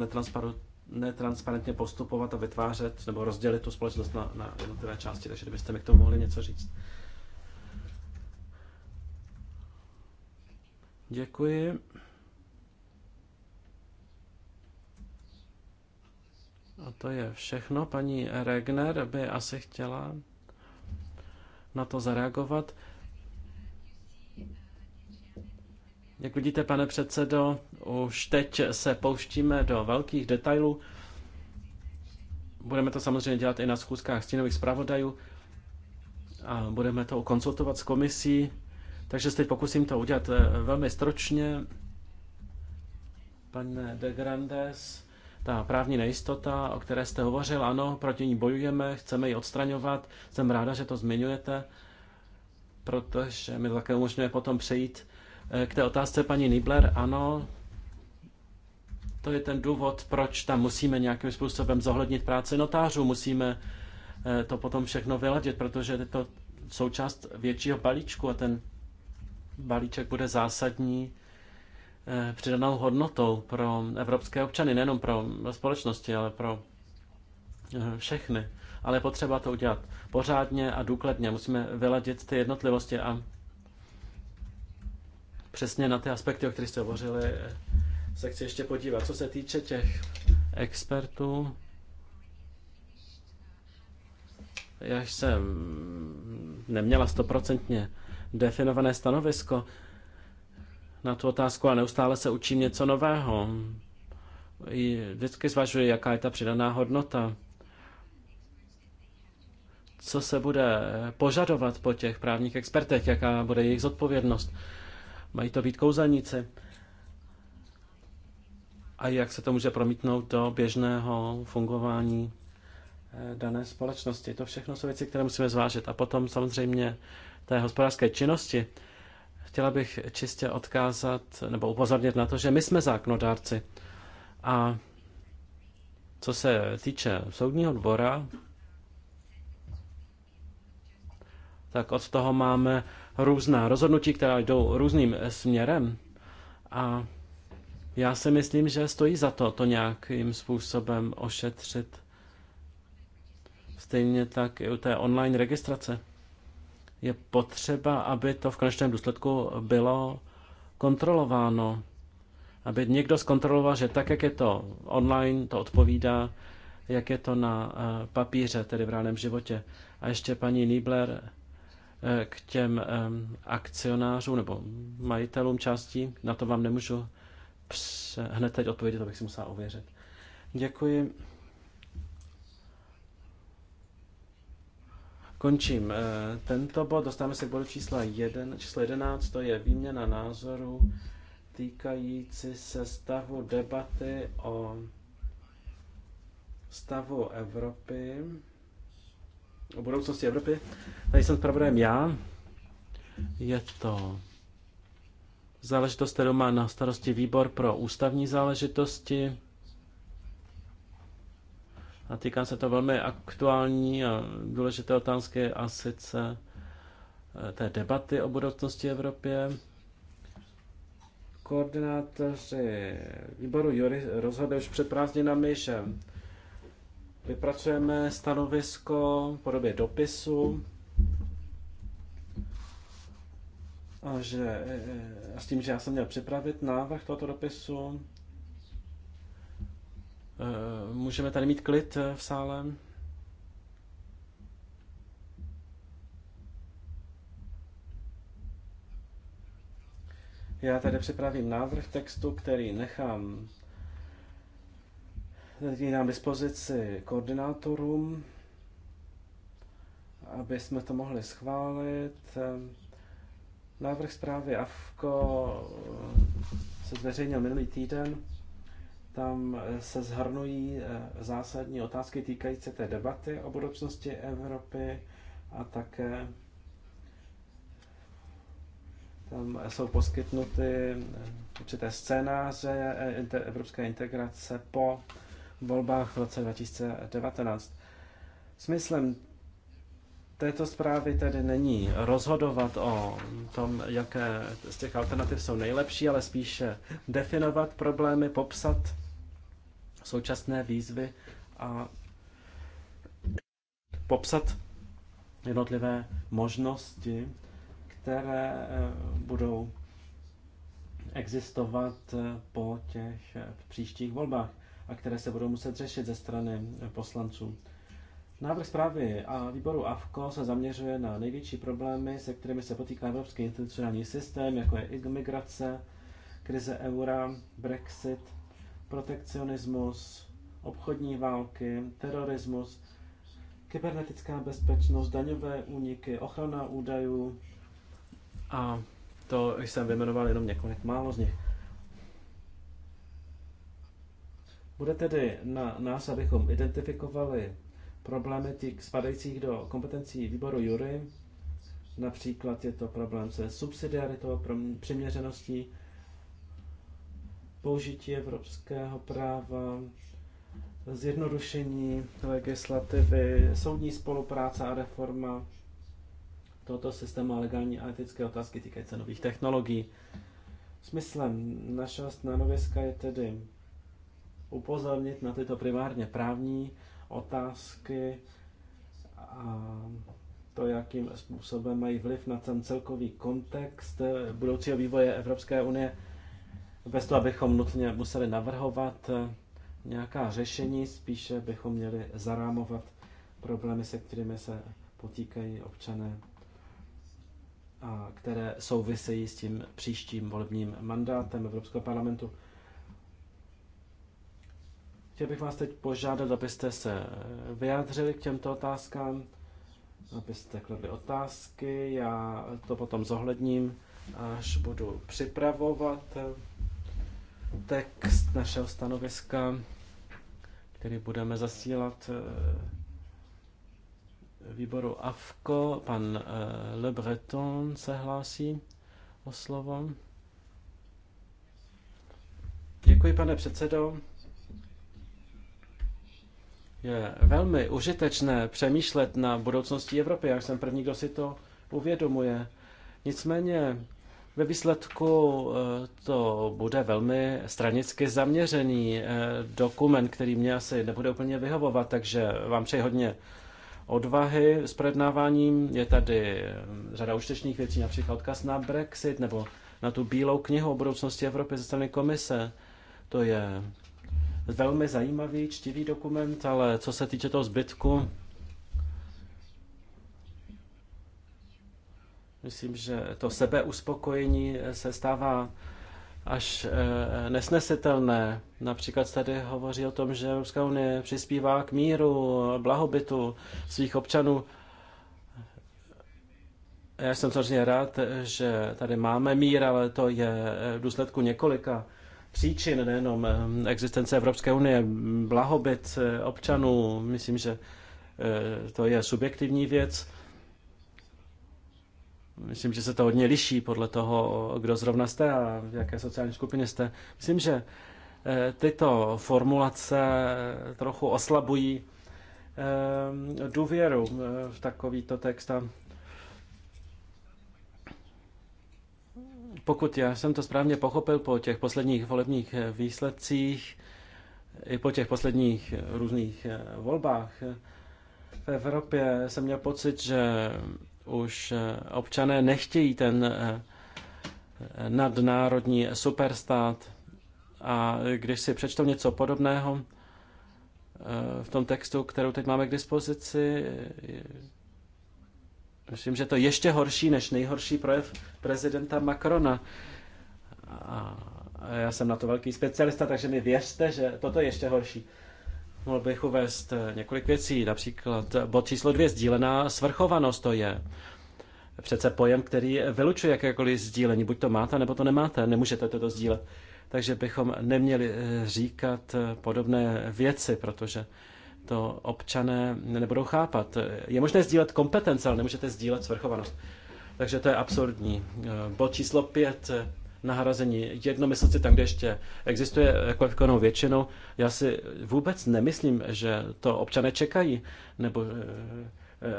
netransparentně postupovat a vytvářet nebo rozdělit tu společnost na, na jednotlivé části. Takže kdybyste mi k tomu mohli něco říct. Děkuji. A to je všechno. Paní Regner by asi chtěla na to zareagovat. Jak vidíte, pane předsedo, už teď se pouštíme do velkých detailů. Budeme to samozřejmě dělat i na schůzkách stínových zpravodajů a budeme to konsultovat s komisí. Takže se teď pokusím to udělat eh, velmi stručně. Pane de Grandes, ta právní nejistota, o které jste hovořil, ano, proti ní bojujeme, chceme ji odstraňovat. Jsem ráda, že to zmiňujete, protože mi to také umožňuje potom přejít eh, k té otázce paní Nibler. Ano, to je ten důvod, proč tam musíme nějakým způsobem zohlednit práci notářů, musíme eh, to potom všechno vyladit, protože je to součást většího balíčku a ten balíček bude zásadní Eh, přidanou hodnotou pro evropské občany, nejenom pro společnosti, ale pro eh, všechny. Ale je potřeba to udělat pořádně a důkladně. Musíme vyladit ty jednotlivosti a přesně na ty aspekty, o kterých jste hovořili, eh, se chci ještě podívat. Co se týče těch expertů, já jsem neměla stoprocentně definované stanovisko na tu otázku a neustále se učím něco nového. Vždycky zvažuji, jaká je ta přidaná hodnota. Co se bude požadovat po těch právních expertech, jaká bude jejich zodpovědnost. Mají to být kouzelníci. A jak se to může promítnout do běžného fungování eh, dané společnosti. To všechno jsou věci, které musíme zvážit. A potom samozřejmě té hospodářské činnosti, Chtěla bych čistě odkázat nebo upozornit na to, že my jsme zákonodárci. A co se týče soudního dvora, tak od toho máme různá rozhodnutí, která jdou různým směrem. A já si myslím, že stojí za to to nějakým způsobem ošetřit. Stejně tak i u té online registrace je potřeba, aby to v konečném důsledku bylo kontrolováno. Aby někdo zkontroloval, že tak, jak je to online, to odpovídá, jak je to na eh, papíře, tedy v reálném životě. A ještě paní Niebler eh, k těm akcionářům nebo majitelům částí, na to vám nemůžu hned teď odpovědět, abych si musela ověřit. Děkuji. Končím eh, tento bod, dostáváme se k bodu čísla 1, číslo 11, to je výměna názoru týkající se stavu debaty o stavu Evropy, o budoucnosti Evropy. Tady jsem zpravodajem já. Je to záležitost, kterou má na starosti výbor pro ústavní záležitosti. A týká se to velmi aktuální a důležité otázky a sice eh, té debaty o budoucnosti Evropě. Koordinátoři výboru Jury rozhodli už před prázdninami, že vypracujeme stanovisko v podobě dopisu a, že, a eh, eh, s tím, že já jsem měl připravit návrh tohoto dopisu Eh, můžeme tady mít klid eh, v sále? Já tady připravím návrh textu, který nechám na nám dispozici koordinátorům, aby jsme to mohli schválit. Eh, návrh zprávy AFKO se zveřejnil minulý týden. Tam eh, se zhrnují eh, zásadní otázky týkající té debaty o budoucnosti Evropy a také tam jsou poskytnuty eh, určité scénáře evropské integrace po volbách v roce 2019. Smyslem této zprávy tedy není rozhodovat o tom, jaké z těch alternativ jsou nejlepší, ale spíše definovat problémy, popsat současné výzvy a popsat jednotlivé možnosti, které eh, budou existovat eh, po těch eh, příštích volbách a které se budou muset řešit ze strany poslanců. Návrh zprávy a výboru AFKO se zaměřuje na největší problémy, se kterými se potýká evropský institucionální systém, jako je imigrace, krize eura, Brexit, protekcionismus, obchodní války, terorismus, kybernetická bezpečnost, daňové úniky, ochrana údajů a to jsem vyjmenoval jenom několik málo z nich. Bude tedy na nás, abychom identifikovali problémy týk spadajících do kompetencí výboru jury. Například je to problém se subsidiaritou, přiměřeností, použití evropského práva, zjednodušení legislativy, soudní spolupráce a reforma tohoto systému a legální a etické otázky týkající nových technologií. Smyslem našeho stanoviska je tedy upozornit na tyto primárně právní otázky a to, jakým způsobem mají vliv na ten celkový kontext budoucího vývoje Evropské unie, bez toho, abychom nutně museli navrhovat nějaká řešení, spíše bychom měli zarámovat problémy, se kterými se potýkají občané a které souvisejí s tím příštím volebním mandátem Evropského parlamentu. Chtěl bych vás teď požádat, abyste se vyjádřili k těmto otázkám, abyste kladli otázky, já to potom zohledním, až budu připravovat text našeho stanoviska, který budeme zasílat eh, výboru AFKO. Pan eh, Le Breton se hlásí o slovo. Děkuji, pane předsedo. Je velmi užitečné přemýšlet na budoucnosti Evropy. Já jsem první, kdo si to uvědomuje. Nicméně ve výsledku eh, to bude velmi stranicky zaměřený eh, dokument, který mě asi nebude úplně vyhovovat, takže vám přeji hodně odvahy s projednáváním. Je tady eh, řada užitečných věcí, například odkaz na Brexit nebo na tu bílou knihu o budoucnosti Evropy ze strany komise. To je velmi zajímavý, čtivý dokument, ale co se týče toho zbytku, myslím, že to sebeuspokojení se stává až eh, nesnesitelné. Například tady hovoří o tom, že Evropská unie přispívá k míru, blahobytu svých občanů. Já jsem samozřejmě rád, že tady máme mír, ale to je v důsledku několika příčin, nejenom ehm, existence Evropské unie, blahobyt eh, občanů, myslím, že eh, to je subjektivní věc. Myslím, že se to hodně liší podle toho, kdo zrovna jste a v jaké sociální skupině jste. Myslím, že eh, tyto formulace trochu oslabují ehm, důvěru v takovýto text a Pokud já jsem to správně pochopil po těch posledních volebních eh, výsledcích, i po těch posledních eh, různých eh, volbách v Evropě jsem měl pocit, že už občané nechtějí ten nadnárodní superstát. A když si přečtou něco podobného v tom textu, kterou teď máme k dispozici, Myslím, že to je ještě horší než nejhorší projev prezidenta Macrona. A já jsem na to velký specialista, takže mi věřte, že toto je ještě horší. Mohl bych uvést eh, několik věcí, například bod číslo dvě, sdílená svrchovanost to je. Přece pojem, který vylučuje jakékoliv sdílení, buď to máte, nebo to nemáte, nemůžete toto sdílet. Takže bychom neměli eh, říkat eh, podobné věci, protože to občané nebudou chápat. Je možné sdílet kompetence, ale nemůžete sdílet svrchovanost. Takže to je absurdní. E, bod číslo pět e, nahrazení jednomyslci tam, kde ještě existuje kvalifikovanou většinou, Já si vůbec nemyslím, že to občané čekají, nebo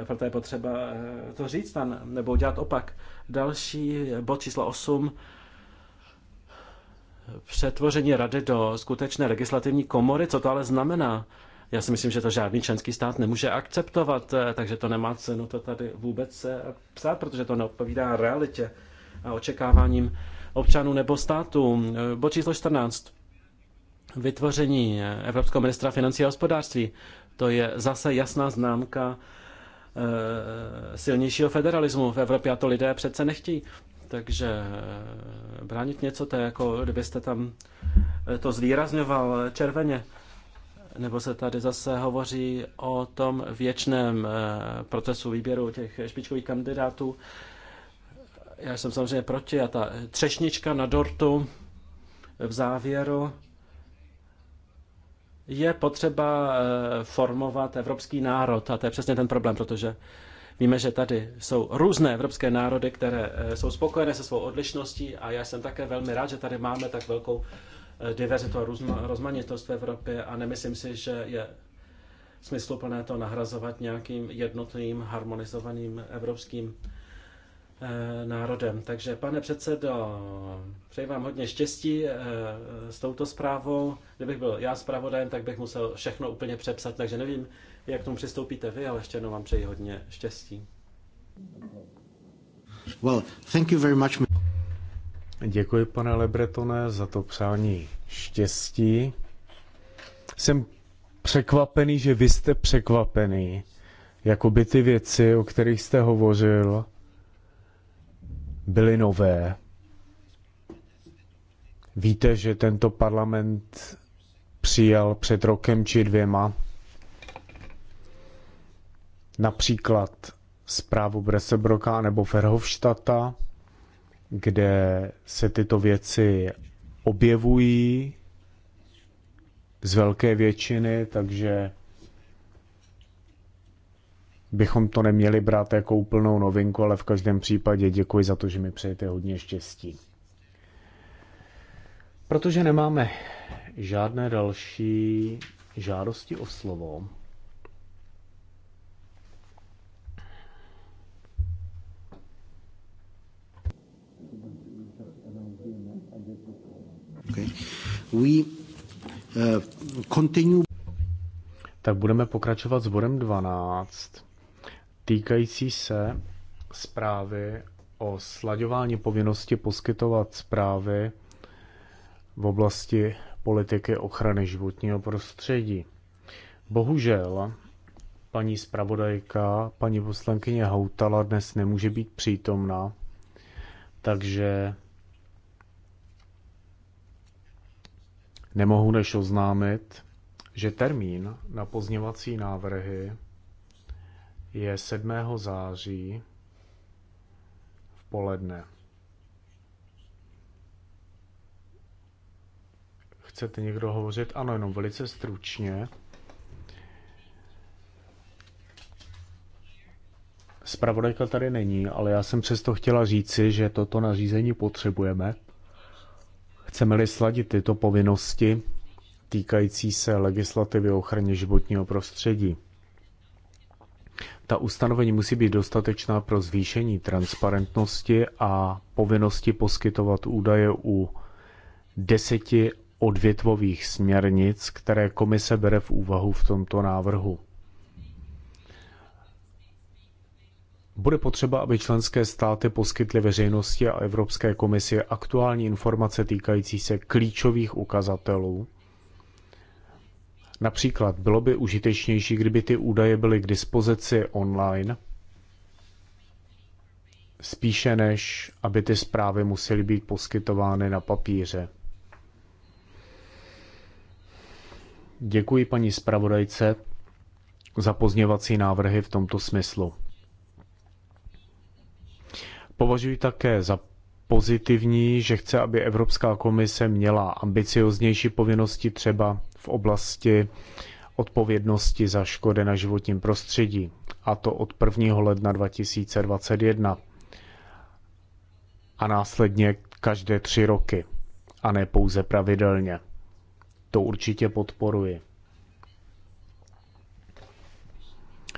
e, proto je potřeba to říct nebo dělat opak. Další bod číslo 8 přetvoření rady do skutečné legislativní komory, co to ale znamená? Já si myslím, že to žádný členský stát nemůže akceptovat, eh, takže to nemá cenu to tady vůbec eh, psát, protože to neodpovídá realitě a očekáváním občanů nebo státu. Eh, Bo číslo 14. Vytvoření Evropského ministra financí a hospodářství. To je zase jasná známka silnějšího federalismu v Evropě a to lidé přece nechtějí. Takže bránit něco, to je jako kdybyste tam to zvýrazňoval červeně nebo se tady zase hovoří o tom věčném eh, procesu výběru těch špičkových kandidátů. Já jsem samozřejmě proti a ta třešnička na dortu v závěru je potřeba eh, formovat evropský národ a to je přesně ten problém, protože Víme, že tady jsou různé evropské národy, které eh, jsou spokojené se svou odlišností a já jsem také velmi rád, že tady máme tak velkou diverzitu a rozmanitost v Evropě a nemyslím si, že je smysluplné to nahrazovat nějakým jednotným, harmonizovaným evropským eh, národem. Takže pane předsedo, přeji vám hodně štěstí eh, s touto zprávou. Kdybych byl já zpravodajem, tak bych musel všechno úplně přepsat, takže nevím, jak k tomu přistoupíte vy, ale ještě jednou vám přeji hodně štěstí. Well, thank you very much. Děkuji, pane Lebretone, za to přání štěstí. Jsem překvapený, že vy jste překvapený. Jakoby ty věci, o kterých jste hovořil, byly nové. Víte, že tento parlament přijal před rokem či dvěma například zprávu Bresebroka nebo Verhofstadta, kde se tyto věci objevují z velké většiny, takže bychom to neměli brát jako úplnou novinku, ale v každém případě děkuji za to, že mi přejete hodně štěstí. Protože nemáme žádné další žádosti o slovo, Uh, continue. Tak budeme pokračovat s bodem 12, týkající se zprávy o slaďování povinnosti poskytovat zprávy v oblasti politiky ochrany životního prostředí. Bohužel paní zpravodajka, paní poslankyně Houtala dnes nemůže být přítomna, takže Nemohu než oznámit, že termín na pozněvací návrhy je 7. září v poledne. Chcete někdo hovořit? Ano, jenom velice stručně. Spravodajka tady není, ale já jsem přesto chtěla říci, že toto nařízení potřebujeme. Chceme-li sladit tyto povinnosti týkající se legislativy o ochraně životního prostředí, ta ustanovení musí být dostatečná pro zvýšení transparentnosti a povinnosti poskytovat údaje u deseti odvětvových směrnic, které komise bere v úvahu v tomto návrhu. Bude potřeba, aby členské státy poskytly veřejnosti a Evropské komisi aktuální informace týkající se klíčových ukazatelů. Například bylo by užitečnější, kdyby ty údaje byly k dispozici online, spíše než aby ty zprávy musely být poskytovány na papíře. Děkuji paní zpravodajce za pozněvací návrhy v tomto smyslu. Považuji také za pozitivní, že chce, aby Evropská komise měla ambicioznější povinnosti třeba v oblasti odpovědnosti za škody na životním prostředí, a to od 1. ledna 2021 a následně každé tři roky, a ne pouze pravidelně. To určitě podporuji.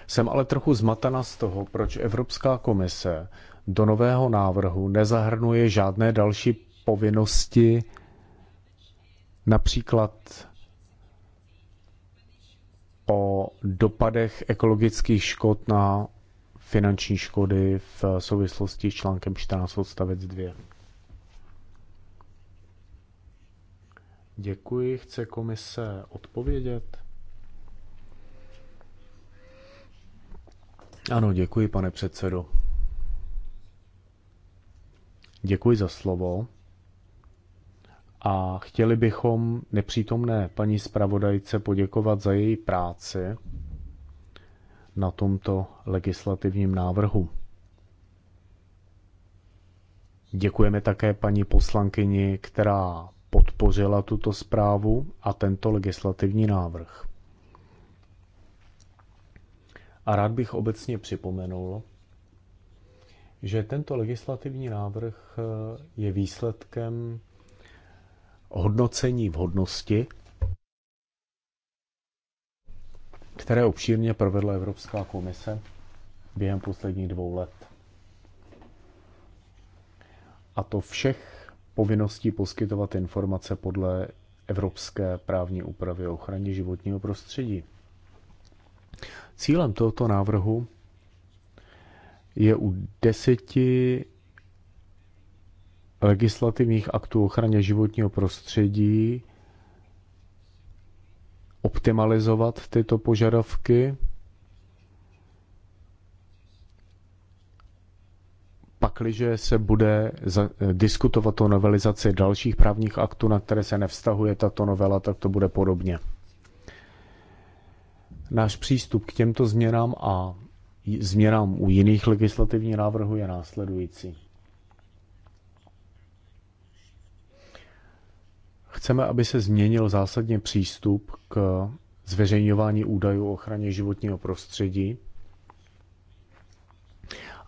Jsem ale trochu zmatena z toho, proč Evropská komise do nového návrhu nezahrnuje žádné další povinnosti, například o dopadech ekologických škod na finanční škody v souvislosti s článkem 14 odstavec 2. Děkuji. Chce komise odpovědět? Ano, děkuji, pane předsedo. Děkuji za slovo. A chtěli bychom nepřítomné paní zpravodajce poděkovat za její práci na tomto legislativním návrhu. Děkujeme také paní poslankyni, která podpořila tuto zprávu a tento legislativní návrh. A rád bych obecně připomenul, že tento legislativní návrh eh, je výsledkem hodnocení vhodnosti, které obšírně provedla Evropská komise během posledních dvou let. A to všech povinností poskytovat informace podle Evropské právní úpravy o ochraně životního prostředí. Cílem tohoto návrhu je u deseti legislativních aktů ochraně životního prostředí optimalizovat tyto požadavky, pakliže se bude eh, diskutovat o novelizaci dalších právních aktů, na které se nevztahuje tato novela, tak to bude podobně. Náš přístup k těmto změnám a změnám u jiných legislativních návrhů je následující. Chceme, aby se změnil zásadně přístup k zveřejňování údajů o ochraně životního prostředí.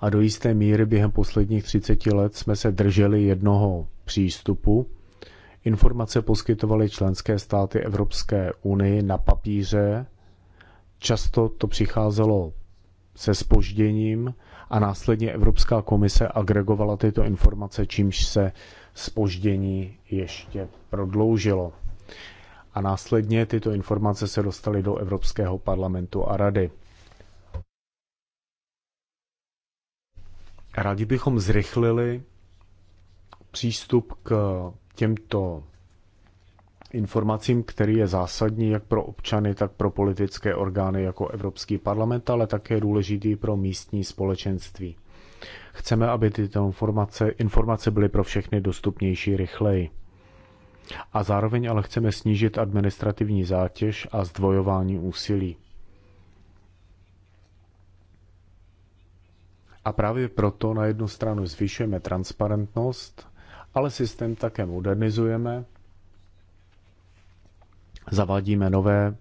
A do jisté míry během posledních 30 let jsme se drželi jednoho přístupu. Informace poskytovaly členské státy Evropské unii na papíře Často to přicházelo se spožděním a následně Evropská komise agregovala tyto informace, čímž se spoždění ještě prodloužilo. A následně tyto informace se dostaly do Evropského parlamentu a rady. Rádi bychom zrychlili přístup k těmto informacím, který je zásadní jak pro občany, tak pro politické orgány jako Evropský parlament, ale také důležitý pro místní společenství. Chceme, aby tyto informace, informace byly pro všechny dostupnější rychleji. A zároveň ale chceme snížit administrativní zátěž a zdvojování úsilí. A právě proto na jednu stranu zvyšujeme transparentnost, ale systém také modernizujeme Zavádíme nové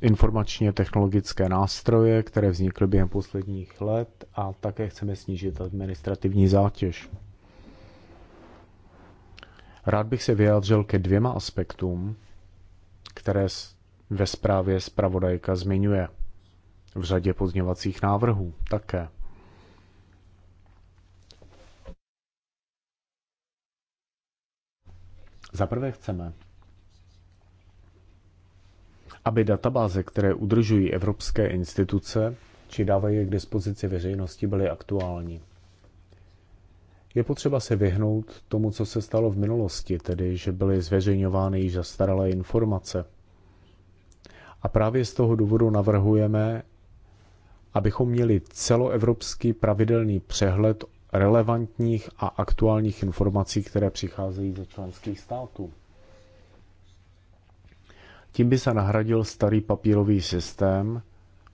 informačně technologické nástroje, které vznikly během posledních let a také chceme snížit administrativní zátěž. Rád bych se vyjádřil ke dvěma aspektům, které ve zprávě zpravodajka zmiňuje v řadě pozněvacích návrhů také. Za prvé chceme, aby databáze, které udržují evropské instituce či dávají je k dispozici veřejnosti, byly aktuální. Je potřeba se vyhnout tomu, co se stalo v minulosti, tedy že byly zveřejňovány již zastaralé informace. A právě z toho důvodu navrhujeme, abychom měli celoevropský pravidelný přehled relevantních a aktuálních informací, které přicházejí ze členských států. Tím by se nahradil starý papírový systém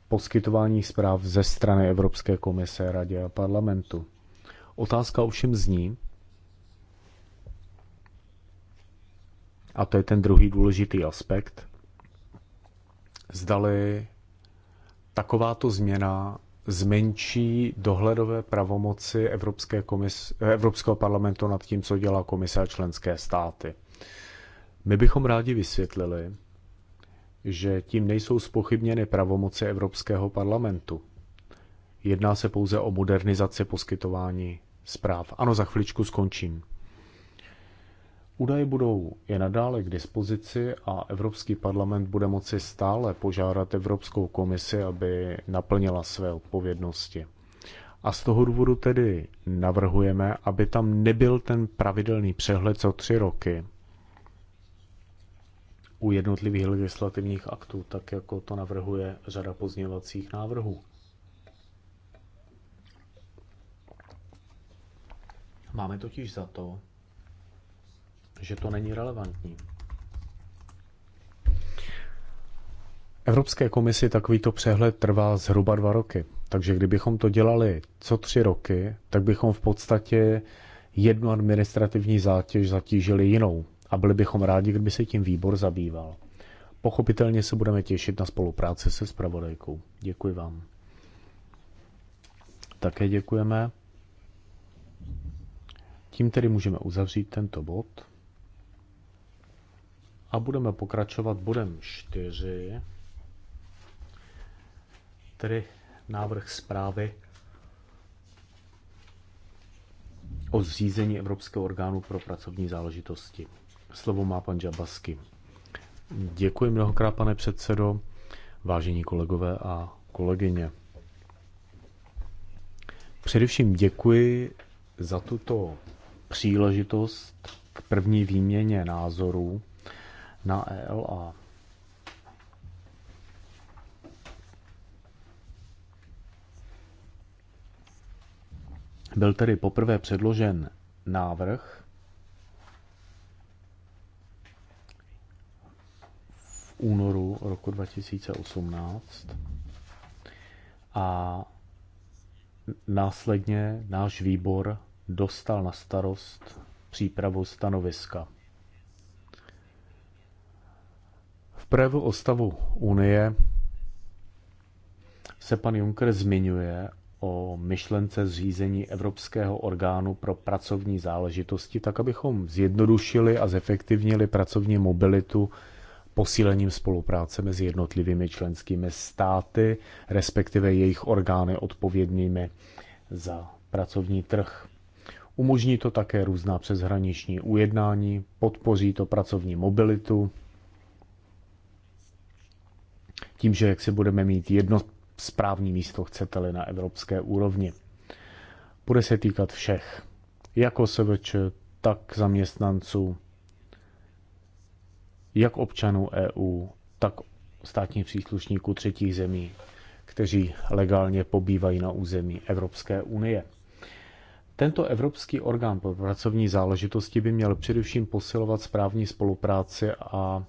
poskytování zpráv ze strany Evropské komise, Radě a parlamentu. Otázka ovšem zní, a to je ten druhý důležitý aspekt, zdali takováto změna zmenší dohledové pravomoci Evropské komis- Evropského parlamentu nad tím, co dělá komise a členské státy. My bychom rádi vysvětlili, že tím nejsou spochybněny pravomoci Evropského parlamentu. Jedná se pouze o modernizaci poskytování zpráv. Ano, za chviličku skončím. Údaje budou je nadále k dispozici a Evropský parlament bude moci stále požádat Evropskou komisi, aby naplnila své odpovědnosti. A z toho důvodu tedy navrhujeme, aby tam nebyl ten pravidelný přehled co tři roky, u jednotlivých legislativních aktů, tak jako to navrhuje řada pozměňovacích návrhů. Máme totiž za to, že to není relevantní. Evropské komisi takovýto přehled trvá zhruba dva roky. Takže kdybychom to dělali co tři roky, tak bychom v podstatě jednu administrativní zátěž zatížili jinou a byli bychom rádi, kdyby se tím výbor zabýval. Pochopitelně se budeme těšit na spolupráci se spravodajkou. Děkuji vám. Také děkujeme. Tím tedy můžeme uzavřít tento bod. A budeme pokračovat bodem 4, tedy návrh zprávy o zřízení Evropského orgánu pro pracovní záležitosti slovo má pan Džabasky. Děkuji mnohokrát, pane předsedo, vážení kolegové a kolegyně. Především děkuji za tuto příležitost k první výměně názorů na ELA. Byl tedy poprvé předložen návrh, únoru roku 2018 a následně náš výbor dostal na starost přípravu stanoviska. V projevu o stavu Unie se pan Juncker zmiňuje o myšlence zřízení Evropského orgánu pro pracovní záležitosti, tak abychom zjednodušili a zefektivnili pracovní mobilitu posílením spolupráce mezi jednotlivými členskými státy, respektive jejich orgány odpovědnými za pracovní trh. Umožní to také různá přeshraniční ujednání, podpoří to pracovní mobilitu, tím, že jak si budeme mít jedno správní místo, chcete-li, na evropské úrovni. Bude se týkat všech, jako OSVČ, tak zaměstnanců, jak občanů EU, tak státních příslušníků třetích zemí, kteří legálně pobývají na území Evropské unie. Tento Evropský orgán pro pracovní záležitosti by měl především posilovat správní spolupráci a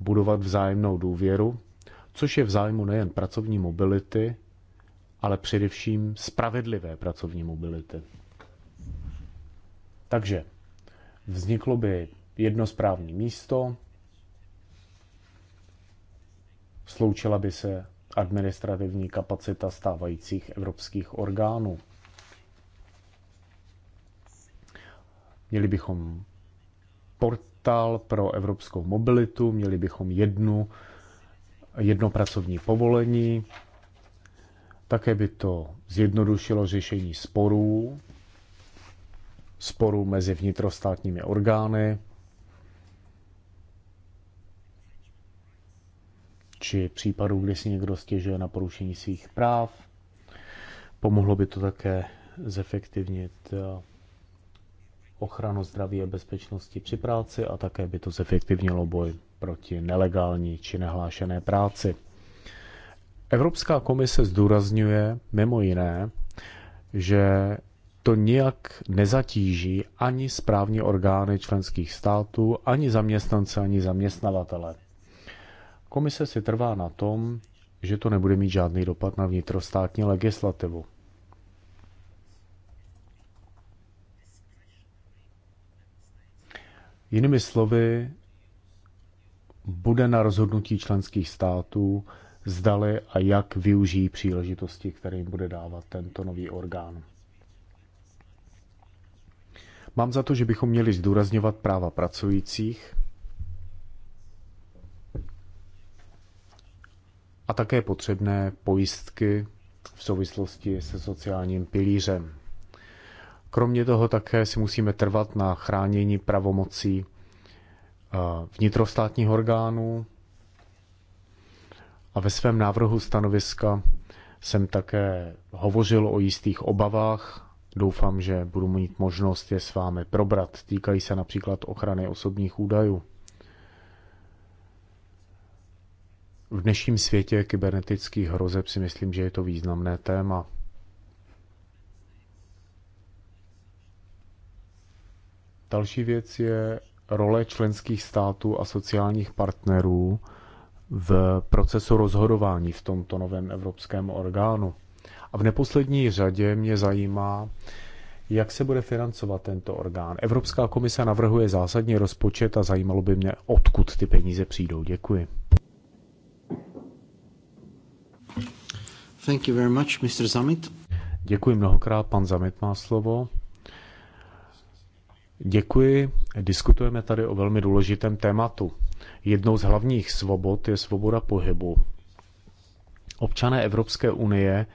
budovat vzájemnou důvěru, což je v zájmu nejen pracovní mobility, ale především spravedlivé pracovní mobility. Takže vzniklo by jedno správní místo, Sloučila by se administrativní kapacita stávajících evropských orgánů. Měli bychom portál pro evropskou mobilitu, měli bychom jednu, jedno pracovní povolení, také by to zjednodušilo řešení sporů, sporů mezi vnitrostátními orgány, či případů, kdy si někdo stěžuje na porušení svých práv. Pomohlo by to také zefektivnit eh, ochranu zdraví a bezpečnosti při práci a také by to zefektivnilo boj proti nelegální či nehlášené práci. Evropská komise zdůrazňuje mimo jiné, že to nijak nezatíží ani správní orgány členských států, ani zaměstnance, ani zaměstnavatele. Komise si trvá na tom, že to nebude mít žádný dopad na vnitrostátní legislativu. Jinými slovy, bude na rozhodnutí členských států, zdali a jak využijí příležitosti, které jim bude dávat tento nový orgán. Mám za to, že bychom měli zdůrazňovat práva pracujících, a také potřebné pojistky v souvislosti se sociálním pilířem. Kromě toho také si musíme trvat na chránění pravomocí eh, vnitrostátních orgánů a ve svém návrhu stanoviska jsem také hovořil o jistých obavách. Doufám, že budu mít možnost je s vámi probrat. Týkají se například ochrany osobních údajů. V dnešním světě kybernetických hrozeb si myslím, že je to významné téma. Další věc je role členských států a sociálních partnerů v procesu rozhodování v tomto novém evropském orgánu. A v neposlední řadě mě zajímá, jak se bude financovat tento orgán. Evropská komise navrhuje zásadní rozpočet a zajímalo by mě, odkud ty peníze přijdou. Děkuji. Thank you very much, Mr. Zamit. Děkuji mnohokrát, pan Zamit má slovo. Děkuji. Diskutujeme tady o velmi důležitém tématu. Jednou z hlavních svobod je svoboda pohybu. Občané Evropské unie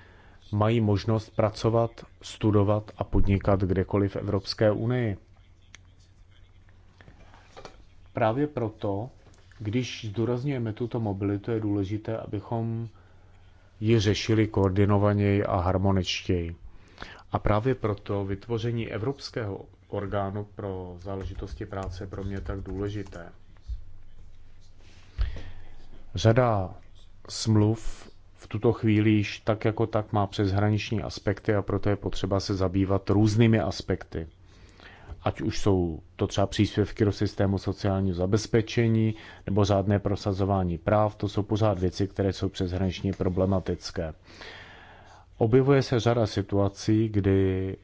mají možnost pracovat, studovat a podnikat kdekoliv v Evropské unii. Právě proto, když zdůrazňujeme tuto mobilitu, je důležité, abychom ji řešili koordinovaněji a harmoničtěji. A právě proto vytvoření Evropského orgánu pro záležitosti práce pro mě tak důležité. Řada smluv v tuto chvíli již tak jako tak má přeshraniční aspekty a proto je potřeba se zabývat různými aspekty ať už jsou to třeba příspěvky do systému sociálního zabezpečení nebo řádné prosazování práv, to jsou pořád věci, které jsou přeshraničně problematické. Objevuje se řada situací, kdy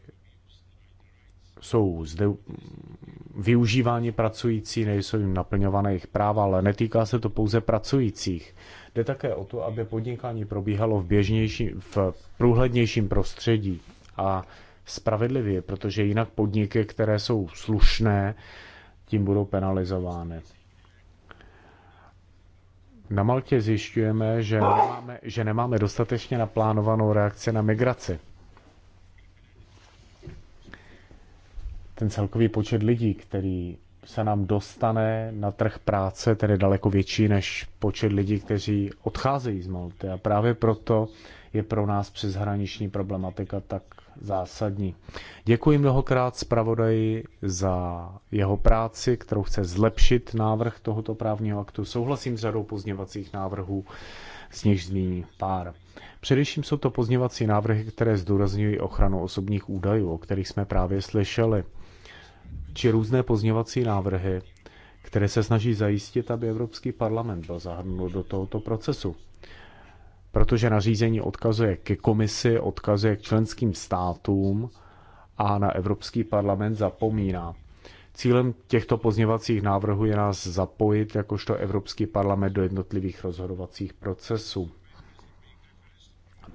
jsou zde využíváni pracující, nejsou jim naplňované jejich práva, ale netýká se to pouze pracujících. Jde také o to, aby podnikání probíhalo v běžnějším, v průhlednějším prostředí a spravedlivě, protože jinak podniky, které jsou slušné, tím budou penalizovány. Na Maltě zjišťujeme, že nemáme, že nemáme dostatečně naplánovanou reakci na migraci. Ten celkový počet lidí, který se nám dostane na trh práce, tedy daleko větší než počet lidí, kteří odcházejí z Malty. A právě proto je pro nás přeshraniční problematika tak zásadní. Děkuji mnohokrát zpravodaji za jeho práci, kterou chce zlepšit návrh tohoto právního aktu. Souhlasím s řadou pozněvacích návrhů, z nichž zmíní pár. Především jsou to pozněvací návrhy, které zdůrazňují ochranu osobních údajů, o kterých jsme právě slyšeli, či různé pozněvací návrhy, které se snaží zajistit, aby Evropský parlament byl zahrnut do tohoto procesu protože nařízení odkazuje ke komisi, odkazuje k členským státům a na Evropský parlament zapomíná. Cílem těchto pozněvacích návrhů je nás zapojit jakožto Evropský parlament do jednotlivých rozhodovacích procesů.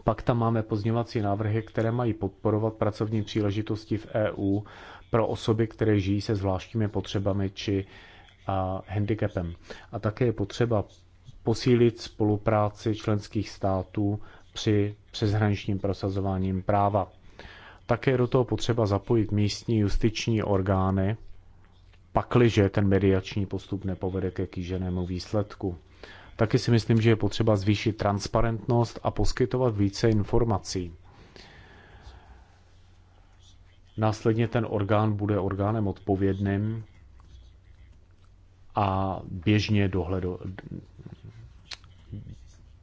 Pak tam máme pozněvací návrhy, které mají podporovat pracovní příležitosti v EU pro osoby, které žijí se zvláštními potřebami či a handicapem. A také je potřeba posílit spolupráci členských států při přeshraničním prosazováním práva. Také do toho potřeba zapojit místní justiční orgány, pakliže ten mediační postup nepovede ke kýženému výsledku. Taky si myslím, že je potřeba zvýšit transparentnost a poskytovat více informací. Následně ten orgán bude orgánem odpovědným a běžně dohledo,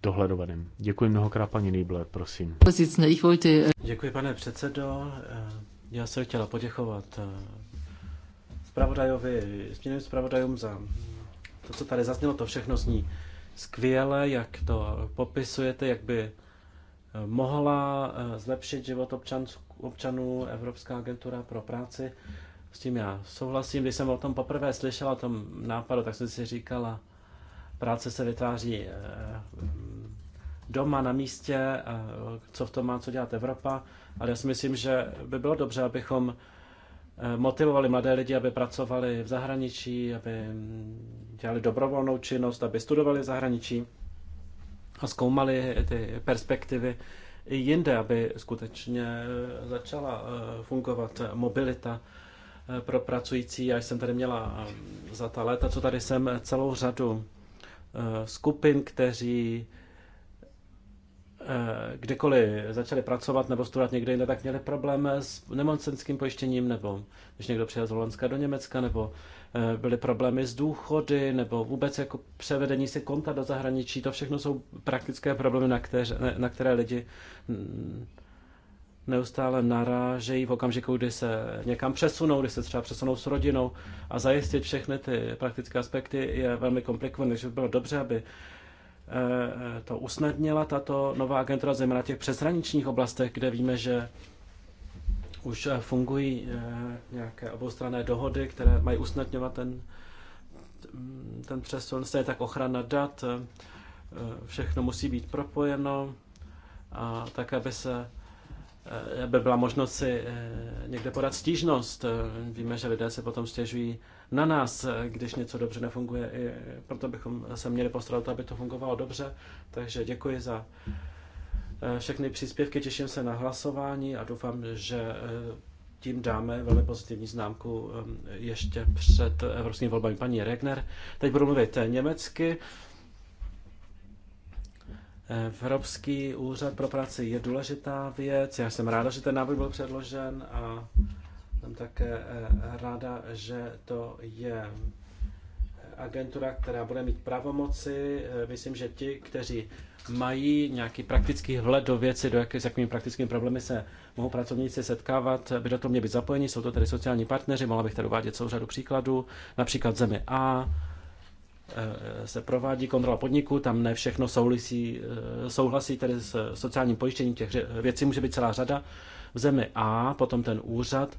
dohledovaným. Děkuji mnohokrát, paní Nýble, prosím. Děkuji, pane předsedo. Já se chtěla poděkovat eh, zpravodajovi, směným zpravodajům za to, co tady zaznělo, to všechno zní skvěle, jak to popisujete, jak by eh, mohla eh, zlepšit život občan, občanů Evropská agentura pro práci. S tím já souhlasím. Když jsem o tom poprvé slyšela, o tom nápadu, tak jsem si říkala, práce se vytváří eh, doma na místě, eh, co v tom má co dělat Evropa, ale já si myslím, že by bylo dobře, abychom eh, motivovali mladé lidi, aby pracovali v zahraničí, aby mm, dělali dobrovolnou činnost, aby studovali v zahraničí a zkoumali ty perspektivy i jinde, aby skutečně začala fungovat mobilita pro pracující. Já jsem tady měla za ta léta, co tady jsem, celou řadu Eh, skupin, kteří eh, kdekoliv začali pracovat nebo studovat někde jinde, tak měli problém s nemocenským pojištěním, nebo když někdo přijel z Holandska do Německa, nebo eh, byly problémy s důchody, nebo vůbec jako převedení si konta do zahraničí. To všechno jsou praktické problémy, na které, na které lidi mm, neustále narážejí v okamžiku, kdy se někam přesunou, kdy se třeba přesunou s rodinou a zajistit všechny ty praktické aspekty je velmi komplikované, takže by bylo dobře, aby eh, to usnadnila tato nová agentura, zejména těch přeshraničních oblastech, kde víme, že už eh, fungují eh, nějaké oboustranné dohody, které mají usnadňovat ten, mm, ten přesun, stejně tak ochrana dat, všechno musí být propojeno a tak, aby se Eh, by byla možnost si eh, někde podat stížnost. Eh, víme, že lidé se potom stěžují na nás, když něco dobře nefunguje. I proto bychom se měli postarat, aby to fungovalo dobře. Takže děkuji za všechny příspěvky, těším se na hlasování a doufám, že tím dáme velmi pozitivní známku ještě před evropskými volbami. Paní Regner, teď budu mluvit německy. Evropský úřad pro práci je důležitá věc. Já jsem ráda, že ten návrh byl předložen a jsem také eh, ráda, že to je agentura, která bude mít pravomoci. Eh, myslím, že ti, kteří mají nějaký praktický vhled do věci, do jaký s jakými praktickými problémy se mohou pracovníci setkávat, by do toho měli být zapojeni. Jsou to tedy sociální partneři, mohla bych tady uvádět celou řadu příkladů, například zemi A, Eh, se provádí kontrola podniku, tam ne všechno souhlasí, eh, souhlasí tedy s sociálním pojištěním, těch věcí může být celá řada. V zemi A potom ten úřad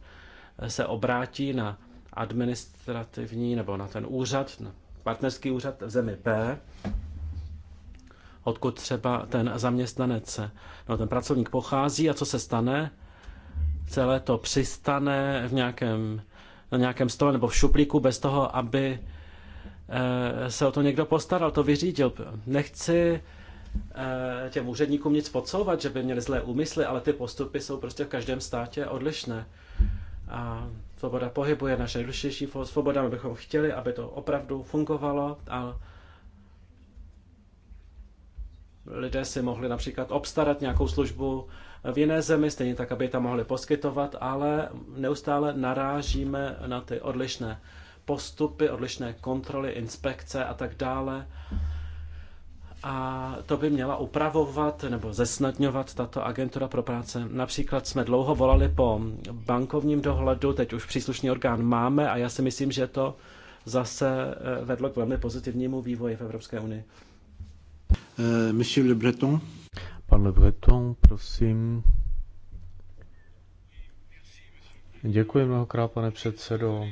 eh, se obrátí na administrativní nebo na ten úřad, na partnerský úřad v zemi B, odkud třeba ten zaměstnanec, no ten pracovník pochází a co se stane, celé to přistane v nějakém, na nějakém stole nebo v šuplíku bez toho, aby Eh, se o to někdo postaral, to vyřídil. Nechci eh, těm úředníkům nic podsouvat, že by měli zlé úmysly, ale ty postupy jsou prostě v každém státě odlišné. A svoboda pohybu je naše nejdůležitější svoboda, my bychom chtěli, aby to opravdu fungovalo a lidé si mohli například obstarat nějakou službu v jiné zemi, stejně tak, aby je tam mohli poskytovat, ale neustále narážíme na ty odlišné postupy, odlišné kontroly, inspekce a tak dále. A to by měla upravovat nebo zesnadňovat tato agentura pro práce. Například jsme dlouho volali po bankovním dohledu, teď už příslušný orgán máme a já si myslím, že to zase eh, vedlo k velmi pozitivnímu vývoji v Evropské unii. Eh, monsieur Le Breton. Pan Le Breton, prosím. Děkuji mnohokrát, pane předsedo.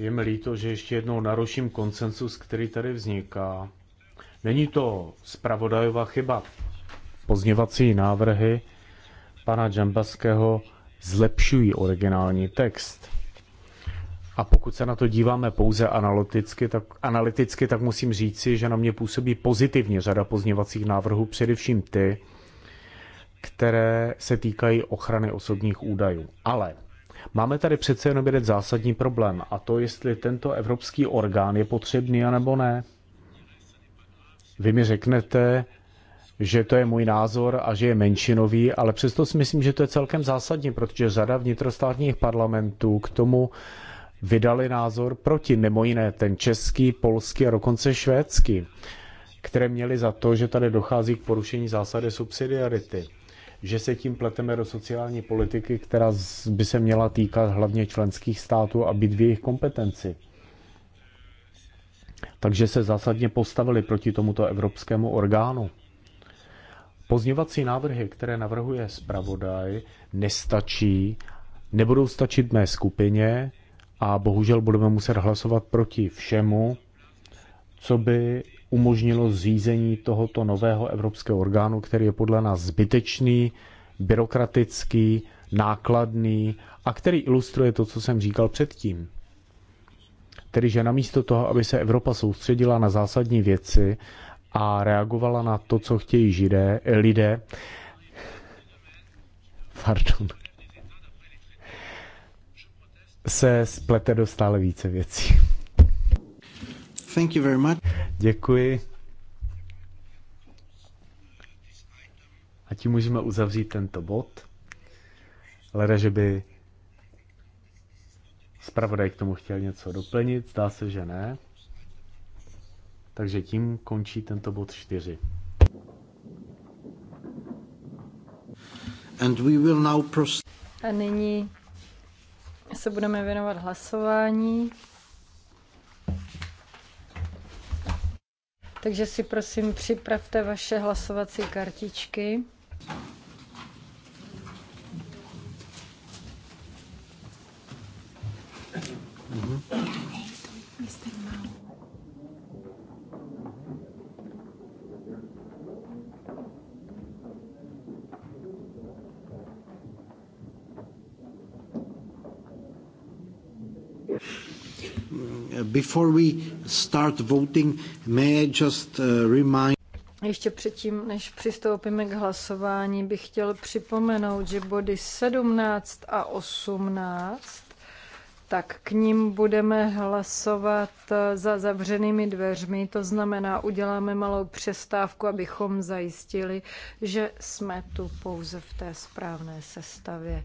Je mi líto, že ještě jednou naruším konsensus, který tady vzniká. Není to spravodajová chyba. Pozněvací návrhy pana Džambaského zlepšují originální text. A pokud se na to díváme pouze analyticky, tak, analyticky, tak musím říci, že na mě působí pozitivně řada pozněvacích návrhů, především ty, které se týkají ochrany osobních údajů. Ale Máme tady přece jenom jeden zásadní problém a to, jestli tento evropský orgán je potřebný anebo ne. Vy mi řeknete, že to je můj názor a že je menšinový, ale přesto si myslím, že to je celkem zásadní, protože řada vnitrostátních parlamentů k tomu vydali názor proti, nebo jiné, ten český, polský a dokonce švédský, které měli za to, že tady dochází k porušení zásady subsidiarity že se tím pleteme do sociální politiky, která by se měla týkat hlavně členských států a být v jejich kompetenci. Takže se zásadně postavili proti tomuto evropskému orgánu. Pozněvací návrhy, které navrhuje zpravodaj, nestačí, nebudou stačit mé skupině a bohužel budeme muset hlasovat proti všemu, co by umožnilo zřízení tohoto nového evropského orgánu, který je podle nás zbytečný, byrokratický, nákladný a který ilustruje to, co jsem říkal předtím. Tedy, že namísto toho, aby se Evropa soustředila na zásadní věci a reagovala na to, co chtějí židé, lidé, pardon, se splete do stále více věcí. Thank you very much. Děkuji. A tím můžeme uzavřít tento bod. Leda, že by zpravodaj k tomu chtěl něco doplnit, zdá se, že ne. Takže tím končí tento bod 4. And we will now A nyní se budeme věnovat hlasování. Takže si prosím připravte vaše hlasovací kartičky. Before we start voting, may I just uh, remind ještě předtím, než přistoupíme k hlasování, bych chtěl připomenout, že body 17 a 18, tak k ním budeme hlasovat uh, za zavřenými dveřmi. To znamená, uděláme malou přestávku, abychom zajistili, že jsme tu pouze v té správné sestavě.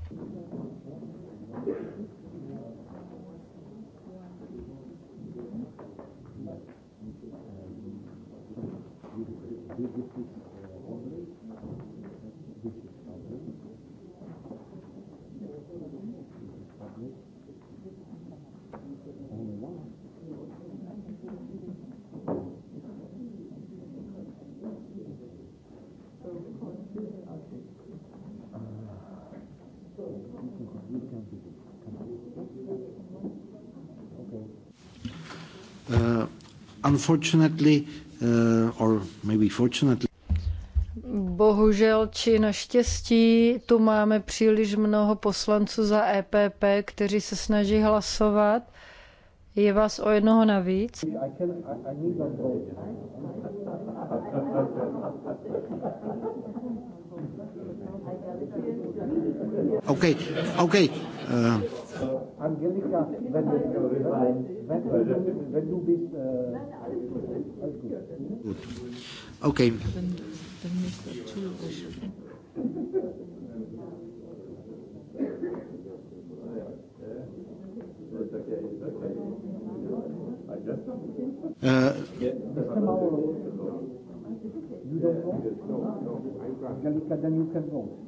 Uh, unfortunately Eh, or maybe fortunately, Bohužel či naštěstí tu máme příliš mnoho poslanců za EPP, kteří se snaží hlasovat. Je vás o jednoho navíc? Okay, okay. Uh. Angelika, wenn du, wenn, wenn, du bist, äh, alles gut. Gut. Okay. Dann, dann müsst ihr zu. Uh, eh. you don't vote? Angelica, then you can vote.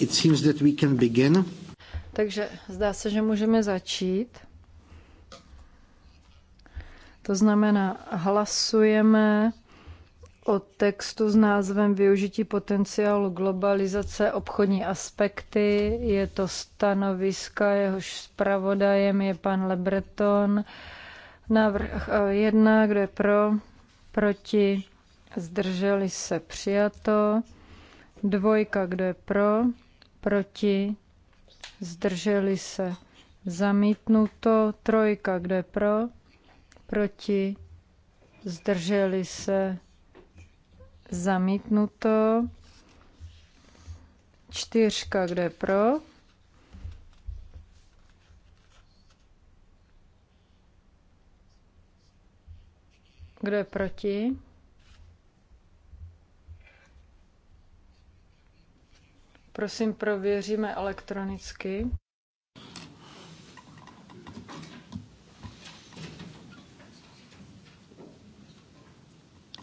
It seems that we can begin. Takže zdá se, že můžeme začít. To znamená, hlasujeme o textu s názvem Využití potenciálu globalizace obchodní aspekty. Je to stanoviska, jehož zpravodajem je pan Lebreton. Návrh eh, jedna, kdo je pro, proti, zdrželi se přijato. Dvojka, kdo je pro, proti, zdrželi se zamítnuto. Trojka, kdo je pro, proti, zdrželi se zamítnuto. Čtyřka, kde je pro? Kdo je proti? Prosím, prověříme elektronicky.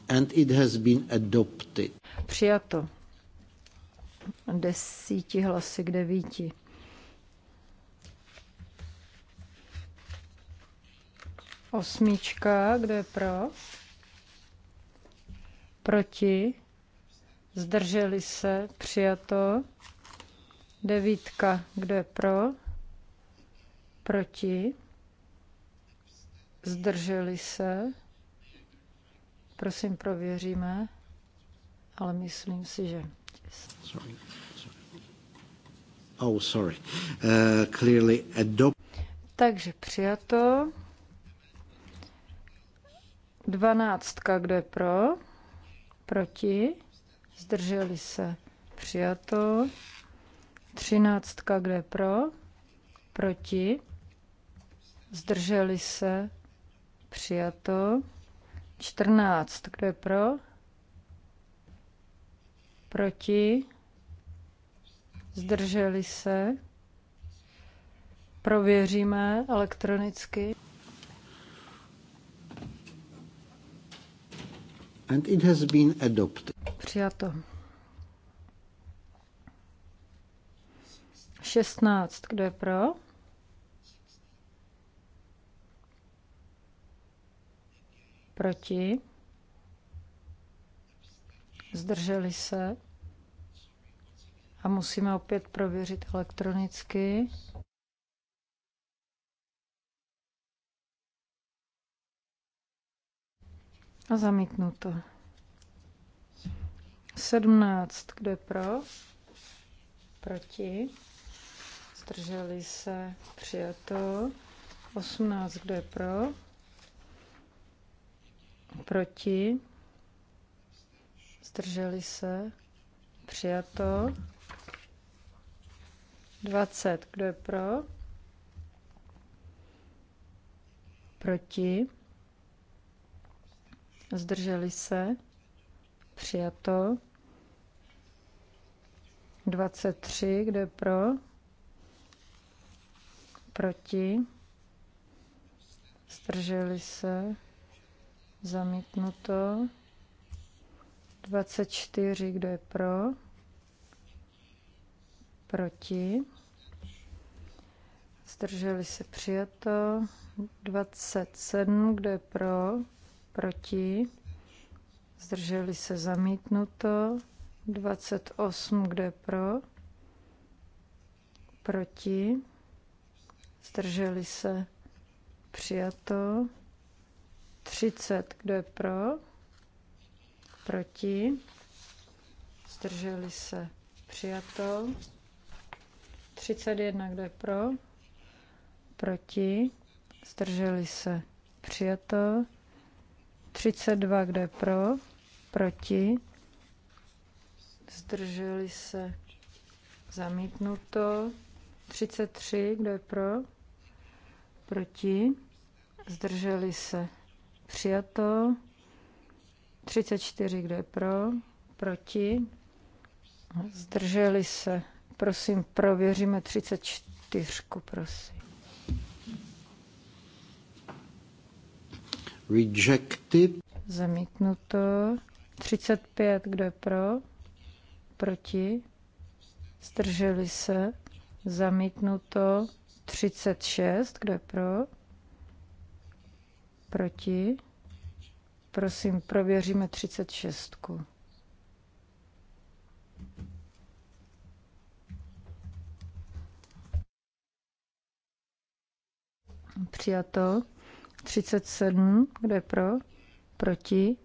and it has been adopted. Přijato. Desíti hlasy k devíti. Osmička, kdo je pro? Proti? Zdrželi se? Přijato. Devítka, kdo je pro? Proti? Zdrželi se? Prosím, prověříme, ale myslím si, že... Sorry. Oh, sorry. Uh, clearly adopt... Takže přijato. Dvanáctka, kdo je pro? Proti? Zdrželi se. Přijato. Třináctka, kdo je pro? Proti? Zdrželi se. Přijato. 14. Kdo je pro? Proti? Zdrželi se? Prověříme elektronicky. And it has been adopted. Přijato. 16. Kdo je pro? Proti? Zdrželi se? A musíme opět prověřit elektronicky. A zamítnu to. 17. Kdo je pro? Proti? Zdrželi se? Přijato. 18. Kdo je pro? proti, zdrželi se, přijato. 20, kdo je pro, proti, zdrželi se, přijato. 23, kdo je pro, proti, zdrželi se, zamítnuto. 24, kdo je pro, proti, zdrželi se přijato. 27, kdo je pro, proti, zdrželi se zamítnuto. 28, kdo je pro, proti, zdrželi se přijato. 30. Kdo je pro? Proti? Zdrželi se. Přijato. 31. Kdo je pro? Proti? Zdrželi se. Přijato. 32. Kdo je pro? Proti? Zdrželi se. Zamítnuto. 33. Kdo je pro? Proti? Zdrželi se. Přijato. 34, kdo je pro? Proti? Zdrželi se. Prosím, prověříme 34, prosím. Rejected. Zamítnuto. 35, kdo je pro? Proti? Zdrželi se. Zamítnuto. 36, kdo je pro? Proti? Prosím, prověříme 36. Přijato. 37. Kdo je pro? Proti?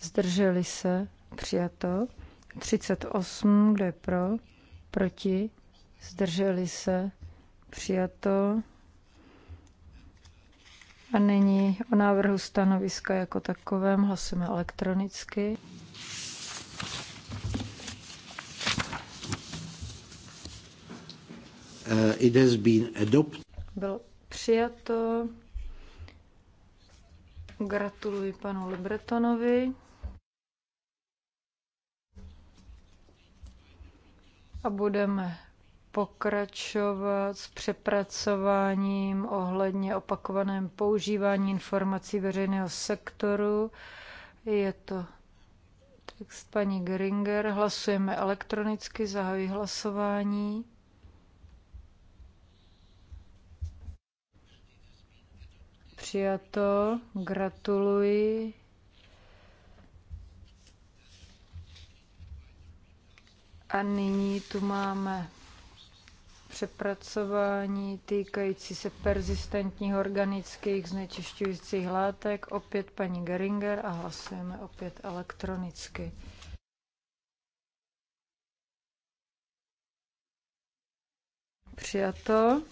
Zdrželi se? Přijato. 38. Kdo je pro? Proti? Zdrželi se? Přijato. A nyní o návrhu stanoviska jako takovém hlasujeme elektronicky. Uh, it has been Bylo přijato. Gratuluji panu Libretonovi. A budeme pokračovat s přepracováním ohledně opakovaném používání informací veřejného sektoru. Je to text paní Geringer. Hlasujeme elektronicky, zahajuji hlasování. Přijato, gratuluji. A nyní tu máme přepracování týkající se persistentních organických znečišťujících látek. Opět paní Geringer a hlasujeme opět elektronicky. Přijato.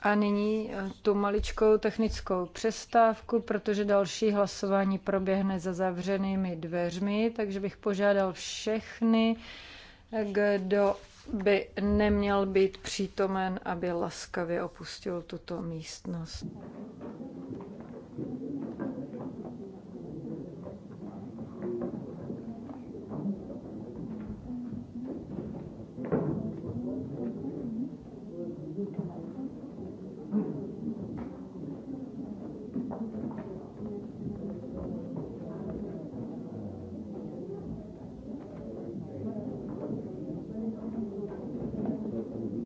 A nyní eh, tu maličkou technickou přestávku, protože další hlasování proběhne za zavřenými dveřmi, takže bych požádal všechny, eh, kdo by neměl být přítomen, aby laskavě opustil tuto místnost.